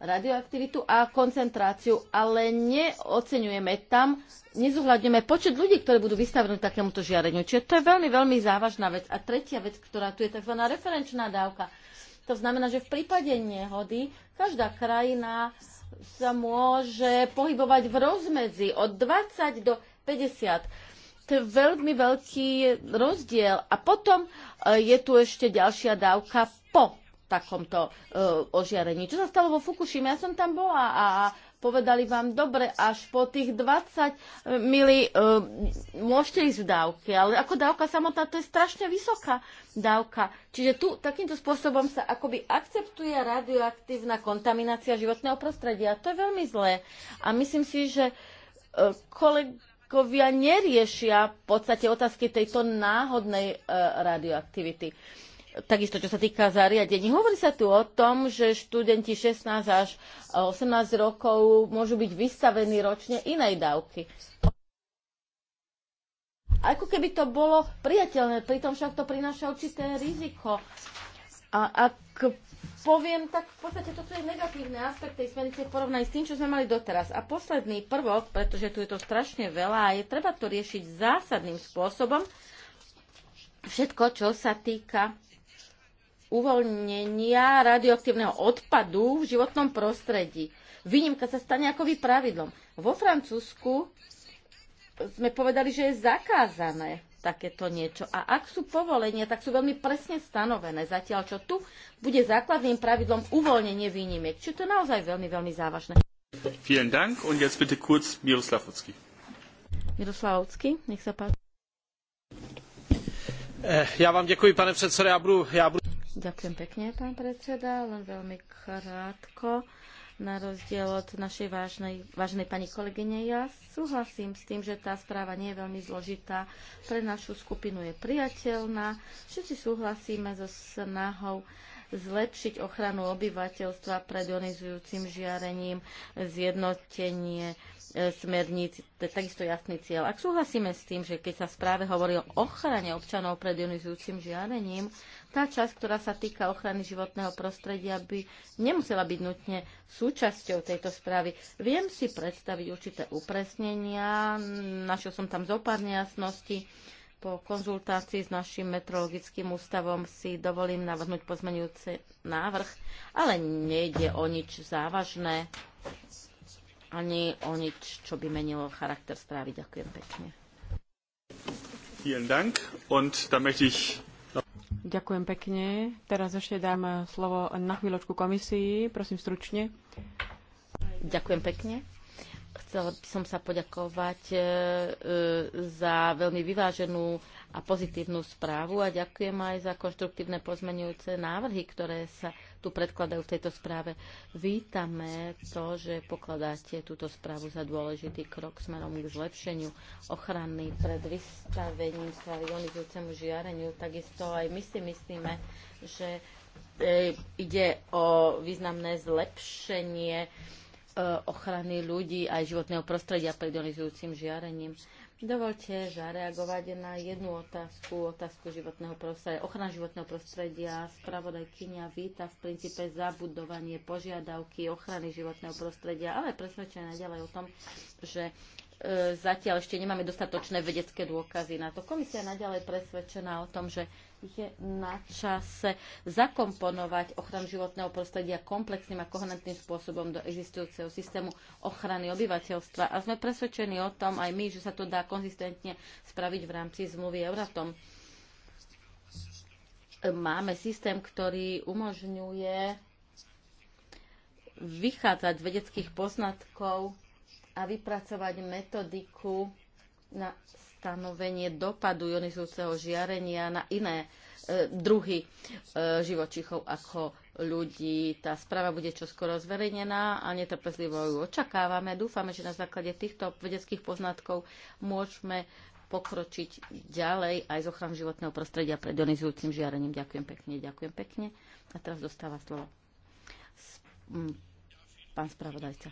radioaktivitu a koncentráciu, ale neocenujeme tam, nezohľadňujeme počet ľudí, ktorí budú vystavení takémuto žiareniu. Čiže to je veľmi, veľmi závažná vec. A tretia vec, ktorá tu je tzv. referenčná dávka. To znamená, že v prípade nehody každá krajina sa môže pohybovať v rozmedzi od 20 do 50 to je veľmi veľký rozdiel. A potom e, je tu ešte ďalšia dávka po takomto e, ožiarení. Čo sa stalo vo Fukushima? Ja som tam bola a povedali vám, dobre, až po tých 20 e, mili e, môžete ísť v dávke, ale ako dávka samotná, to je strašne vysoká dávka. Čiže tu takýmto spôsobom sa akoby akceptuje radioaktívna kontaminácia životného prostredia. To je veľmi zlé. A myslím si, že kolegovia neriešia v podstate otázky tejto náhodnej radioaktivity. Takisto, čo sa týka zariadení. Hovorí sa tu o tom, že študenti 16 až 18 e, rokov môžu byť vystavení ročne inej dávky. Ako keby to bolo priateľné, pritom však to prináša určité riziko. A ak poviem, tak v podstate toto je negatívny aspekt tej smernice v porovnaní s tým, čo sme mali doteraz. A posledný prvok, pretože tu je to strašne veľa a je treba to riešiť zásadným spôsobom, všetko, čo sa týka uvoľnenia radioaktívneho odpadu v životnom prostredí. Výnimka sa stane ako pravidlom. Vo Francúzsku sme povedali, že je zakázané takéto niečo. A ak sú povolenia, tak sú veľmi presne stanovené. Zatiaľ, čo tu bude základným pravidlom uvoľnenie výnimiek. Čiže to je naozaj veľmi, veľmi závažné. Vielen Dank und jetzt bitte kurz Miroslav Ucky. Miroslav Ucky, nech sa páči. Eh, ja vám ďakujem, pane predsedo. Ja budu, ja budu... Ďakujem pekne, pán predseda, len veľmi krátko. Na rozdiel od našej vážnej, vážnej pani kolegyne, ja súhlasím s tým, že tá správa nie je veľmi zložitá. Pre našu skupinu je priateľná. Všetci súhlasíme so snahou zlepšiť ochranu obyvateľstva pred ionizujúcim žiarením, zjednotenie E, smerníc, to je takisto jasný cieľ. Ak súhlasíme s tým, že keď sa správe hovorí o ochrane občanov pred ionizujúcim žiarením, tá časť, ktorá sa týka ochrany životného prostredia, by nemusela byť nutne súčasťou tejto správy. Viem si predstaviť určité upresnenia, našiel som tam zopár nejasnosti. po konzultácii s našim metrologickým ústavom si dovolím navrhnúť pozmenujúci návrh, ale nejde o nič závažné ani o nič, čo by menilo charakter správy. Ďakujem pekne. Ďakujem pekne. Teraz ešte dám slovo na chvíľočku komisii. Prosím stručne. Ďakujem pekne. Chcela by som sa poďakovať e, e, za veľmi vyváženú a pozitívnu správu a ďakujem aj za konštruktívne pozmenujúce návrhy, ktoré sa tu predkladajú v tejto správe. Vítame to, že pokladáte túto správu za dôležitý krok smerom k zlepšeniu ochrany pred vystavením sa ionizujúcemu žiareniu. Takisto aj my si myslíme, že e, ide o významné zlepšenie e, ochrany ľudí aj životného prostredia pred ionizujúcim žiarením. Dovolte zareagovať na jednu otázku, otázku životného prostredia. Ochrana životného prostredia, spravodajkynia víta v princípe zabudovanie požiadavky ochrany životného prostredia, ale presvedčená naďalej o tom, že e, zatiaľ ešte nemáme dostatočné vedecké dôkazy na to. Komisia je naďalej presvedčená o tom, že je na čase zakomponovať ochranu životného prostredia komplexným a kohonentným spôsobom do existujúceho systému ochrany obyvateľstva. A sme presvedčení o tom aj my, že sa to dá konzistentne spraviť v rámci zmluvy Euratom. Máme systém, ktorý umožňuje vychádzať z vedeckých poznatkov a vypracovať metodiku na stanovenie dopadu ionizujúceho žiarenia na iné e, druhy e, živočichov ako ľudí. Tá správa bude čoskoro zverejnená a netrpezlivo ju očakávame. Dúfame, že na základe týchto vedeckých poznatkov môžeme pokročiť ďalej aj z ochranu životného prostredia pred ionizujúcim žiarením. Ďakujem pekne, ďakujem pekne. A teraz dostáva slovo pán spravodajca.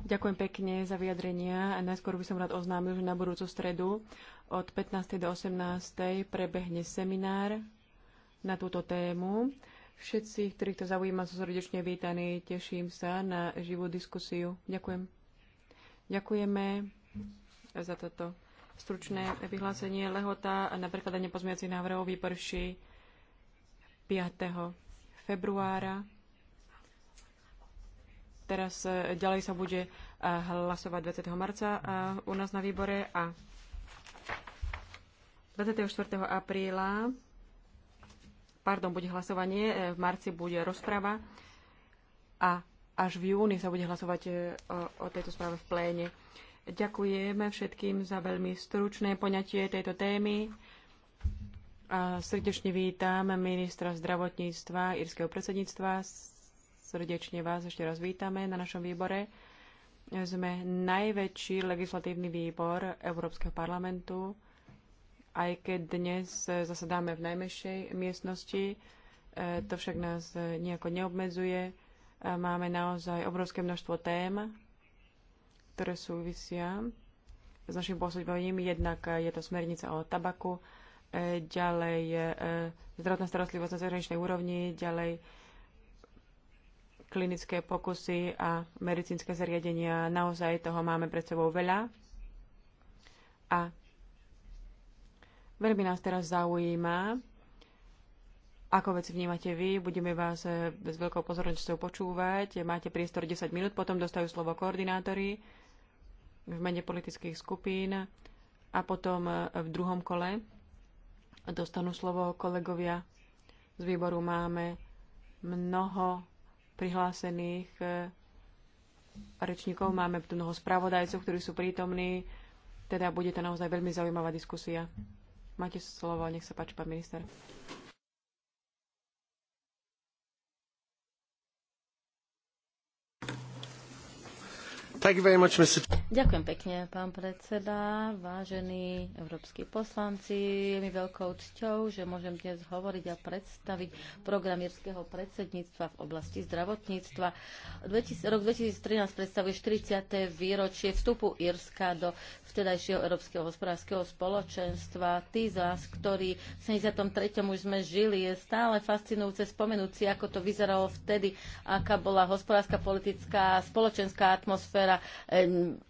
Ďakujem pekne za vyjadrenia. A najskôr by som rád oznámil, že na budúcu stredu od 15. do 18. prebehne seminár na túto tému. Všetci, ktorých to zaujíma, sú srdečne vítaní. Teším sa na živú diskusiu. Ďakujem. Ďakujeme za toto stručné vyhlásenie lehota na prekladanie pozmiacich návrhov vyprší 5. februára. Teraz e, ďalej sa bude e, hlasovať 20. marca e, u nás na výbore a 24. apríla pardon, bude hlasovanie, v marci bude rozprava a až v júni sa bude hlasovať o, o tejto správe v pléne. Ďakujeme všetkým za veľmi stručné poňatie tejto témy. A srdečne vítam ministra zdravotníctva írskeho predsedníctva Srdečne vás ešte raz vítame na našom výbore. Sme najväčší legislatívny výbor Európskeho parlamentu, aj keď dnes zasadáme v najmenšej miestnosti. E, to však nás nejako neobmedzuje. E, máme naozaj obrovské množstvo tém, ktoré súvisia s našim pôsobením. Jednak je to smernica o tabaku, e, ďalej zdravotná starostlivosť na zahraničnej úrovni, ďalej klinické pokusy a medicínske zariadenia. Naozaj toho máme pred sebou veľa. A veľmi nás teraz zaujíma, ako vec vnímate vy. Budeme vás eh, s veľkou pozornosťou počúvať. Máte priestor 10 minút, potom dostajú slovo koordinátori v mene politických skupín a potom eh, v druhom kole dostanú slovo kolegovia z výboru. Máme mnoho prihlásených eh, rečníkov, máme tu mnoho spravodajcov, ktorí sú prítomní, teda bude to naozaj veľmi zaujímavá diskusia. Máte slovo, nech sa páči, pán minister. Ďakujem pekne, pán predseda, vážení európsky poslanci. Je mi veľkou cťou, že môžem dnes hovoriť a predstaviť program Jerského predsedníctva v oblasti zdravotníctva. Rok 2013 predstavuje 40. výročie vstupu Irska do vtedajšieho Európskeho hospodárskeho spoločenstva. Tí z vás, ktorí v 73. už sme žili, je stále fascinujúce spomenúci, ako to vyzeralo vtedy, aká bola hospodárska, politická, spoločenská atmosféra vytvára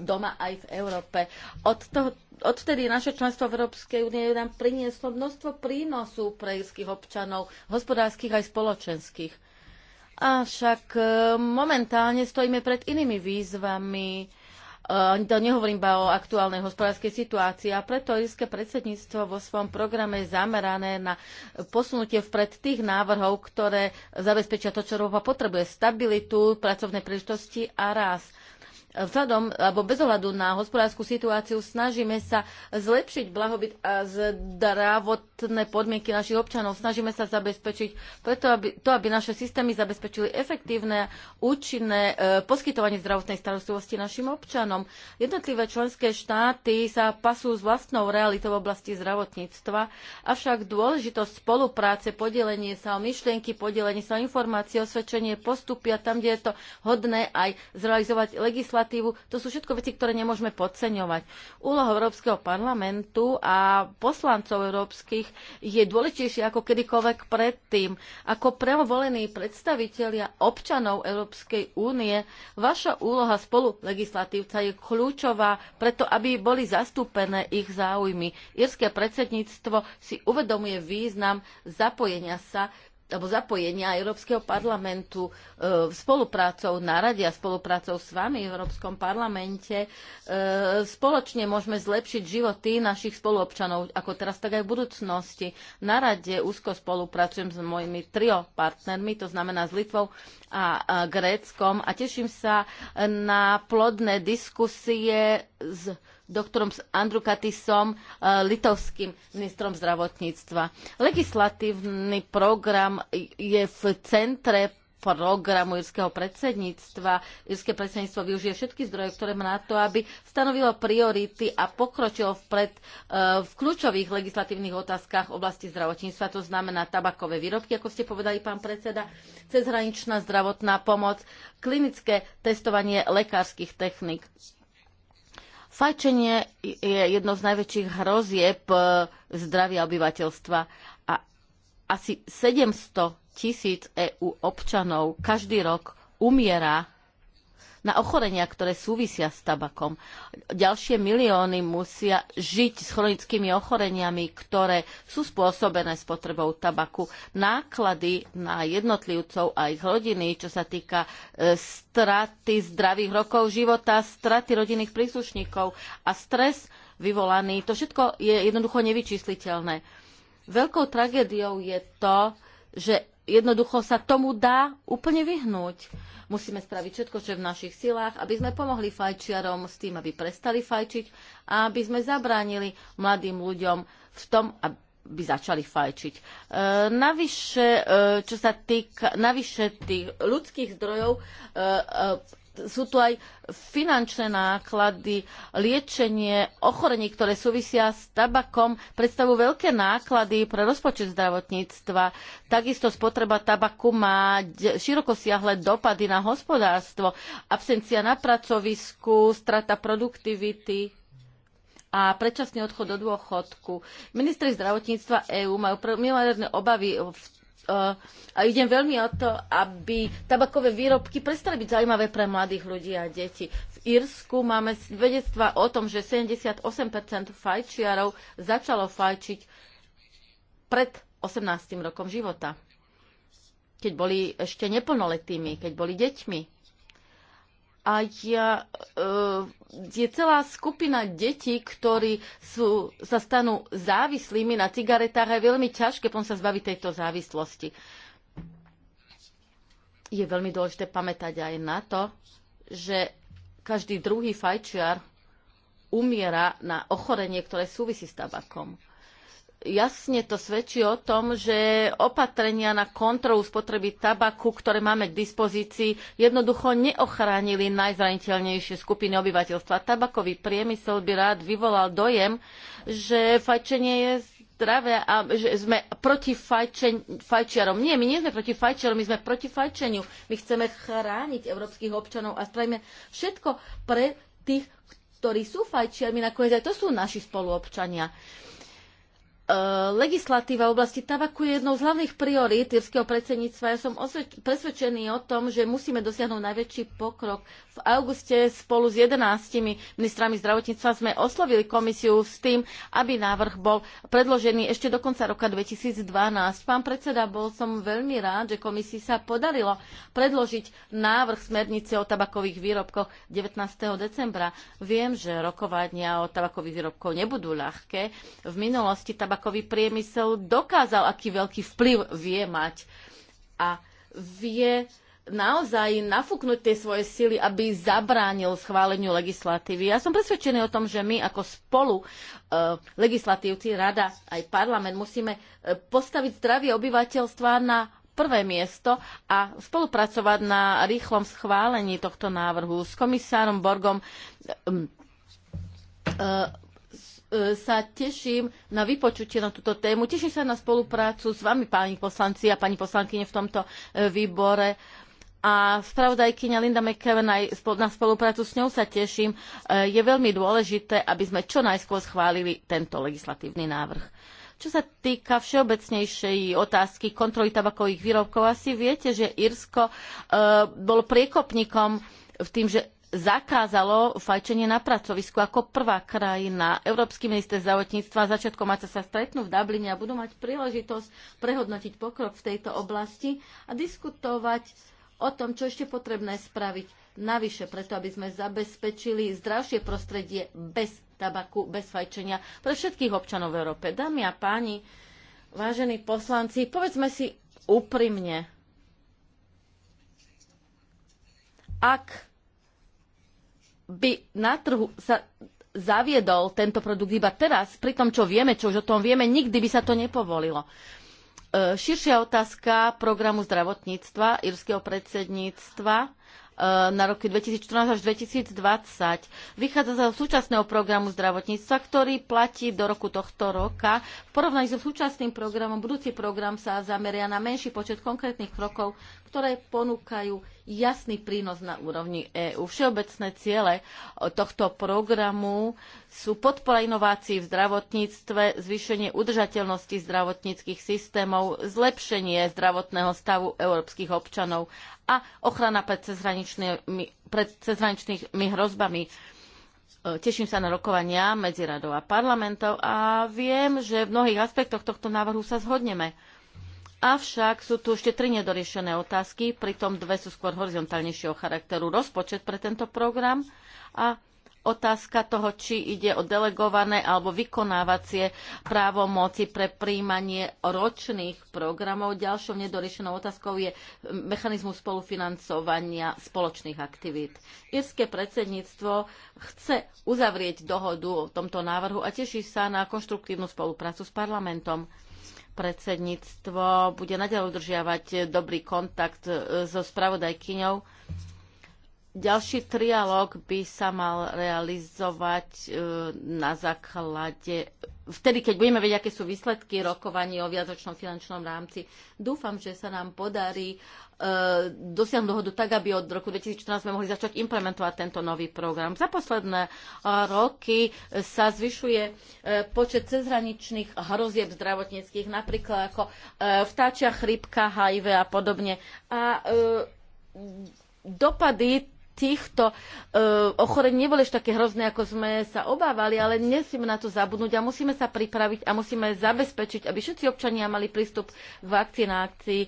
doma aj v Európe. Od toho, odvtedy naše členstvo v Európskej únie nám prinieslo množstvo prínosu pre irských občanov, hospodárskych aj spoločenských. Avšak momentálne stojíme pred inými výzvami, Eh, to nehovorím iba o aktuálnej hospodárskej situácii a preto írske predsedníctvo vo svojom programe je zamerané na posunutie vpred tých návrhov, ktoré zabezpečia to, čo Európa potrebuje. Stabilitu, pracovné príležitosti a rast Vzhľadom, alebo bez ohľadu na hospodárskú situáciu, snažíme sa zlepšiť blahobyt a zdravotné podmienky našich občanov. Snažíme sa zabezpečiť preto, aby, to, aby naše systémy zabezpečili efektívne, účinné e, poskytovanie zdravotnej starostlivosti našim občanom. Jednotlivé členské štáty sa pasú s vlastnou realitou v oblasti zdravotníctva, avšak dôležitosť spolupráce, podelenie sa o myšlienky, podelenie sa o informácie, osvedčenie postupia tam, kde je to hodné aj zrealizovať legislatívne legislatívu. To sú všetko veci, ktoré nemôžeme podceňovať. Úloha Európskeho parlamentu a poslancov európskych je dôležitejšia ako kedykoľvek predtým. Ako prevolení predstavitelia občanov Európskej únie, vaša úloha spolu legislatívca je kľúčová preto, aby boli zastúpené ich záujmy. Írske predsedníctvo si uvedomuje význam zapojenia sa alebo zapojenia Európskeho parlamentu e, spoluprácou na rade a spoluprácou s vami v Európskom parlamente e, spoločne môžeme zlepšiť životy našich spoluobčanov, ako teraz, tak aj v budúcnosti. Na rade úzko spolupracujem s mojimi trio partnermi, to znamená s Litvou a, a Gréckom a teším sa na plodné diskusie s doktorom Andrukatisom, Katisom, e, litovským ministrom zdravotníctva. Legislatívny program je v centre programu írskeho predsedníctva. Írske predsedníctvo využije všetky zdroje, ktoré má na to, aby stanovilo priority a pokročilo vpred e, v kľúčových legislatívnych otázkach oblasti zdravotníctva, to znamená tabakové výrobky, ako ste povedali, pán predseda, cezhraničná zdravotná pomoc, klinické testovanie lekárskych technik Fajčenie je jedno z najväčších hrozieb eh, zdravia obyvateľstva a asi 700 tisíc EU občanov každý rok umiera na ochorenia, ktoré súvisia s tabakom. Ďalšie milióny musia žiť s chronickými ochoreniami, ktoré sú spôsobené spotrebou tabaku. Náklady na jednotlivcov a ich rodiny, čo sa týka e, straty zdravých rokov života, straty rodinných príslušníkov a stres vyvolaný, to všetko je jednoducho nevyčísliteľné. Veľkou tragédiou je to, že jednoducho sa tomu dá úplne vyhnúť Musíme spraviť všetko, čo je v našich silách, aby sme pomohli fajčiarom s tým, aby prestali fajčiť a aby sme zabránili mladým ľuďom v tom, by začali fajčiť. E, navyše, e, čo sa týka navyše tých ľudských zdrojov, e, e, sú tu aj finančné náklady, liečenie ochorení, ktoré súvisia s tabakom, predstavujú veľké náklady pre rozpočet zdravotníctva. Takisto spotreba tabaku má širokosiahle dopady na hospodárstvo, absencia na pracovisku, strata produktivity a predčasný odchod do dôchodku. Ministri zdravotníctva EÚ majú mimoriadne obavy v Eh, a idem veľmi o to, aby tabakové výrobky prestali byť zaujímavé pre mladých ľudí a deti. V Írsku máme vedectva o tom, že 78% fajčiarov začalo fajčiť pred 18. rokom života, keď boli ešte neplnoletými, keď boli deťmi a ja, e, je celá skupina detí, ktorí sú, sa stanú závislými na cigaretách a je veľmi ťažké potom sa zbaviť tejto závislosti. Je veľmi dôležité pamätať aj na to, že každý druhý fajčiar umiera na ochorenie, ktoré súvisí s tabakom jasne to svedčí o tom, že opatrenia na kontrolu spotreby tabaku, ktoré máme k dispozícii, jednoducho neochránili najzraniteľnejšie skupiny obyvateľstva. Tabakový priemysel by rád vyvolal dojem, že fajčenie je zdravé a že sme proti fajčen, fajčiarom. Nie, my nie sme proti fajčiarom, my sme proti fajčeniu. My chceme chrániť európskych občanov a spravíme všetko pre tých, ktorí sú fajčiarmi, nakoniec aj to sú naši spoluobčania. E, legislatíva v oblasti tabaku je jednou z hlavných priorít írskeho predsedníctva. Ja som presvedčený o tom, že musíme dosiahnuť najväčší pokrok. V auguste spolu s 11 ministrami zdravotníctva sme oslovili komisiu s tým, aby návrh bol predložený ešte do konca roka 2012. Pán predseda, bol som veľmi rád, že komisii sa podarilo predložiť návrh smernice o tabakových výrobkoch 19. decembra. Viem, že rokovania o tabakových výrobkoch nebudú ľahké. V minulosti tabak tabakový priemysel dokázal, aký veľký vplyv vie mať. A vie naozaj nafúknuť tie svoje sily, aby zabránil schváleniu legislatívy. Ja som presvedčený o tom, že my ako spolu e, legislatívci, rada aj parlament musíme e, postaviť zdravie obyvateľstva na prvé miesto a spolupracovať na rýchlom schválení tohto návrhu s komisárom Borgom. E, e, E, sa teším na vypočutie na túto tému. Teším sa na spoluprácu s vami, páni poslanci a pani poslankyne v tomto e, výbore. A spravodajkyňa Linda McKeven aj na spoluprácu s ňou sa teším. E, je veľmi dôležité, aby sme čo najskôr schválili tento legislatívny návrh. Čo sa týka všeobecnejšej otázky kontroly tabakových výrobkov, asi viete, že Irsko e, bolo priekopníkom v tým, že zakázalo fajčenie na pracovisku ako prvá krajina. Európsky minister zdravotníctva začiatkom máte sa stretnú v Dubline a budú mať príležitosť prehodnotiť pokrok v tejto oblasti a diskutovať o tom, čo ešte potrebné spraviť navyše, preto aby sme zabezpečili zdravšie prostredie bez tabaku, bez fajčenia pre všetkých občanov v Európe. Dámy a páni, vážení poslanci, povedzme si úprimne, ak by na trhu sa zaviedol tento produkt iba teraz, pri tom, čo vieme, čo už o tom vieme, nikdy by sa to nepovolilo. E, širšia otázka programu zdravotníctva, írskeho predsedníctva e, na roky 2014 až 2020. Vychádza zo súčasného programu zdravotníctva, ktorý platí do roku tohto roka. V porovnaní so súčasným programom, budúci program sa zameria na menší počet konkrétnych krokov, ktoré ponúkajú jasný prínos na úrovni EÚ. Všeobecné ciele tohto programu sú podpora inovácií v zdravotníctve, zvýšenie udržateľnosti zdravotníckých systémov, zlepšenie zdravotného stavu európskych občanov a ochrana pred cezhraničnými, pred cezhraničnými hrozbami. Teším sa na rokovania medzi radou a parlamentom a viem, že v mnohých aspektoch tohto návrhu sa zhodneme. Avšak sú tu ešte tri nedoriešené otázky, pritom dve sú skôr horizontálnejšieho charakteru. Rozpočet pre tento program a otázka toho, či ide o delegované alebo vykonávacie právomoci pre príjmanie ročných programov. Ďalšou nedoriešenou otázkou je mechanizmus spolufinancovania spoločných aktivít. Írske predsedníctvo chce uzavrieť dohodu o tomto návrhu a teší sa na konštruktívnu spoluprácu s parlamentom predsedníctvo bude naďalej udržiavať dobrý kontakt so spravodajkyňou ďalší trialog by sa mal realizovať e, na základe, vtedy, keď budeme vedieť, aké sú výsledky rokovaní o viazočnom finančnom rámci. Dúfam, že sa nám podarí e, dosiahnuť dohodu tak, aby od roku 2014 sme mohli začať implementovať tento nový program. Za posledné e, roky sa zvyšuje počet cezhraničných hrozieb zdravotníckých, napríklad ako vtáčia chrypka, HIV a podobne. A dopady týchto e, ochorení neboli ešte také hrozné, ako sme sa obávali, ale nesmieme na to zabudnúť a musíme sa pripraviť a musíme zabezpečiť, aby všetci občania mali prístup k vakcinácii,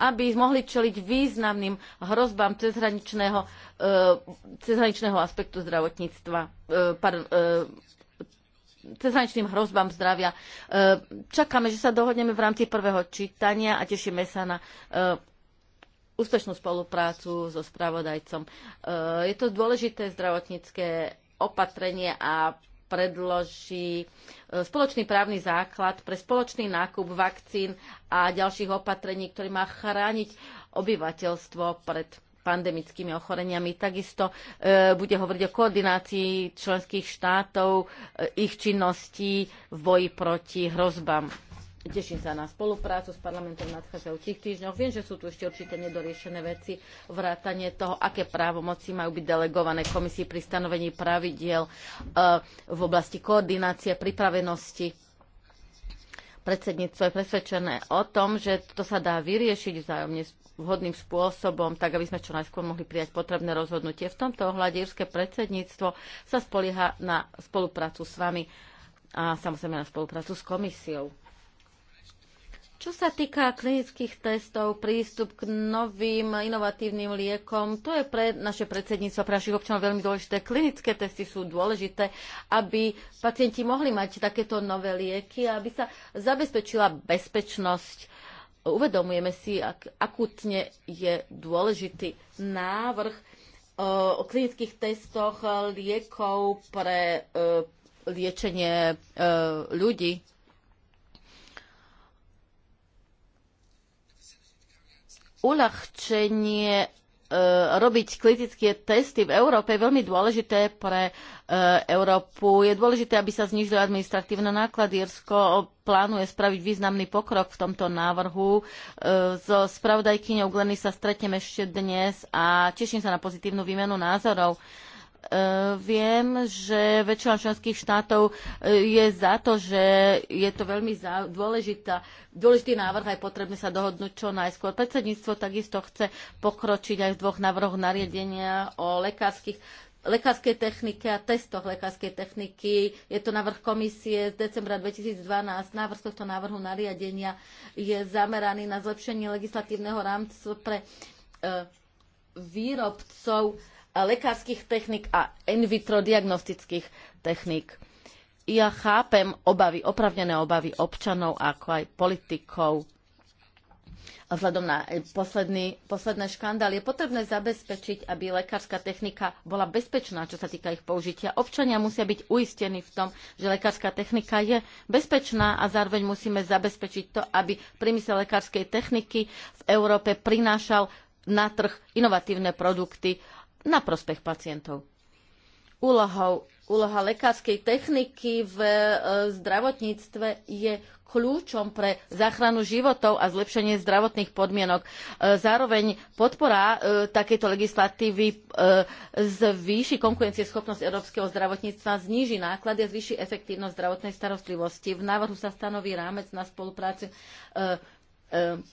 aby mohli čeliť významným hrozbám cezhraničného, e, cezhraničného aspektu zdravotníctva, E, pardon, e, cezhraničným hrozbám zdravia. E, čakáme, že sa dohodneme v rámci prvého čítania a tešíme sa na e, úspešnú spoluprácu so spravodajcom. E, je to dôležité zdravotnícke opatrenie a predloží e, spoločný právny základ pre spoločný nákup vakcín a ďalších opatrení, ktorý má chrániť obyvateľstvo pred pandemickými ochoreniami. Takisto e, bude hovoriť o koordinácii členských štátov, ich činností v boji proti hrozbám Teším sa na spoluprácu s parlamentom v nadchádzajúcich týždňoch. Viem, že sú tu ešte určite nedoriešené veci, vrátanie toho, aké právomoci majú byť delegované komisii pri stanovení pravidiel eh, v oblasti koordinácie, pripravenosti. Predsedníctvo je presvedčené o tom, že to sa dá vyriešiť vzájomne vhodným spôsobom, tak aby sme čo najskôr mohli prijať potrebné rozhodnutie. V tomto ohľade írske predsedníctvo sa spolieha na spoluprácu s vami a samozrejme na spoluprácu s komisiou. Čo sa týka klinických testov, prístup k novým inovatívnym liekom, to je pre naše predsedníctvo, pre našich občanov veľmi dôležité. Klinické testy sú dôležité, aby pacienti mohli mať takéto nové lieky a aby sa zabezpečila bezpečnosť. Uvedomujeme si, ak akutne je dôležitý návrh e, o klinických testoch liekov pre e, liečenie e, ľudí uľahčenie e, robiť kritické testy v Európe je veľmi dôležité pre e, Európu. Je dôležité, aby sa znižili administratívne náklady. Irsko plánuje spraviť významný pokrok v tomto návrhu. E, so spravodajkyňou Gleny sa stretnem ešte dnes a teším sa na pozitívnu výmenu názorov. Viem, že väčšina členských štátov e, je za to, že je to veľmi dôležitá, dôležitý návrh a je potrebné sa dohodnúť čo najskôr. Predsedníctvo takisto chce pokročiť aj v dvoch návrhoch nariadenia o lekárskych lekárskej technike a testoch lekárskej techniky. Je to návrh komisie z decembra 2012. Návrh tohto návrhu nariadenia je zameraný na zlepšenie legislatívneho rámcu pre e, výrobcov lekárskych technik a in vitro diagnostických technik. Ja chápem obavy, opravnené obavy občanov, ako aj politikov. A vzhľadom na e, posledný, posledné škandál je potrebné zabezpečiť, aby lekárska technika bola bezpečná, čo sa týka ich použitia. Občania musia byť uistení v tom, že lekárska technika je bezpečná a zároveň musíme zabezpečiť to, aby priemysel lekárskej techniky v Európe prinášal na trh inovatívne produkty na prospech pacientov. Úlohou, úloha lekárskej techniky v e, zdravotníctve je kľúčom pre záchranu životov a zlepšenie zdravotných podmienok. E, zároveň podpora e, takejto legislatívy zvýši konkurencieschopnosť európskeho zdravotníctva, zníži náklady a zvýši efektívnosť zdravotnej starostlivosti. V návrhu sa stanoví rámec na spoluprácu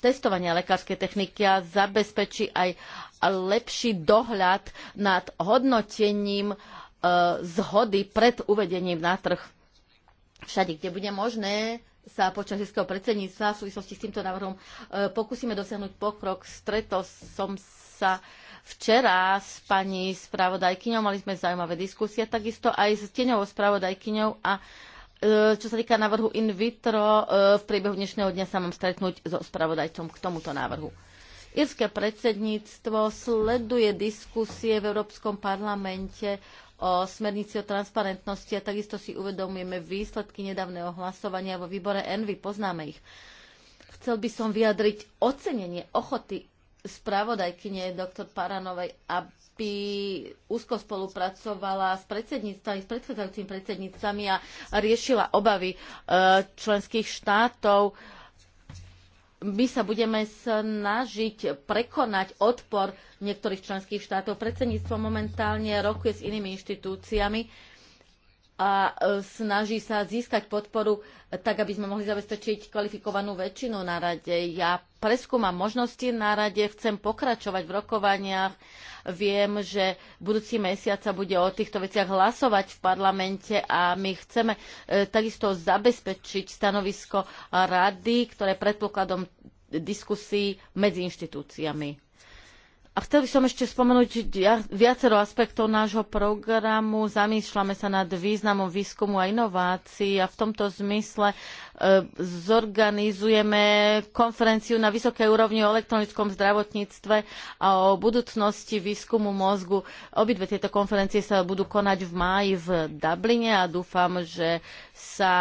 testovania lekárskej techniky a zabezpečí aj lepší dohľad nad hodnotením e, zhody pred uvedením na trh. Všade, kde bude možné, sa počas českého predsedníctva v súvislosti s týmto návrhom e, pokúsime dosiahnuť pokrok. Stretol som sa včera s pani spravodajkyňou, mali sme zaujímavé diskusie, takisto aj s tieňovou spravodajkyňou a e, čo sa týka návrhu in vitro, v priebehu dnešného dňa sa mám stretnúť so spravodajcom k tomuto návrhu. Írske predsedníctvo sleduje diskusie v Európskom parlamente o smernici o transparentnosti a takisto si uvedomujeme výsledky nedávneho hlasovania vo výbore Envy, poznáme ich. Chcel by som vyjadriť ocenenie ochoty spravodajkyne doktor Paranovej, aby úzko spolupracovala s predsedníctvami, s predchádzajúcimi predsedníctvami a riešila obavy eh, členských štátov my sa budeme snažiť prekonať odpor niektorých členských štátov. Predsedníctvo momentálne rokuje s inými inštitúciami, a e, snaží sa získať podporu e, tak, aby sme mohli zabezpečiť kvalifikovanú väčšinu na rade. Ja preskúmam možnosti na rade, chcem pokračovať v rokovaniach. Viem, že budúci mesiac sa bude o týchto veciach hlasovať v parlamente a my chceme e, takisto zabezpečiť stanovisko rady, ktoré predpokladom diskusí medzi inštitúciami. A chcel by som ešte spomenúť viacero aspektov nášho programu. Zamýšľame sa nad významom výskumu a inovácií a v tomto zmysle E, zorganizujeme konferenciu na vysokej úrovni o elektronickom zdravotníctve a o budúcnosti výskumu mozgu. Obidve tieto konferencie sa budú konať v máji v Dubline a dúfam, že sa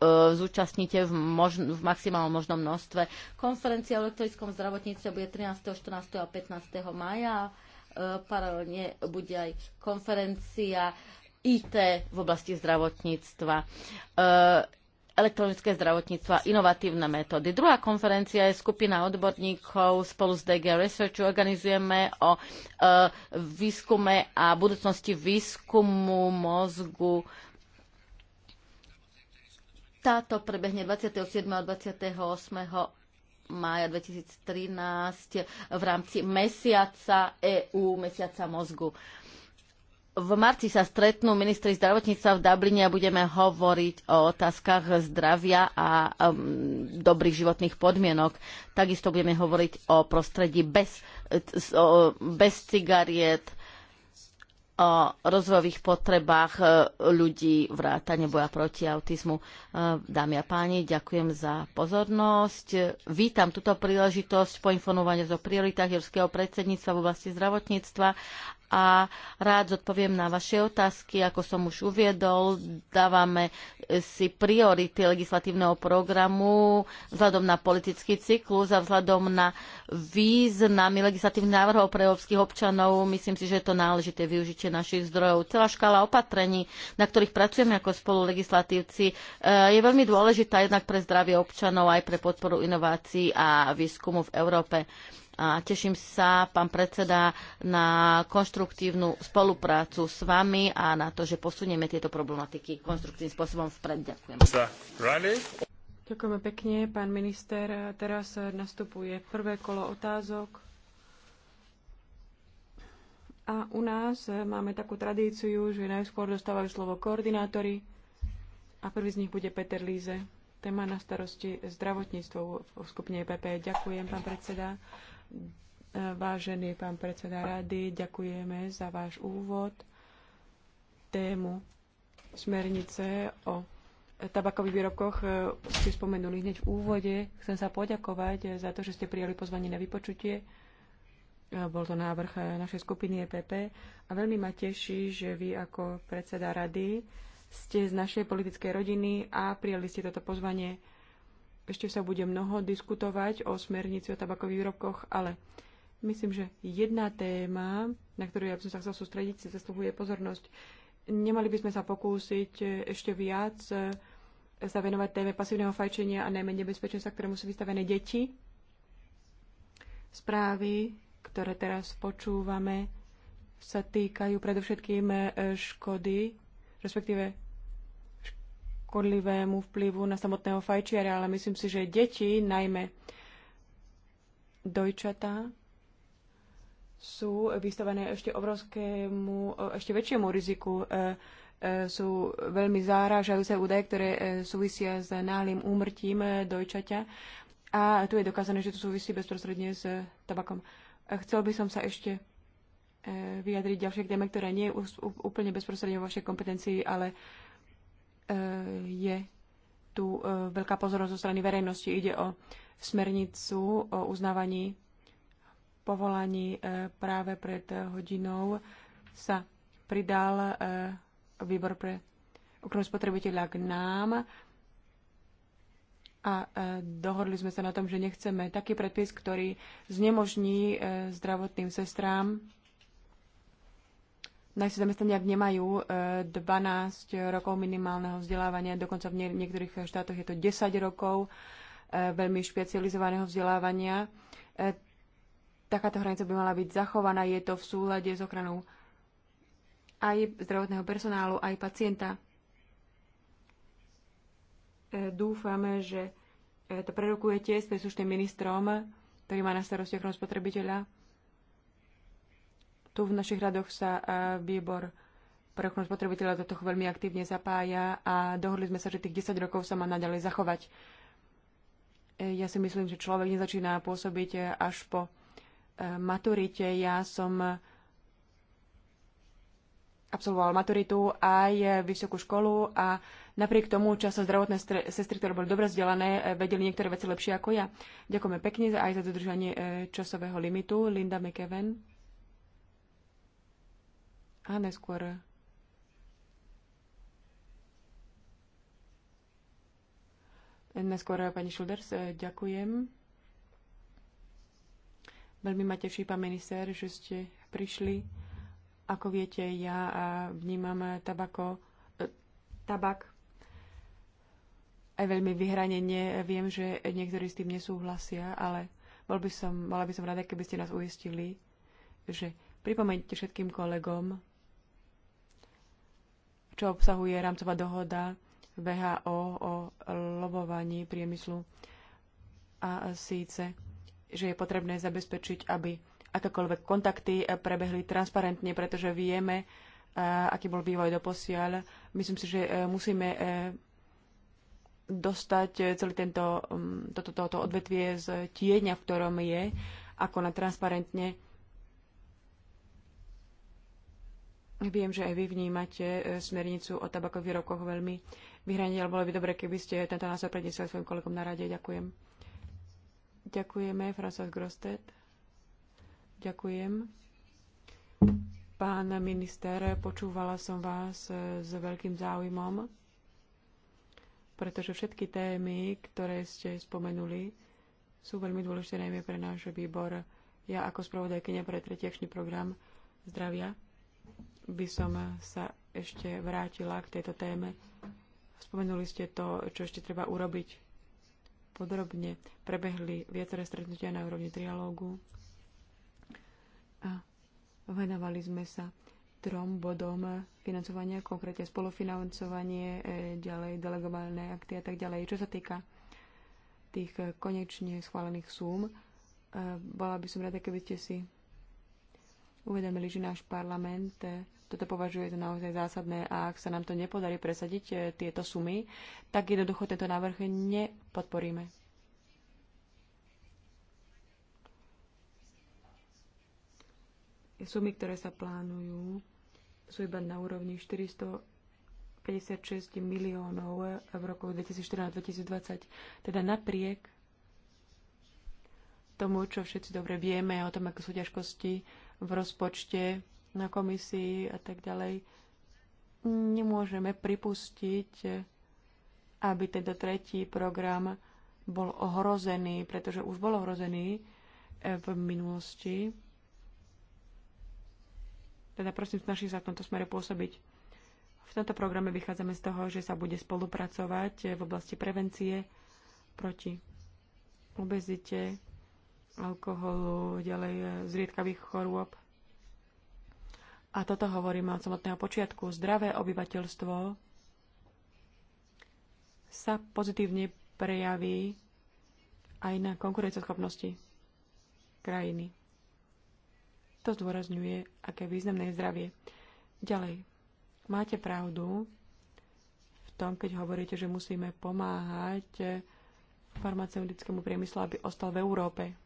e, zúčastníte v, možn- v maximálnom možnom množstve. Konferencia o elektronickom zdravotníctve bude 13., 14. a 15. mája. E, paralelne bude aj konferencia IT v oblasti zdravotníctva elektronické zdravotníctvo a inovatívne metódy. Druhá konferencia je skupina odborníkov spolu s DG Research. Organizujeme o e, výskume a budúcnosti výskumu mozgu. Táto prebehne 27. a 28. mája 2013 v rámci mesiaca EU, mesiaca mozgu. E, v marci sa stretnú ministri zdravotníctva v Dubline a budeme hovoriť o otázkach zdravia a um, dobrých životných podmienok. Takisto budeme hovoriť o prostredí bez, bez cigariet, o rozvojových potrebách e, ľudí vrátane boja proti autizmu. E, dámy a páni, ďakujem za pozornosť. Vítam túto príležitosť poinformovania o prioritách Európskeho predsedníctva v oblasti zdravotníctva a rád zodpoviem na vaše otázky. Ako som už uviedol, dávame si priority legislatívneho programu vzhľadom na politický cyklus a vzhľadom na významy legislatívnych návrhov pre európskych občanov. Myslím si, že je to náležité využitie našich zdrojov. Celá škála opatrení, na ktorých pracujeme ako spolu legislatívci, e, je veľmi dôležitá jednak pre zdravie občanov aj pre podporu inovácií a výskumu v Európe a teším sa, pán predseda, na konštruktívnu spoluprácu s vami a na to, že posunieme tieto problematiky konštruktívnym spôsobom vpred. Ďakujem. Ďakujeme pekne, pán minister. Teraz nastupuje prvé kolo otázok. A u nás máme takú tradíciu, že najskôr dostávajú slovo koordinátori a prvý z nich bude Peter Líze. Téma na starosti zdravotníctvo v skupine PP. E Ďakujem, pán predseda. Vážený pán predseda rady, ďakujeme za váš úvod. Tému smernice o tabakových výrobkoch e, ste spomenuli hneď v úvode. Chcem sa poďakovať e, za to, že ste prijali pozvanie na vypočutie. E, bol to návrh našej skupiny EPP a veľmi ma teší, že vy ako predseda rady ste z našej politickej rodiny a prijali ste toto pozvanie ešte sa bude mnoho diskutovať o smernici o tabakových výrobkoch, ale myslím, že jedna téma, na ktorú ja by som sa chcel sústrediť, si zaslúhuje pozornosť. Nemali by sme sa pokúsiť ešte viac e, sa venovať téme pasívneho fajčenia a najmä nebezpečenstva, ktorému sú vystavené deti. Správy, ktoré teraz počúvame, sa týkajú predovšetkým e, škody, respektíve škodlivému vplyvu na samotného fajčiara, ale myslím si, že deti, najmä dojčatá, sú vystavené ešte obrovskému, ešte väčšiemu riziku. E, e, sú veľmi zárážajúce údaje, ktoré e, súvisia s náhlým úmrtím dojčaťa. A tu je dokázané, že to súvisí bezprostredne s tabakom. Chcel by som sa ešte vyjadriť ďalšie k téme, ktorá nie je úplne bezprostredne vo vašej kompetencii, ale Eh, je tu eh, veľká pozornosť zo strany verejnosti. Ide o smernicu o uznávaní povolaní eh, práve pred hodinou sa pridal výbor pre ochranu spotrebiteľa k nám a dohodli sme sa na tom, že nechceme taký predpis, ktorý znemožní zdravotným sestrám naši zamestnania nemajú 12 e, rokov minimálneho vzdelávania, dokonca v niektorých štátoch je to 10 rokov e, veľmi špecializovaného vzdelávania. E, takáto hranica by mala byť zachovaná, je to v súlade s ochranou aj zdravotného personálu, aj pacienta. Dúfame, že to prerokujete s príslušným ministrom, ktorý má na starosti ochranu spotrebiteľa tu v našich radoch sa e, výbor pre ochranu spotrebiteľa do toho veľmi aktívne zapája a dohodli sme sa, že tých 10 rokov sa má naďalej zachovať. E, ja si myslím, že človek nezačína pôsobiť e, až po maturite. Ja som absolvoval maturitu aj vysokú školu a napriek tomu často zdravotné sestry, ktoré boli dobre vzdelané, vedeli niektoré veci lepšie ako ja. Ďakujeme pekne aj za dodržanie časového limitu. Linda McEwen a neskôr Neskôr eh, pani Šulders, eh, ďakujem. Veľmi ma teší, pán minister, že ste prišli. Ako viete, ja eh, vnímam tabako, tabak aj veľmi vyhranenie. Viem, že niektorí s tým nesúhlasia, ale bol by som, bola by som rada, keby ste nás uistili, že pripomeňte všetkým kolegom, čo obsahuje rámcová dohoda VHO o lobovaní priemyslu a síce, že je potrebné zabezpečiť, aby akékoľvek kontakty prebehli transparentne, pretože vieme, e, aký bol vývoj doposiaľ. Myslím si, že e, musíme e, dostať celý tento, toto, toto odvetvie z tieňa, v ktorom je, ako na transparentne Viem, že aj vy vnímate e, smernicu o tabakových výrobkoch veľmi vyhranie, ale bolo by dobre, keby ste tento názor predniesli svojim kolegom na rade. Ďakujem. Ďakujeme, François Grostet. Ďakujem. Pán minister, počúvala som vás e, s veľkým záujmom, pretože všetky témy, ktoré ste spomenuli, sú veľmi dôležité najmä pre náš výbor. Ja ako spravodajkynia pre tretiačný program zdravia by som sa ešte vrátila k tejto téme. Spomenuli ste to, čo ešte treba urobiť. Podrobne prebehli viaceré stretnutia na úrovni trialógu a venovali sme sa trom bodom financovania, konkrétne spolufinancovanie, e, ďalej delegované akty a tak ďalej. Čo sa týka tých konečne schválených súm, e, bola by som rada, keby ste si uvedomili, že náš parlament e, toto považuje za naozaj zásadné a ak sa nám to nepodarí presadiť e, tieto sumy, tak jednoducho tento návrh nepodporíme. Sumy, ktoré sa plánujú, sú iba na úrovni 456 miliónov v roku 2014-2020. Teda napriek tomu, čo všetci dobre vieme o tom, ako sú ťažkosti v rozpočte, na komisii a tak ďalej. Nemôžeme pripustiť, aby teda tretí program bol ohrozený, pretože už bol ohrozený e, v minulosti. Teda prosím, snaží sa v tomto smere pôsobiť. V tomto programe vychádzame z toho, že sa bude spolupracovať e, v oblasti prevencie proti obezite, alkoholu, ďalej zriedkavých chorôb. A toto hovoríme od samotného počiatku. Zdravé obyvateľstvo sa pozitívne prejaví aj na konkurenceschopnosti krajiny. To zdôrazňuje, aké významné je zdravie. Ďalej, máte pravdu v tom, keď hovoríte, že musíme pomáhať farmaceutickému priemyslu, aby ostal v Európe.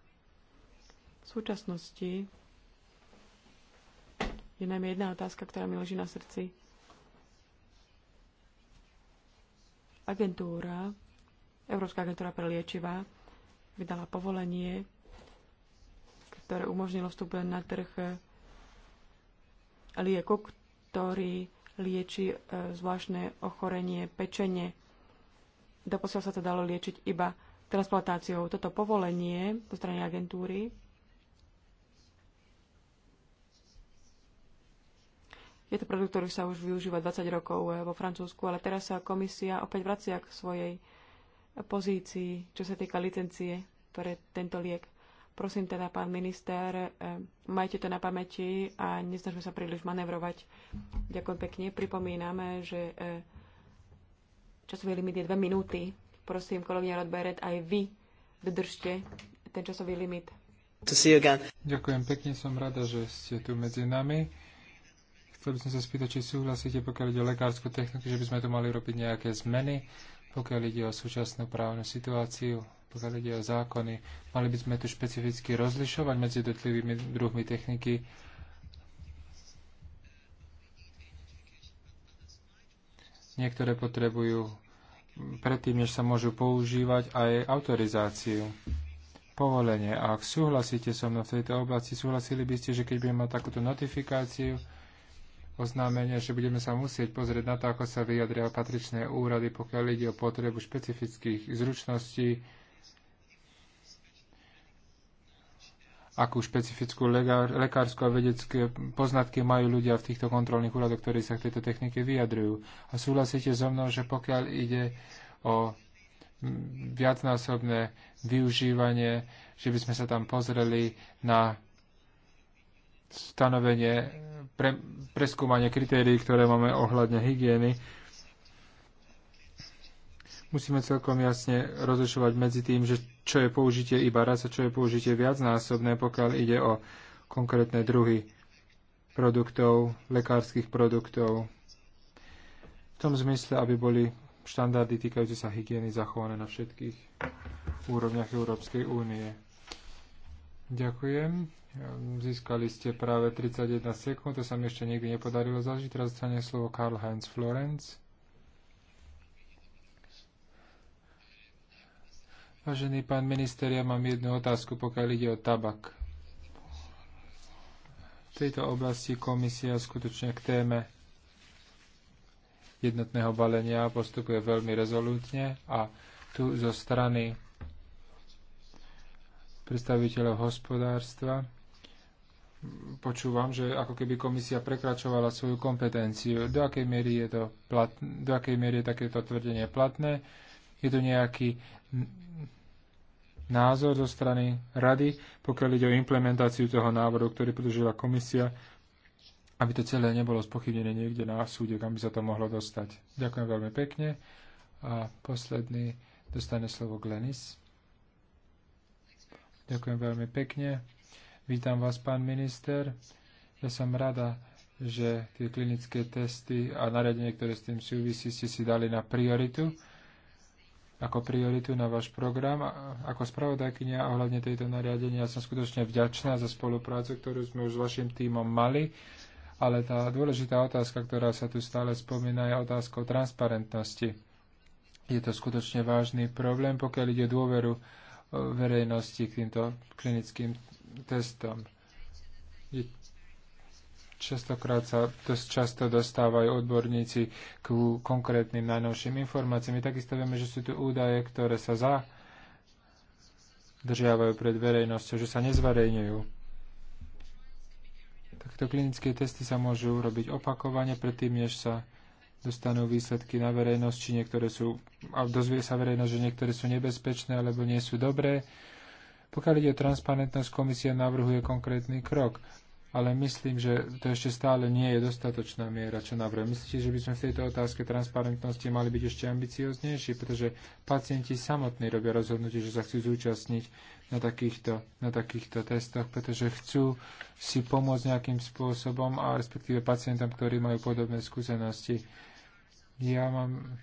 V súčasnosti je najmä jedna otázka, ktorá mi leží na srdci. Agentúra, Európska agentúra pre liečiva, vydala povolenie, ktoré umožnilo vstup na trh lieku, ktorý lieči e, zvláštne ochorenie pečenie. Doposiaľ sa to dalo liečiť iba transplantáciou. Toto povolenie zo strany agentúry Je to produkt, ktorý sa už využíva 20 rokov vo Francúzsku, ale teraz sa komisia opäť vracia k svojej pozícii, čo sa týka licencie pre tento liek. Prosím teda, pán minister, eh, majte to na pamäti a nesnažme sa príliš manevrovať. Ďakujem pekne. Pripomíname, že eh, časový limit je 2 minúty. Prosím, kolegyňa Rodberet, aj vy dodržte ten časový limit. Ďakujem pekne, som rada, že ste tu medzi nami. Chcel by som sa spýtať, či súhlasíte, pokiaľ ide o lekárskú techniku, že by sme tu mali robiť nejaké zmeny, pokiaľ ide o súčasnú právnu situáciu, pokiaľ ide o zákony. Mali by sme tu špecificky rozlišovať medzi jednotlivými druhmi techniky. Niektoré potrebujú predtým, než sa môžu používať, aj autorizáciu povolenie. A ak súhlasíte so mnou v tejto oblasti, súhlasili by ste, že keď budeme mať takúto notifikáciu, oznámenia, že budeme sa musieť pozrieť na to, ako sa vyjadria patričné úrady, pokiaľ ide o potrebu špecifických zručností, akú špecifickú lekárskú a vedecké poznatky majú ľudia v týchto kontrolných úradoch, ktorí sa k tejto technike vyjadrujú. A súhlasíte so mnou, že pokiaľ ide o viacnásobné využívanie, že by sme sa tam pozreli na stanovenie, pre, preskúmanie kritérií, ktoré máme ohľadne hygieny. Musíme celkom jasne rozlišovať medzi tým, že čo je použitie iba raz a čo je použitie viacnásobné, pokiaľ ide o konkrétne druhy produktov, lekárskych produktov. V tom zmysle, aby boli štandardy týkajúce sa hygieny zachované na všetkých úrovniach Európskej únie. Ďakujem. Získali ste práve 31 sekúnd, to sa mi ešte nikdy nepodarilo zažiť. Teraz dostane slovo Karl Heinz Florenz. Vážený pán minister, ja mám jednu otázku, pokiaľ ide o tabak. V tejto oblasti komisia skutočne k téme jednotného balenia postupuje veľmi rezolútne a tu zo strany predstaviteľov hospodárstva počúvam, že ako keby komisia prekračovala svoju kompetenciu. Do akej miery je, to plat, do akej miery je takéto tvrdenie platné? Je tu nejaký názor zo strany rady, pokiaľ ide o implementáciu toho návrhu, ktorý predložila komisia, aby to celé nebolo spochybnené niekde na súde, kam by sa to mohlo dostať. Ďakujem veľmi pekne. A posledný dostane slovo Glenis. Ďakujem veľmi pekne. Vítam vás, pán minister. Ja som rada, že tie klinické testy a nariadenie, ktoré s tým súvisí, ste si dali na prioritu, ako prioritu na váš program. A ako spravodajkynia ohľadne tejto nariadenia som skutočne vďačná za spoluprácu, ktorú sme už s vašim tímom mali. Ale tá dôležitá otázka, ktorá sa tu stále spomína, je otázka o transparentnosti. Je to skutočne vážny problém, pokiaľ ide dôveru e, verejnosti k týmto klinickým testom. Častokrát sa dosť často dostávajú odborníci k konkrétnym najnovším informáciám. My takisto vieme, že sú tu údaje, ktoré sa zadržiavajú pred verejnosťou, že sa nezverejňujú. Takto klinické testy sa môžu robiť opakovane predtým, než sa dostanú výsledky na verejnosť, či niektoré sú, a dozvie sa verejnosť, že niektoré sú nebezpečné alebo nie sú dobré. Pokiaľ ide o transparentnosť, komisia navrhuje konkrétny krok, ale myslím, že to ešte stále nie je dostatočná miera, čo navrhuje. Myslíte, že by sme v tejto otázke transparentnosti mali byť ešte ambicioznejší, pretože pacienti samotní robia rozhodnutie, že sa chcú zúčastniť na takýchto, na takýchto testoch, pretože chcú si pomôcť nejakým spôsobom a respektíve pacientom, ktorí majú podobné skúsenosti. Ja mám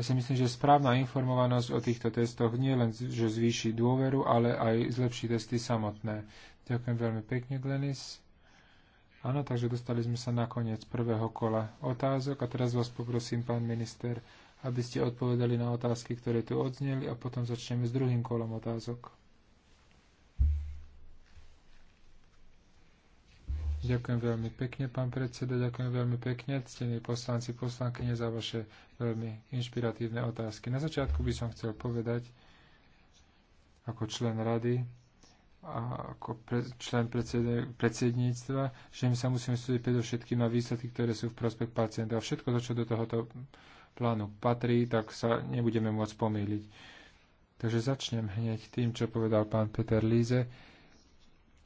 Ja si myslím, že správna informovanosť o týchto testoch nie len, že zvýši dôveru, ale aj zlepší testy samotné. Ďakujem veľmi pekne, Glenis. Áno, takže dostali sme sa na koniec prvého kola otázok a teraz vás poprosím, pán minister, aby ste odpovedali na otázky, ktoré tu odzneli a potom začneme s druhým kolom otázok. Ďakujem veľmi pekne, pán predseda, ďakujem veľmi pekne, ctení poslanci, poslankyne, za vaše veľmi inšpiratívne otázky. Na začiatku by som chcel povedať, ako člen rady a ako pre, člen predsedníctva, že my sa musíme súdiť predovšetkým na výsledky, ktoré sú v prospech pacienta. A všetko to, čo do tohoto plánu patrí, tak sa nebudeme môcť pomýliť. Takže začnem hneď tým, čo povedal pán Peter Líze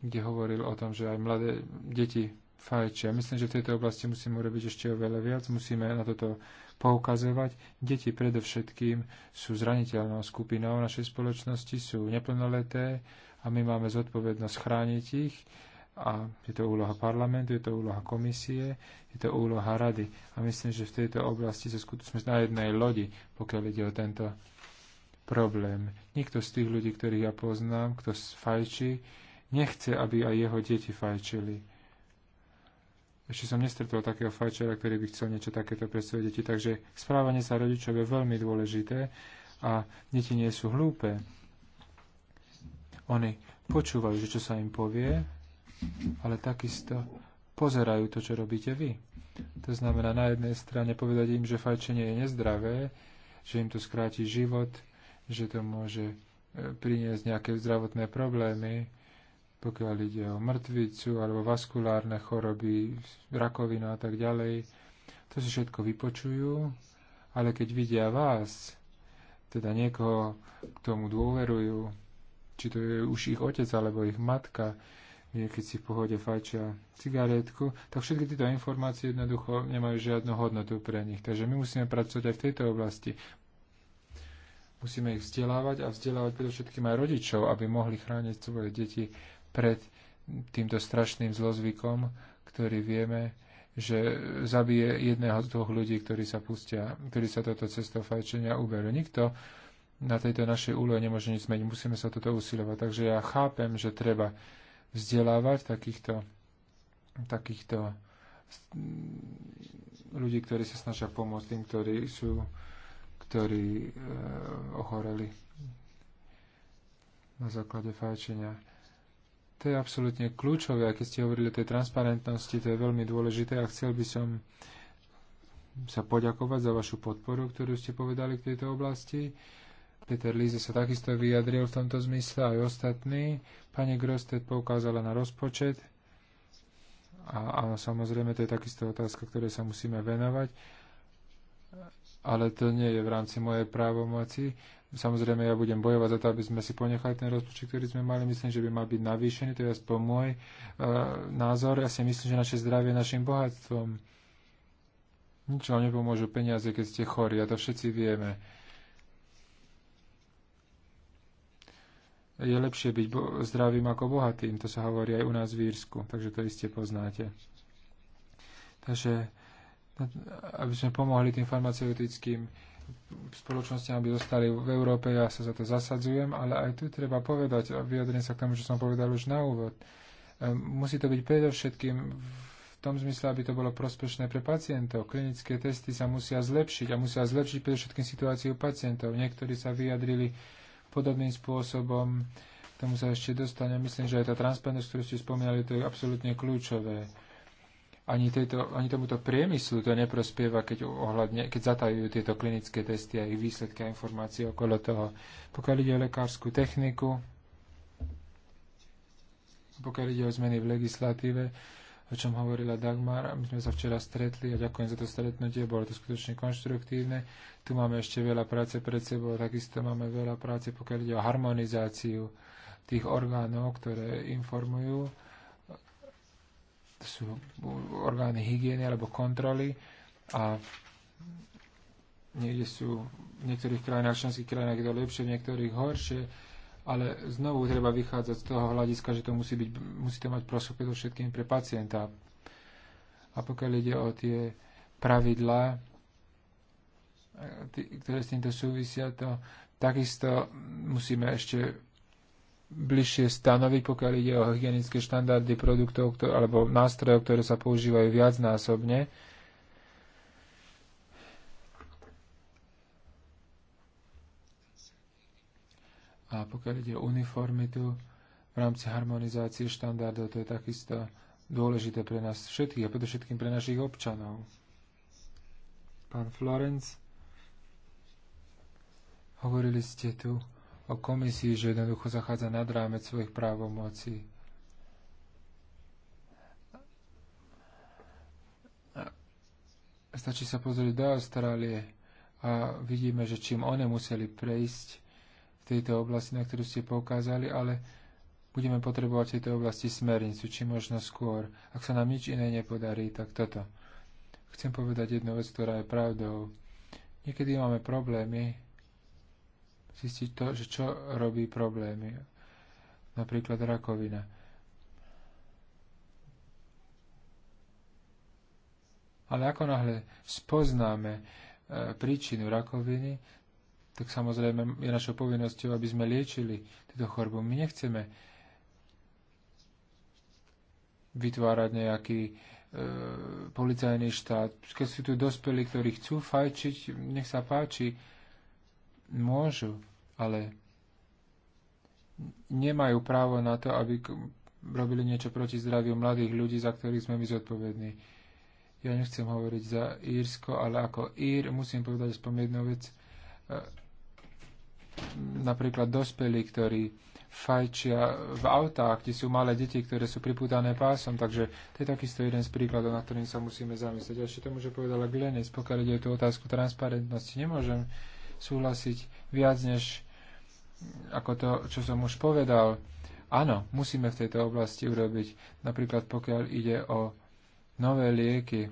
kde hovoril o tom, že aj mladé deti fajčia. Myslím, že v tejto oblasti musíme urobiť ešte oveľa viac, musíme na toto poukazovať. Deti predovšetkým sú zraniteľnou skupinou našej spoločnosti, sú neplnoleté a my máme zodpovednosť chrániť ich a je to úloha parlamentu, je to úloha komisie, je to úloha rady. A myslím, že v tejto oblasti sa skutočne na jednej lodi, pokiaľ ide o tento problém. Nikto z tých ľudí, ktorých ja poznám, kto fajčí, nechce, aby aj jeho deti fajčili. Ešte som nestretol takého fajčera, ktorý by chcel niečo takéto pre svoje deti. Takže správanie sa rodičov je veľmi dôležité a deti nie sú hlúpe. Oni počúvajú, že čo sa im povie, ale takisto pozerajú to, čo robíte vy. To znamená na jednej strane povedať im, že fajčenie je nezdravé, že im to skráti život, že to môže e, priniesť nejaké zdravotné problémy, pokiaľ ide o mŕtvicu alebo vaskulárne choroby, rakovina a tak ďalej. To si všetko vypočujú, ale keď vidia vás, teda niekoho k tomu dôverujú, či to je už ich otec alebo ich matka, keď si v pohode fajčia cigaretku, tak všetky tieto informácie jednoducho nemajú žiadnu hodnotu pre nich. Takže my musíme pracovať aj v tejto oblasti. Musíme ich vzdelávať a vzdelávať predovšetkým aj rodičov, aby mohli chrániť svoje deti pred týmto strašným zlozvykom, ktorý vieme, že zabije jedného z dvoch ľudí, ktorí sa pustia, ktorí sa toto cestou fajčenia uberú. Nikto na tejto našej úlohe nemôže nič zmeniť. Musíme sa toto usilovať. Takže ja chápem, že treba vzdelávať takýchto, takýchto ľudí, ktorí sa snažia pomôcť tým, ktorí sú ktorí e, eh, ochoreli na základe fajčenia. To je absolútne kľúčové, aké ste hovorili o tej transparentnosti, to je veľmi dôležité a chcel by som sa poďakovať za vašu podporu, ktorú ste povedali k tejto oblasti. Peter Líze sa takisto vyjadril v tomto zmysle, aj ostatní. Pani Grosted poukázala na rozpočet. A, a samozrejme, to je takisto otázka, ktorej sa musíme venovať. Ale to nie je v rámci mojej právomoci. Samozrejme, ja budem bojovať za to, aby sme si ponechali ten rozpočet, ktorý sme mali. Myslím, že by mal byť navýšený. To je aspoň môj e, názor. Ja si myslím, že naše zdravie je našim bohatstvom. Nič vám nepomôžu peniaze, keď ste chorí. A to všetci vieme. Je lepšie byť zdravým ako bohatým. To sa hovorí aj u nás v Írsku. Takže to iste poznáte. Takže aby sme pomohli tým farmaceutickým spoločnosti, aby zostali v Európe, ja sa za to zasadzujem, ale aj tu treba povedať, a vyjadrím sa k tomu, čo som povedal už na úvod, ehm, musí to byť predovšetkým v tom zmysle, aby to bolo prospešné pre pacientov. Klinické testy sa musia zlepšiť a musia zlepšiť predovšetkým situáciu pacientov. Niektorí sa vyjadrili podobným spôsobom, k tomu sa ešte dostane. Myslím, že aj tá transparentnosť, ktorú ste spomínali, to je absolútne kľúčové ani, tejto, ani tomuto priemyslu to neprospieva, keď, ohľadne, keď zatajujú tieto klinické testy a ich výsledky a informácie okolo toho. Pokiaľ ide o lekárskú techniku, pokiaľ ide o zmeny v legislatíve, o čom hovorila Dagmar. My sme sa včera stretli a ďakujem za to stretnutie, bolo to skutočne konštruktívne. Tu máme ešte veľa práce pred sebou, takisto máme veľa práce, pokiaľ ide o harmonizáciu tých orgánov, ktoré informujú sú orgány hygieny alebo kontroly a niekde sú v niektorých krajinách, členských krajinách je to lepšie, v niektorých horšie, ale znovu treba vychádzať z toho hľadiska, že to musí, byť, musí to mať prospech všetkým pre pacienta. A pokiaľ ide o tie pravidlá, e, ktoré s týmto súvisia, to takisto musíme ešte bližšie stanoviť, pokiaľ ide o hygienické štandardy produktov alebo nástrojov, ktoré sa používajú viacnásobne. A pokiaľ ide o uniformitu v rámci harmonizácie štandardov, to je takisto dôležité pre nás všetkých a predovšetkým pre našich občanov. Pán Florenc, hovorili ste tu o komisii, že jednoducho zachádza nad rámec svojich právomocí. Stačí sa pozrieť do Austrálie a vidíme, že čím one museli prejsť v tejto oblasti, na ktorú ste poukázali, ale budeme potrebovať v tejto oblasti smernicu, či možno skôr. Ak sa nám nič iné nepodarí, tak toto. Chcem povedať jednu vec, ktorá je pravdou. Niekedy máme problémy zistiť to, že čo robí problémy. Napríklad rakovina. Ale ako náhle spoznáme e, príčinu rakoviny, tak samozrejme je našou povinnosťou, aby sme liečili túto chorobu. My nechceme vytvárať nejaký e, policajný štát. Keď sú tu dospelí, ktorí chcú fajčiť, nech sa páči, Môžu, ale nemajú právo na to, aby robili niečo proti zdraviu mladých ľudí, za ktorých sme my zodpovední. Ja nechcem hovoriť za Írsko, ale ako Ír musím povedať aspoň jednu vec. E, napríklad dospelí, ktorí fajčia v autách, kde sú malé deti, ktoré sú pripúdané pásom. Takže to je takisto jeden z príkladov, na ktorým sa musíme zamyslieť. A ešte to môže povedala Glenis, pokiaľ ide o tú otázku transparentnosti. Nemôžem súhlasiť viac než ako to, čo som už povedal. Áno, musíme v tejto oblasti urobiť, napríklad pokiaľ ide o nové lieky.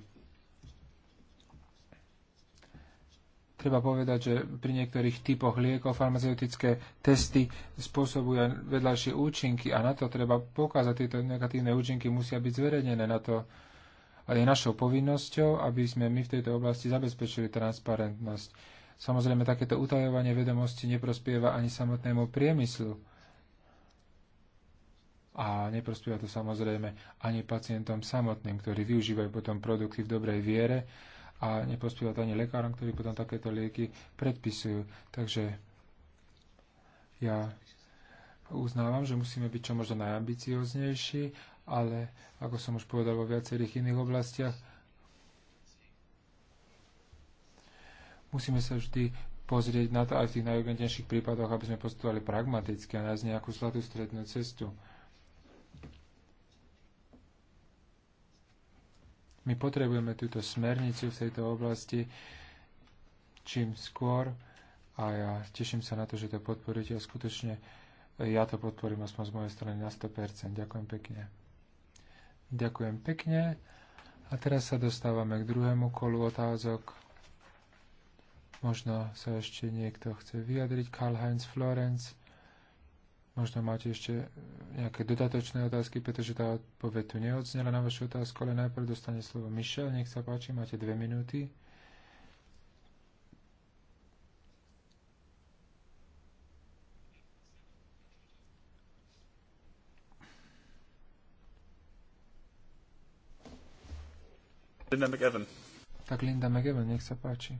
Treba povedať, že pri niektorých typoch liekov farmaceutické testy spôsobujú aj vedľajšie účinky a na to treba pokázať, tieto negatívne účinky musia byť zverejnené na to. Ale je našou povinnosťou, aby sme my v tejto oblasti zabezpečili transparentnosť Samozrejme, takéto utajovanie vedomosti neprospieva ani samotnému priemyslu. A neprospieva to samozrejme ani pacientom samotným, ktorí využívajú potom produkty v dobrej viere a neprospieva to ani lekárom, ktorí potom takéto lieky predpisujú. Takže ja uznávam, že musíme byť čo možno najambicioznejší, ale ako som už povedal vo viacerých iných oblastiach, Musíme sa vždy pozrieť na to aj v tých najurgentnejších prípadoch, aby sme postupovali pragmaticky a nájsť nejakú zlatú strednú cestu. My potrebujeme túto smernicu v tejto oblasti čím skôr a ja teším sa na to, že to podporíte a skutočne ja to podporím aspoň z mojej strany na 100%. Ďakujem pekne. Ďakujem pekne. A teraz sa dostávame k druhému kolu otázok. Možno sa ešte niekto chce vyjadriť. Karl-Heinz Florence. Možno máte ešte eh, nejaké dodatočné otázky, pretože tá odpoveď tu neodznela na vašu otázku, ale najprv dostane slovo Michel. Nech sa páči, máte dve minúty. Linda McEwen. Tak Linda McEwen, nech sa páči.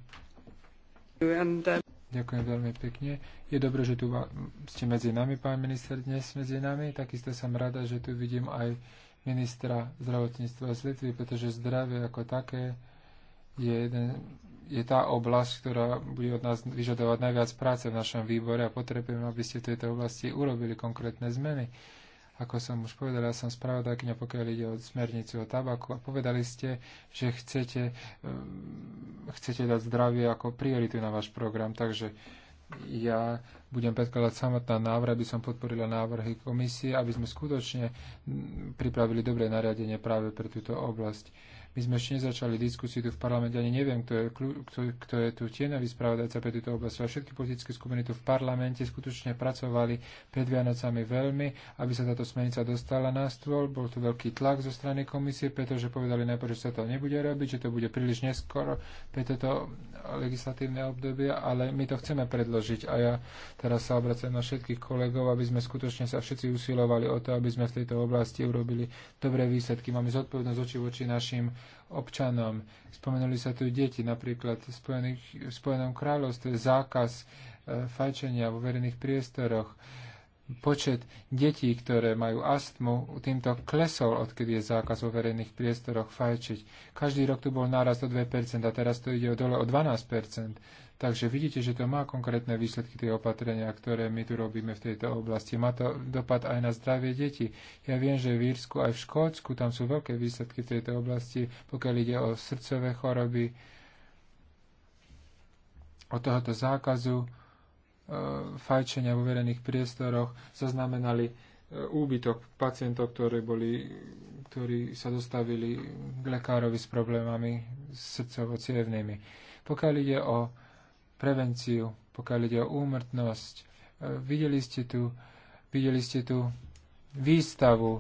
Ďakujem veľmi pekne. Je dobré, že tu ste medzi nami, pán minister, dnes medzi nami. Takisto som rada, že tu vidím aj ministra zdravotníctva z Litvy, pretože zdravie ako také je, jeden, je tá oblasť, ktorá bude od nás vyžadovať najviac práce v našom výbore a potrebujeme, aby ste v tejto oblasti urobili konkrétne zmeny. Ako som už povedal, ja som spravodajkňa, pokiaľ ide o smernicu o tabaku a povedali ste, že chcete, ehm, chcete dať zdravie ako prioritu na váš program, takže ja budem predkladať samotná návrh, aby som podporila návrhy komisie, aby sme skutočne pripravili dobré nariadenie práve pre túto oblasť my sme ešte nezačali diskusiu tu v parlamente, ani neviem, kto je, kto, kto je tu tieňový spravodajca pre túto oblasť, ale všetky politické skupiny tu v parlamente skutočne pracovali pred Vianocami veľmi, aby sa táto smernica dostala na stôl. Bol tu veľký tlak zo strany komisie, pretože povedali najprv, že sa to nebude robiť, že to bude príliš neskoro pre toto legislatívne obdobie, ale my to chceme predložiť a ja teraz sa obracujem na všetkých kolegov, aby sme skutočne sa všetci usilovali o to, aby sme v tejto oblasti urobili dobré výsledky. Máme zodpovednosť oči voči našim občanom. Spomenuli sa tu deti, napríklad v, Spojených, v Spojenom kráľovstve zákaz e, fajčenia vo verejných priestoroch. Počet detí, ktoré majú astmu, týmto klesol, odkedy je zákaz vo verejných priestoroch fajčiť. Každý rok tu bol nárast o 2% a teraz to ide o dole o 12%. Takže vidíte, že to má konkrétne výsledky tie opatrenia, ktoré my tu robíme v tejto oblasti. Má to dopad aj na zdravie detí. Ja viem, že v Írsku aj v Škótsku tam sú veľké výsledky v tejto oblasti, pokiaľ ide o srdcové choroby, o tohoto zákazu e, fajčenia vo verejných priestoroch zaznamenali e, úbytok pacientov, ktorí, boli, ktorí sa dostavili k lekárovi s problémami srdcovo-cievnými. Pokiaľ ide o prevenciu, pokiaľ ide o úmrtnosť. E, videli ste tu, videli ste tu výstavu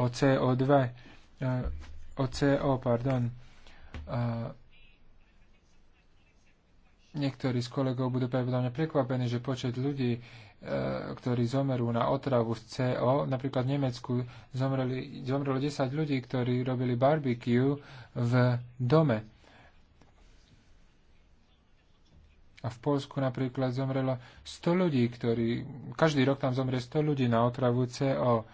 o CO2, o CO, e, pardon. Niektorí z kolegov budú pravdepodobne prekvapení, že počet ľudí, e, ktorí zomerú na otravu z CO. Napríklad v Nemecku zomreli, zomrelo 10 ľudí, ktorí robili barbecue v dome. A v Polsku napríklad zomrelo 100 ľudí, ktorí, každý rok tam zomrie 100 ľudí na otravu CO.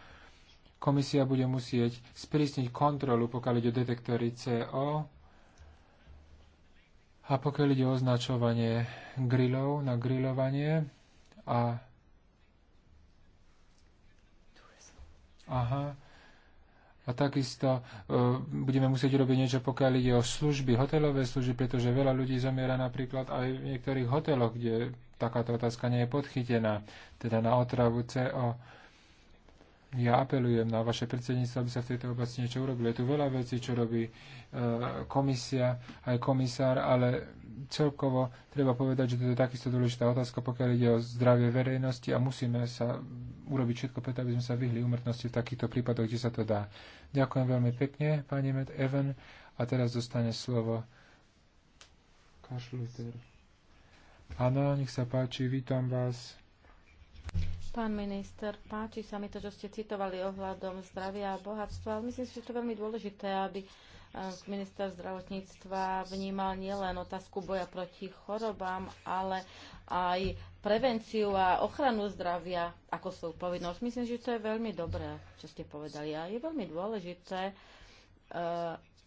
Komisia bude musieť sprísniť kontrolu, pokiaľ ide o detektory CO a pokiaľ ide o označovanie grillov na grillovanie a Aha, a takisto e, budeme musieť robiť niečo, pokiaľ ide o služby, hotelové služby, pretože veľa ľudí zomiera napríklad aj v niektorých hoteloch, kde takáto otázka nie je podchytená, teda na otravu CO ja apelujem na vaše predsedníctvo, aby sa v tejto oblasti niečo urobilo. Je tu veľa vecí, čo robí e, komisia, aj komisár, ale celkovo treba povedať, že to je takisto dôležitá otázka, pokiaľ ide o zdravie verejnosti a musíme sa urobiť všetko preto, aby sme sa vyhli umrtnosti v takýchto prípadoch, kde sa to dá. Ďakujem veľmi pekne, pani Med Evan, a teraz dostane slovo Kašluter. Áno, nech sa páči, vítam vás. Pán minister, páči sa mi to, čo ste citovali ohľadom zdravia a bohatstva, ale myslím si, že to je veľmi dôležité, aby eh, minister zdravotníctva vnímal nielen otázku boja proti chorobám, ale aj prevenciu a ochranu zdravia ako svoju povinnosť. Myslím, že to je veľmi dobré, čo ste povedali. A je veľmi dôležité, eh,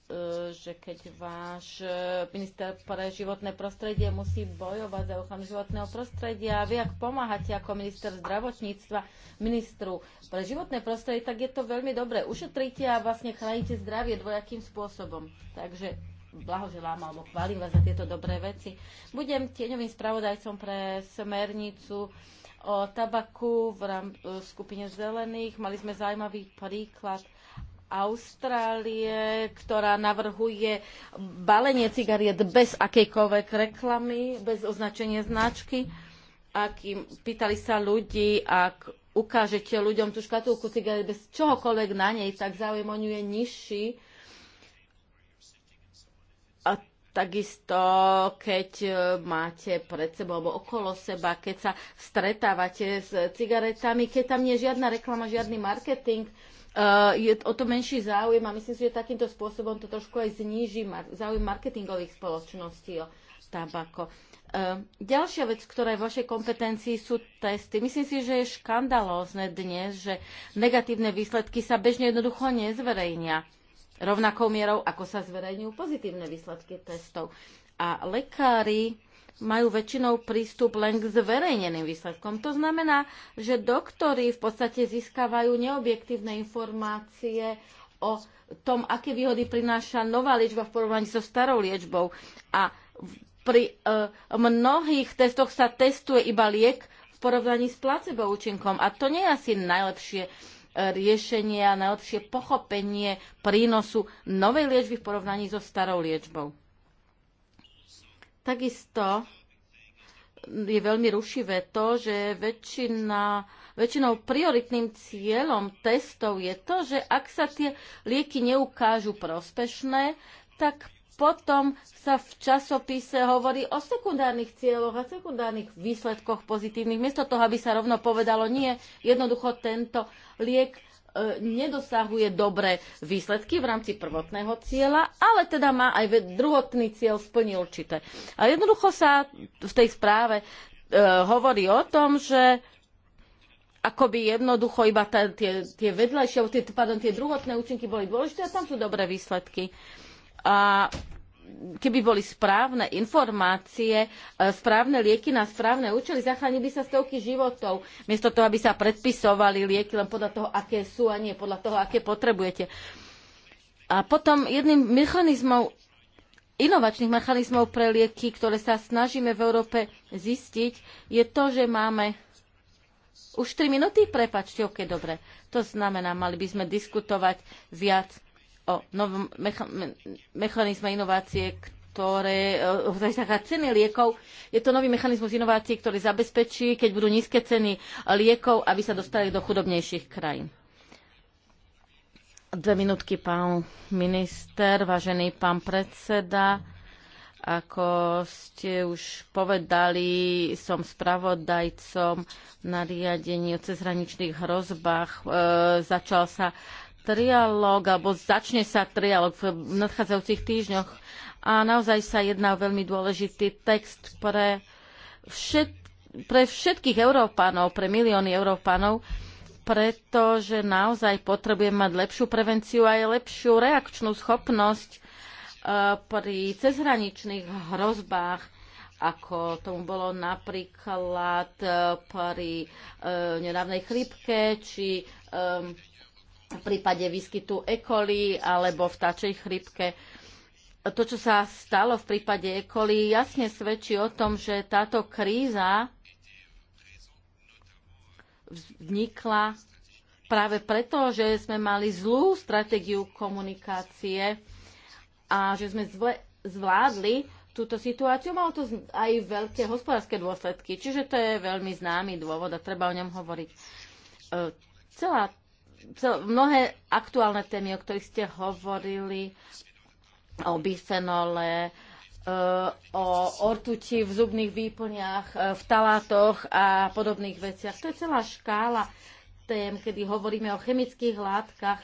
Eh, že keď váš eh, minister pre životné prostredie musí bojovať za ochranu životného prostredia a vy ak pomáhate ako minister zdravotníctva ministru pre životné prostredie, tak je to veľmi dobré. Ušetríte a vlastne chránite zdravie dvojakým spôsobom. Takže blahoželám alebo chválim vás za tieto dobré veci. Budem tieňovým spravodajcom pre smernicu o tabaku v, rám, v skupine zelených. Mali sme zaujímavý príklad Austrálie, ktorá navrhuje balenie cigariet bez akejkoľvek reklamy, bez označenia značky. kým pýtali sa ľudí, ak ukážete ľuďom tú škatulku cigaret bez čohokoľvek na nej, tak záujem o ňu je nižší. A takisto, keď e, máte pred sebou alebo okolo seba, keď sa stretávate s cigaretami, keď tam nie je žiadna reklama, žiadny marketing, Eh, je o to menší záujem a myslím si, že takýmto spôsobom to trošku aj zníži záujem marketingových spoločností o tabako. Eh, ďalšia vec, ktorá je v vašej kompetencii, sú testy. Myslím si, že je škandalózne dnes, že negatívne výsledky sa bežne jednoducho nezverejnia rovnakou mierou, ako sa zverejňujú pozitívne výsledky testov. A lekári majú väčšinou prístup len k zverejneným výsledkom. To znamená, že doktory v podstate získavajú neobjektívne informácie o tom, aké výhody prináša nová liečba v porovnaní so starou liečbou. A pri e, mnohých testoch sa testuje iba liek v porovnaní s placebo účinkom. A to nie je asi najlepšie eh, riešenie a najlepšie pochopenie prínosu novej liečby v porovnaní so starou liečbou. Takisto je veľmi rušivé to, že väčšina, väčšinou prioritným cieľom testov je to, že ak sa tie lieky neukážu prospešné, tak potom sa v časopise hovorí o sekundárnych cieľoch a sekundárnych výsledkoch pozitívnych, miesto toho, aby sa rovno povedalo, nie, jednoducho tento liek E, nedosahuje dobré výsledky v rámci prvotného cieľa, ale teda má aj druhotný cieľ splní určité. A jednoducho sa v tej správe e, hovorí o tom, že akoby jednoducho iba tá, tie, tie vedľajšie, tie, pardon, tie druhotné účinky boli dôležité a tam sú dobré výsledky. A keby boli správne informácie, e, správne lieky na správne účely, zachránili sa stovky životov, miesto toho, aby sa predpisovali lieky len podľa toho, aké sú a nie podľa toho, aké potrebujete. A potom jedným mechanizmom, inovačných mechanizmov pre lieky, ktoré sa snažíme v Európe zistiť, je to, že máme už 3 minúty, prepačte, ok, dobre. To znamená, mali by sme diskutovať viac o novom mechanizme inovácie, ktoré e, taká ceny liekov. Je to nový mechanizmus inovácií, ktorý zabezpečí, keď budú nízke ceny liekov, aby sa dostali do chudobnejších krajín. Dve minútky, pán minister, vážený pán predseda. Ako ste už povedali, som spravodajcom na riadení o cezhraničných hrozbách. E, začal sa trialóg, alebo začne sa trialóg v nadchádzajúcich týždňoch. A naozaj sa jedná o veľmi dôležitý text pre, všet, pre všetkých Európanov, pre milióny Európanov, pretože naozaj potrebujeme mať lepšiu prevenciu a aj lepšiu reakčnú schopnosť e, pri cezhraničných hrozbách, ako tomu bolo napríklad e, pri e, nedávnej chrípke či v prípade výskytu E. coli alebo vtáčej chrypke. To, čo sa stalo v prípade E. coli, jasne svedčí o tom, že táto kríza vznikla práve preto, že sme mali zlú stratégiu komunikácie a že sme zvládli túto situáciu. Malo to aj veľké hospodárske dôsledky, čiže to je veľmi známy dôvod a treba o ňom hovoriť. E, celá mnohé aktuálne témy, o ktorých ste hovorili, o bifenole, e, o ortuti v zubných výplniach, e, v talátoch a podobných veciach. To je celá škála tém, kedy hovoríme o chemických látkach,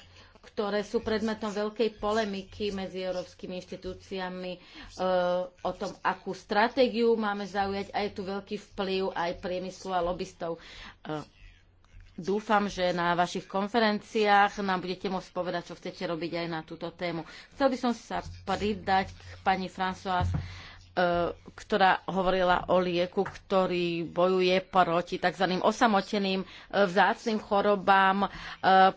ktoré sú predmetom veľkej polemiky medzi európskymi inštitúciami e, o tom, akú stratégiu máme zaujať a je tu veľký vplyv aj priemyslu a lobbystov. Dúfam, že na vašich konferenciách nám budete môcť povedať, čo chcete robiť aj na túto tému. Chcel by som sa pridať k pani François, e, ktorá hovorila o lieku, ktorý bojuje proti tzv. osamoteným e, vzácným chorobám e,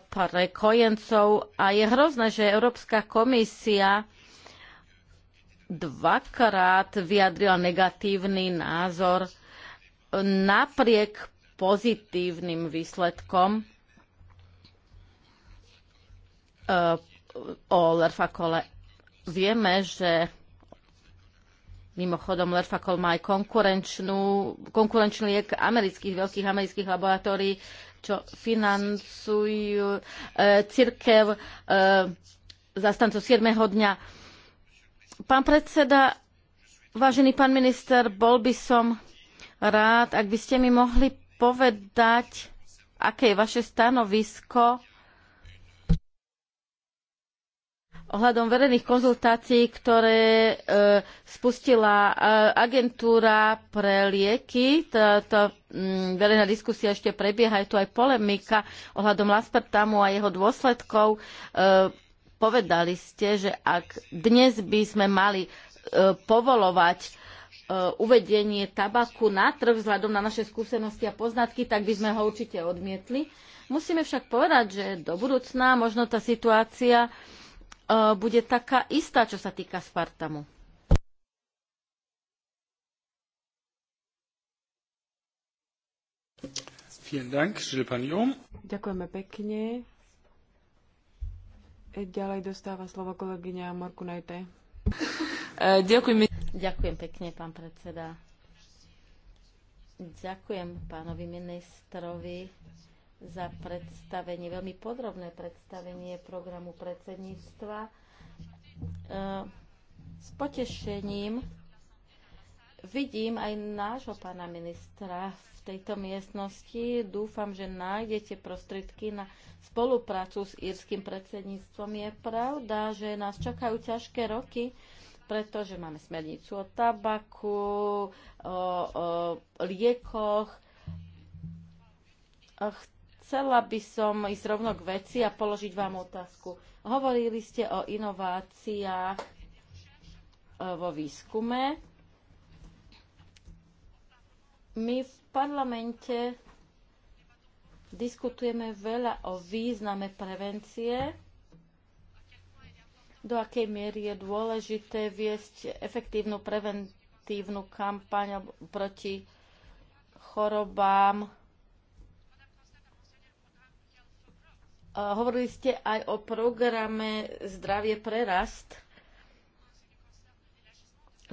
pre kojencov. A je hrozné, že Európska komisia dvakrát vyjadrila negatívny názor napriek pozitívnym výsledkom eh, o Lerfakole. Vieme, že mimochodom Lerfakol má aj konkurenčnú, konkurenčný liek amerických, veľkých amerických laboratórií, čo financujú e, eh, církev e, eh, zastancov 7. dňa. Pán predseda, vážený pán minister, bol by som rád, ak by ste mi mohli povedať, aké je vaše stanovisko ohľadom verejných konzultácií, ktoré e, spustila e, agentúra pre lieky. Táto mm, verejná diskusia ešte prebieha, je tu aj polemika ohľadom Laspertamu a jeho dôsledkov. E, povedali ste, že ak dnes by sme mali e, povolovať E, uvedenie tabaku na trh vzhľadom na naše skúsenosti a poznatky, tak by sme ho určite odmietli. Musíme však povedať, že do budúcna možno tá situácia e, bude taká istá, čo sa týka Spartamu. Ďakujeme pekne. E, ďalej dostáva slovo kolegyňa Morku Najte. Ďakujem. Ďakujem pekne, pán predseda. Ďakujem pánovi ministrovi za predstavenie, veľmi podrobné predstavenie programu predsedníctva. E, s potešením vidím aj nášho pána ministra v tejto miestnosti. Dúfam, že nájdete prostriedky na spoluprácu s írským predsedníctvom. Je pravda, že nás čakajú ťažké roky, pretože máme smernicu o tabaku, o, o liekoch. Chcela by som ísť rovno k veci a položiť vám otázku. Hovorili ste o inováciách e, vo výskume. My v parlamente diskutujeme veľa o význame prevencie do akej miery je dôležité viesť efektívnu preventívnu kampaň proti chorobám. Hovorili ste aj o programe Zdravie pre rast,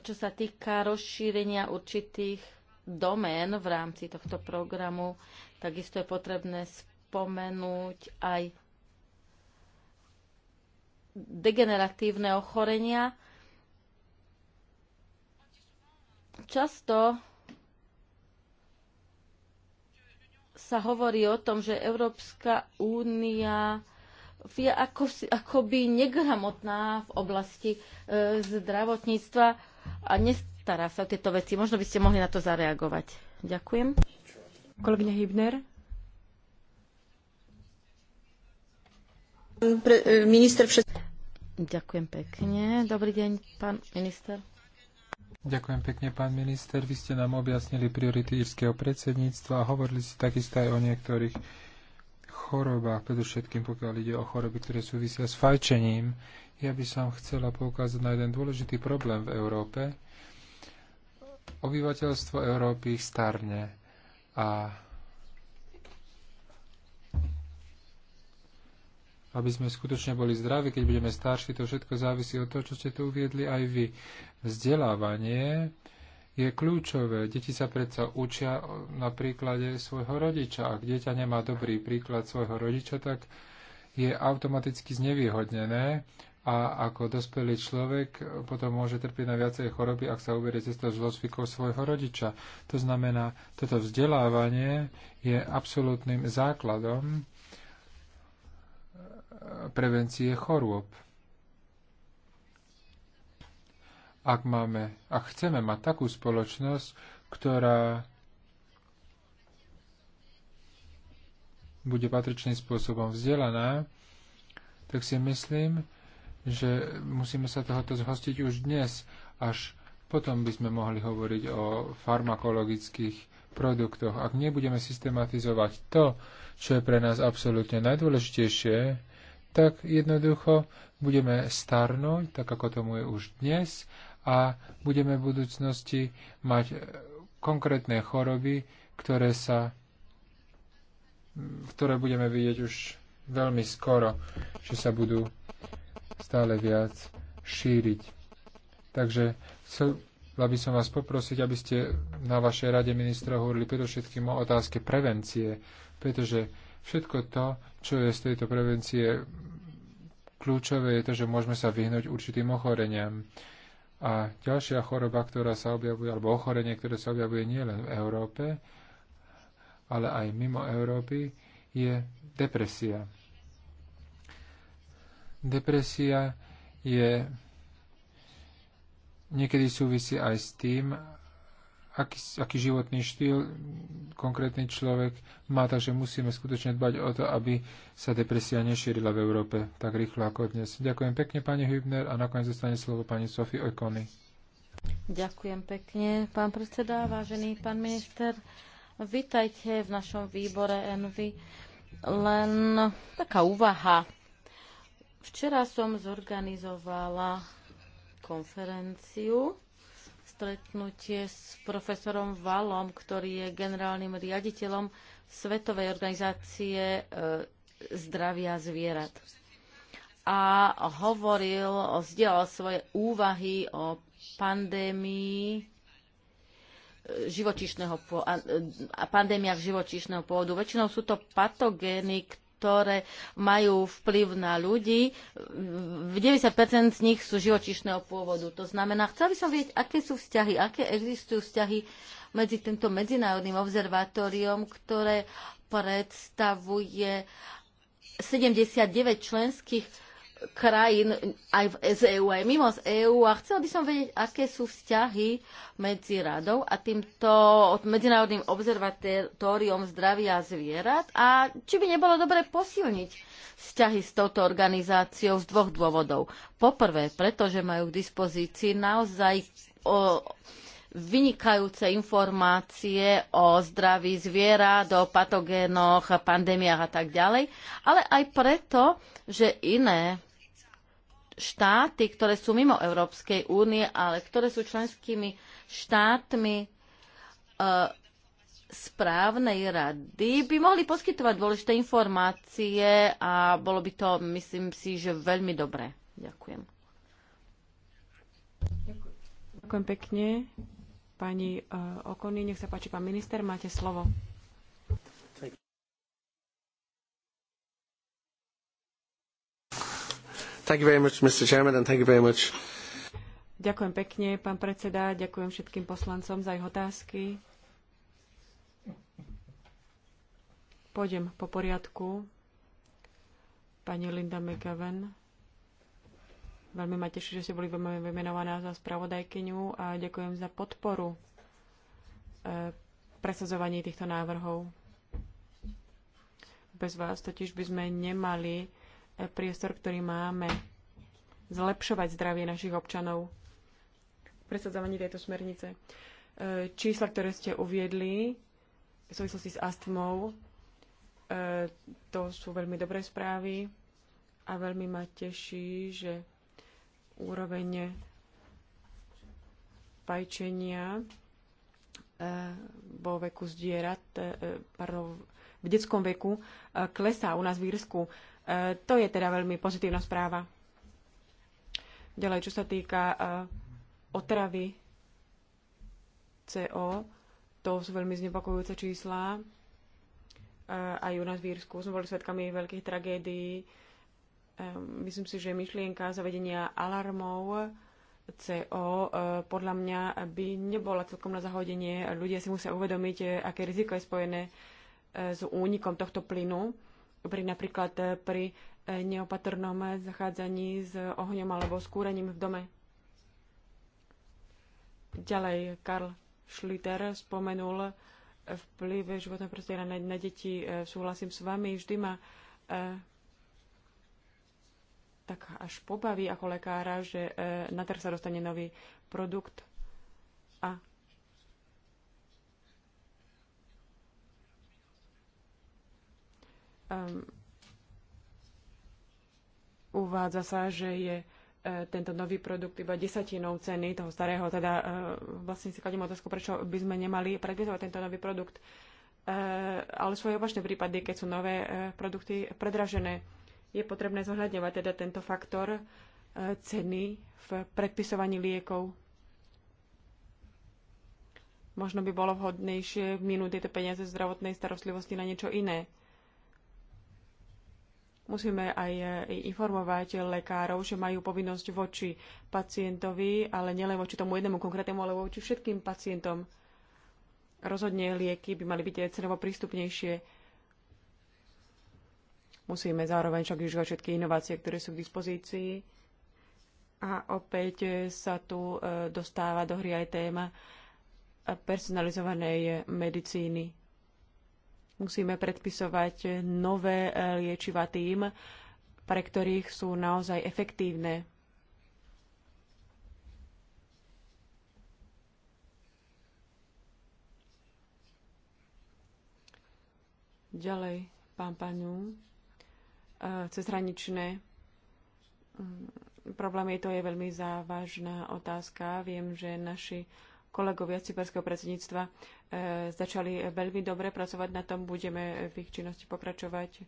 čo sa týka rozšírenia určitých domén v rámci tohto programu. Takisto je potrebné spomenúť aj degeneratívne ochorenia, často sa hovorí o tom, že Európska únia je ako, akoby negramotná v oblasti e, zdravotníctva a nestará sa o tieto veci. Možno by ste mohli na to zareagovať. Ďakujem. Kolegyňa Hybner, E, minister všet... Ďakujem pekne. Dobrý deň, pán minister. Ďakujem pekne, pán minister. Vy ste nám objasnili priority írskeho predsedníctva a hovorili ste takisto aj o niektorých chorobách, predovšetkým pokiaľ ide o choroby, ktoré súvisia s fajčením. Ja by som chcela poukázať na jeden dôležitý problém v Európe. Obyvateľstvo Európy starne a aby sme skutočne boli zdraví, keď budeme starší, to všetko závisí od toho, čo ste tu uviedli aj vy. Vzdelávanie je kľúčové. Deti sa predsa učia na príklade svojho rodiča. Ak dieťa nemá dobrý príklad svojho rodiča, tak je automaticky znevýhodnené a ako dospelý človek e, potom môže trpieť na viacej choroby, ak sa uberie cestou zlozvykov svojho rodiča. To znamená, toto vzdelávanie je absolútnym základom prevencie chorôb. Ak, máme, ak chceme mať takú spoločnosť, ktorá bude patričným spôsobom vzdelaná, tak si myslím, že musíme sa tohoto zhostiť už dnes, až potom by sme mohli hovoriť o farmakologických produktoch. Ak nebudeme systematizovať to, čo je pre nás absolútne najdôležitejšie, tak jednoducho budeme starnúť, tak ako tomu je už dnes, a budeme v budúcnosti mať konkrétne choroby, ktoré sa ktoré budeme vidieť už veľmi skoro, že sa budú stále viac šíriť. Takže chcela by som vás poprosiť, aby ste na vašej rade ministrov hovorili predovšetkým o otázke prevencie, pretože Všetko to, čo je z tejto prevencie kľúčové, je to, že môžeme sa vyhnúť určitým ochoreniam. A ďalšia choroba, ktorá sa objavuje, alebo ochorenie, ktoré sa objavuje nielen v Európe, ale aj mimo Európy, je depresia. Depresia je niekedy súvisí aj s tým, aký, aký životný štýl konkrétny človek má, takže musíme skutočne dbať o to, aby sa depresia nešírila v Európe tak rýchlo ako dnes. Ďakujem pekne, pani Hübner, a nakoniec zostane slovo pani Sofie Okony. Ďakujem pekne, pán predseda, vážený pán minister. Vítajte v našom výbore Envy. Len taká úvaha. Včera som zorganizovala konferenciu stretnutie s profesorom Valom, ktorý je generálnym riaditeľom Svetovej organizácie e, zdravia zvierat. A hovoril, zdieľal svoje úvahy o pandémii e, živočišného e, a pandémiách živočišného pôvodu. Väčšinou sú to patogény, ktoré majú vplyv na ľudí. 90% z nich sú živočišného pôvodu. To znamená, chcel by som vedieť, aké sú vzťahy, aké existujú vzťahy medzi týmto medzinárodným observatóriom, ktoré predstavuje 79 členských krajín aj z EÚ, aj mimo z EÚ a chcela by som vedieť, aké sú vzťahy medzi radou a týmto medzinárodným observatóriom zdravia zvierat a či by nebolo dobre posilniť vzťahy s touto organizáciou z dvoch dôvodov. Poprvé, pretože majú k dispozícii naozaj o, vynikajúce informácie o zdraví zvierat, do patogénoch, pandémiách a tak ďalej, ale aj preto, že iné štáty, ktoré sú mimo Európskej únie, ale ktoré sú členskými štátmi e, správnej rady, by mohli poskytovať dôležité informácie a bolo by to, myslím si, že veľmi dobré. Ďakujem. Ďakujem pekne. Pani e, Okony, nech sa páči, pán minister, máte slovo. Thank you very much, Mr. Chairman, and thank you very much. Ďakujem pekne, pán predseda. Ďakujem všetkým poslancom za ich otázky. Pôjdem po poriadku. Pani Linda McGovern. Veľmi ma teší, že ste boli vymenovaná za spravodajkyňu a ďakujem za podporu e, presadzovaní týchto návrhov. Bez vás totiž by sme nemali priestor, ktorý máme zlepšovať zdravie našich občanov presadzovaní tejto smernice. E, čísla, ktoré ste uviedli v súvislosti s astmou, e, to sú veľmi dobré správy a veľmi ma teší, že úroveň fajčenia e, vo veku zdierat, pardon, v detskom veku klesá u nás v Írsku. E, to je teda veľmi pozitívna správa. Ďalej, čo sa týka e, otravy CO, to sú veľmi znepokojujúce čísla. E, aj u nás v Írsku sme boli svedkami veľkých tragédií. Myslím si, že myšlienka zavedenia alarmov CO podľa mňa by nebola celkom na zahodenie. Ľudia si musia uvedomiť, aké riziko je spojené s únikom tohto plynu pri napríklad eh, pri eh, neopatrnom eh, zachádzaní s ohňom alebo s kúrením v dome. Ďalej Karl Schlitter spomenul vplyv životného prostredia na, na deti. Súhlasím s vami, vždy ma eh, tak až pobaví ako lekára, že eh, na trh sa dostane nový produkt a Um, uvádza sa, že je e, tento nový produkt iba desatinou ceny toho starého. Teda e, vlastne si kladím otázku, prečo by sme nemali predvizovať tento nový produkt. E, ale sú aj opačné prípady, keď sú nové produkty predražené. Je potrebné zohľadňovať teda tento faktor ceny v predpisovaní liekov. Možno by bolo vhodnejšie minúť tieto peniaze zdravotnej starostlivosti na niečo iné. Musíme aj e, informovať lekárov, že majú povinnosť voči pacientovi, ale nielen voči tomu jednému konkrétnemu, ale voči všetkým pacientom. Rozhodne lieky by mali byť cenovo prístupnejšie. Musíme zároveň však využívať všetky inovácie, ktoré sú k dispozícii. A opäť sa tu e, dostáva do hry aj téma personalizovanej medicíny Musíme predpisovať nové e, liečiva tým, pre ktorých sú naozaj efektívne. Ďalej, pán Paňu, e, cezhraničné mm, problémy, to je veľmi závažná otázka. Viem, že naši kolegovia z cyperského predsedníctva e, začali veľmi dobre pracovať na tom. Budeme v ich činnosti pokračovať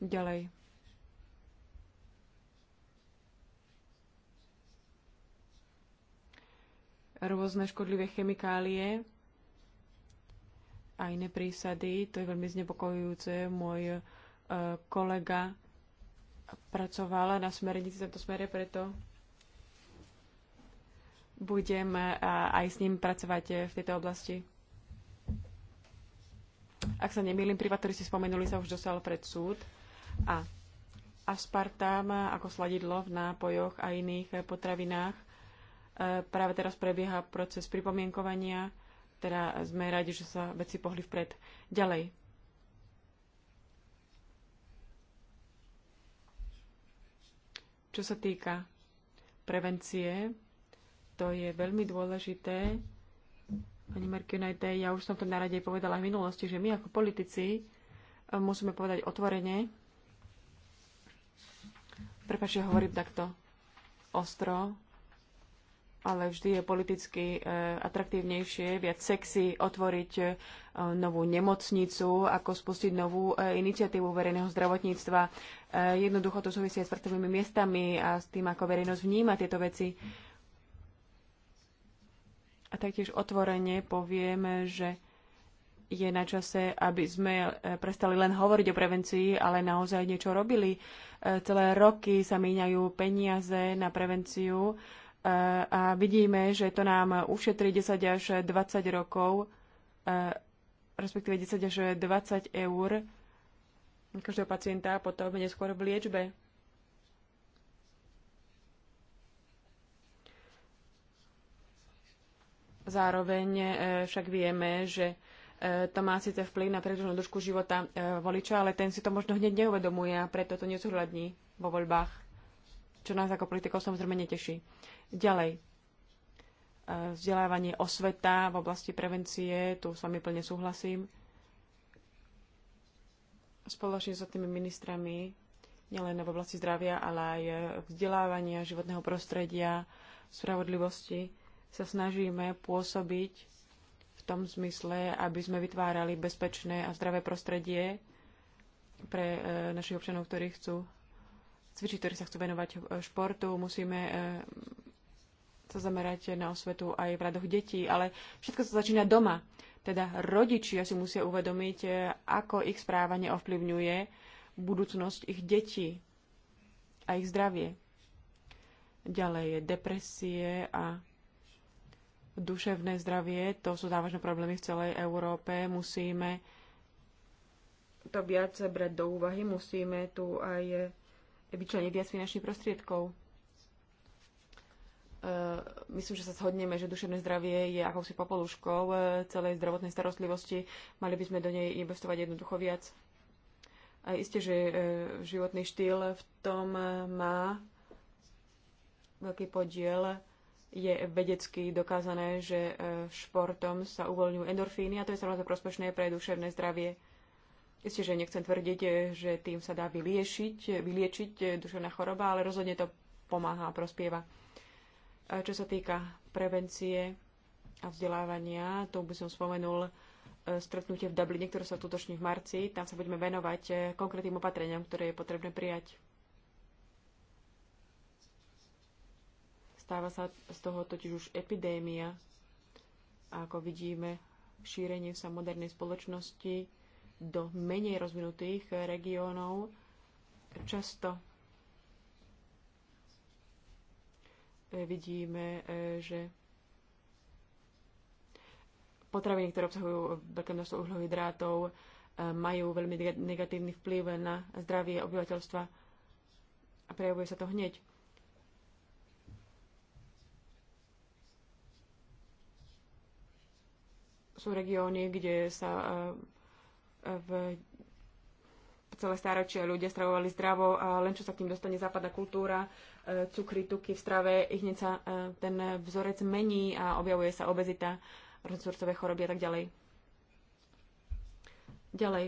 ďalej. Rôzne škodlivé chemikálie a iné prísady, to je veľmi znepokojujúce. Môj e, kolega pracovala na smernici v tomto smere, preto budem aj s ním pracovať e, v tejto oblasti. Ak sa nemýlim, privatóri si spomenuli, sa už dostal pred súd a aspartám e, ako sladidlo v nápojoch a iných e, potravinách. Práve teraz prebieha proces pripomienkovania, teda sme radi, že sa veci pohli vpred. Ďalej, čo sa týka prevencie, to je veľmi dôležité. Pani Merkinajte, ja už som to na rade povedala v minulosti, že my ako politici e, musíme povedať otvorene. Prepačte, hovorím takto ostro, ale vždy je politicky e, atraktívnejšie, viac sexy otvoriť e, novú nemocnicu, ako spustiť novú e, iniciatívu verejného zdravotníctva. E, jednoducho to súvisí s vrtovými miestami a s tým, ako verejnosť vníma tieto veci. A taktiež otvorene povieme, že je na čase, aby sme e, prestali len hovoriť o prevencii, ale naozaj niečo robili. E, celé roky sa míňajú peniaze na prevenciu e, a vidíme, že to nám ušetrí 10 až 20 rokov, respektíve 10 až 20 eur každého pacienta a potom neskôr v liečbe. Zároveň e, však vieme, že e, to má síce vplyv na predĺžnú dĺžku života e, voliča, ale ten si to možno hneď neuvedomuje a preto to nezúhľadní vo voľbách, čo nás ako politikov samozrejme neteší. Ďalej, vzdelávanie osveta v oblasti prevencie, tu s vami plne súhlasím. Spoločne s so tými ministrami, nielen v oblasti zdravia, ale aj vzdelávania, životného prostredia, spravodlivosti sa snažíme pôsobiť v tom zmysle, aby sme vytvárali bezpečné a zdravé prostredie pre e, našich občanov, ktorí chcú cvičiť, ktorí sa chcú venovať e, športu. Musíme e, sa zamerať na osvetu aj v radoch detí, ale všetko sa začína doma. Teda rodičia si musia uvedomiť, ako ich správanie ovplyvňuje budúcnosť ich detí a ich zdravie. Ďalej je depresie a duševné zdravie, to sú závažné problémy v celej Európe, musíme to viac brať do úvahy, musíme tu aj eh, vyčleniť viac finančných prostriedkov. Eh, myslím, že sa shodneme, že duševné zdravie je akousi popoluškou eh, celej zdravotnej starostlivosti. Mali by sme do nej investovať jednoducho viac. A isté, že životný štýl v tom má veľký podiel je vedecky dokázané, že e, športom sa uvoľňujú endorfíny a to je samozrejme prospešné pre duševné zdravie. Isté, že nechcem tvrdiť, e, že tým sa dá vyliešiť, vyliečiť e, duševná choroba, ale rozhodne to pomáha a prospieva. Čo sa týka prevencie a vzdelávania, tu by som spomenul stretnutie v Dubline, ktoré sa tutoční v marci. Tam sa budeme venovať konkrétnym opatreniam, ktoré je potrebné prijať. Stáva sa z toho totiž už epidémia. A ako vidíme, šírenie sa modernej spoločnosti do menej rozvinutých regiónov často e, vidíme, e, že potraviny, ktoré obsahujú veľké množstvo uhlohydrátov, e, majú veľmi negatívny vplyv na zdravie obyvateľstva a prejavuje sa to hneď. sú regióny, kde sa e, v celé staročie ľudia stravovali zdravo a len čo sa k tým dostane západná kultúra, e, cukry, tuky v strave, ich hneď sa e, ten vzorec mení a objavuje sa obezita, rozsúrcové choroby a tak ďalej. Ďalej.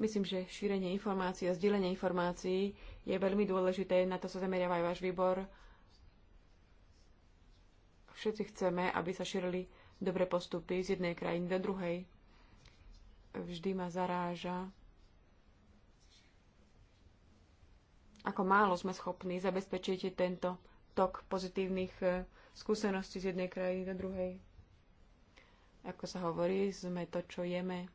Myslím, že šírenie informácií a zdieľanie informácií je veľmi dôležité, na to sa zameriava aj váš výbor. Všetci chceme, aby sa šírili dobré postupy z jednej krajiny do druhej. Vždy ma zaráža, ako málo sme schopní zabezpečiť tento tok pozitívnych eh, skúseností z jednej krajiny do druhej. Ako sa hovorí, sme to, čo jeme.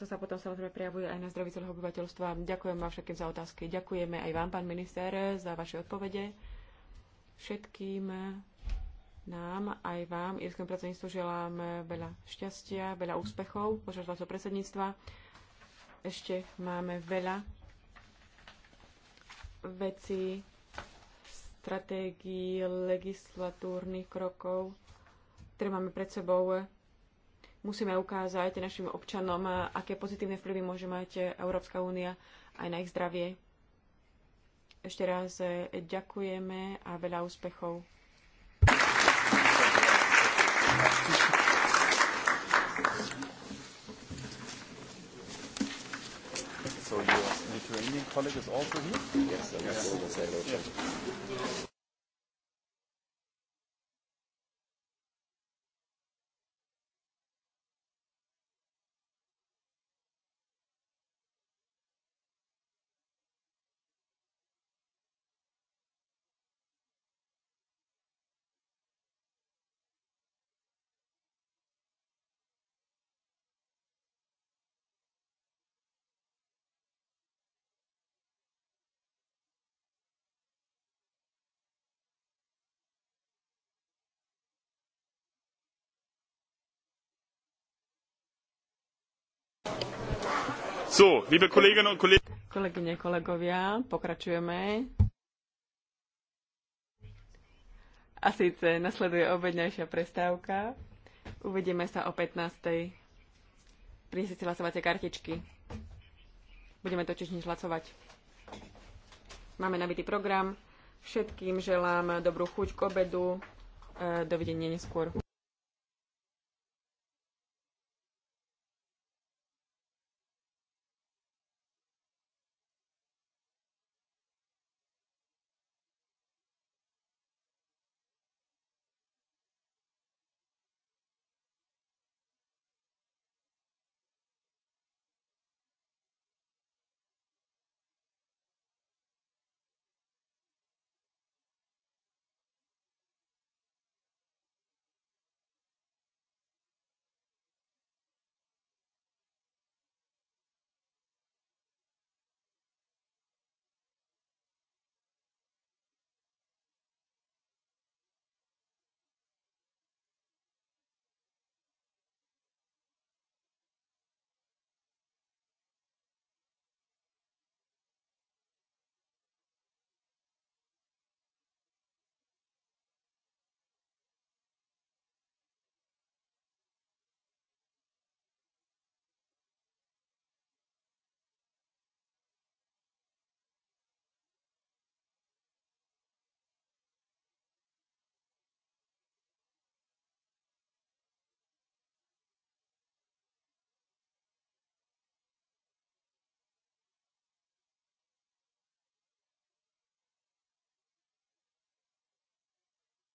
to sa potom samozrejme prejavuje aj na zdraví celého obyvateľstva. Ďakujem vám všetkým za otázky. Ďakujeme aj vám, pán minister, za vaše odpovede. Všetkým nám, aj vám, Irskému predsedníctvu želám veľa šťastia, veľa úspechov počas vášho predsedníctva. Ešte máme veľa vecí, stratégií, legislatúrnych krokov, ktoré máme pred sebou. Musíme ukázať našim občanom, aké pozitívne vplyvy môže mať Európska únia aj na ich zdravie. Ešte raz e, ďakujeme a veľa úspechov. So your Lithuanian colleague is also here? Yes, I yes. will say hello. So, liebe Kolleginnen und Kollegen. Kolegyne, kolegovia, pokračujeme. A síce nasleduje obedňajšia prestávka. Uvidíme sa o 15. Prinesiete hlasovacie kartičky. Budeme totiž než hlasovať. Máme nabitý program. Všetkým želám dobrú chuť k obedu. E, Dovidenie neskôr.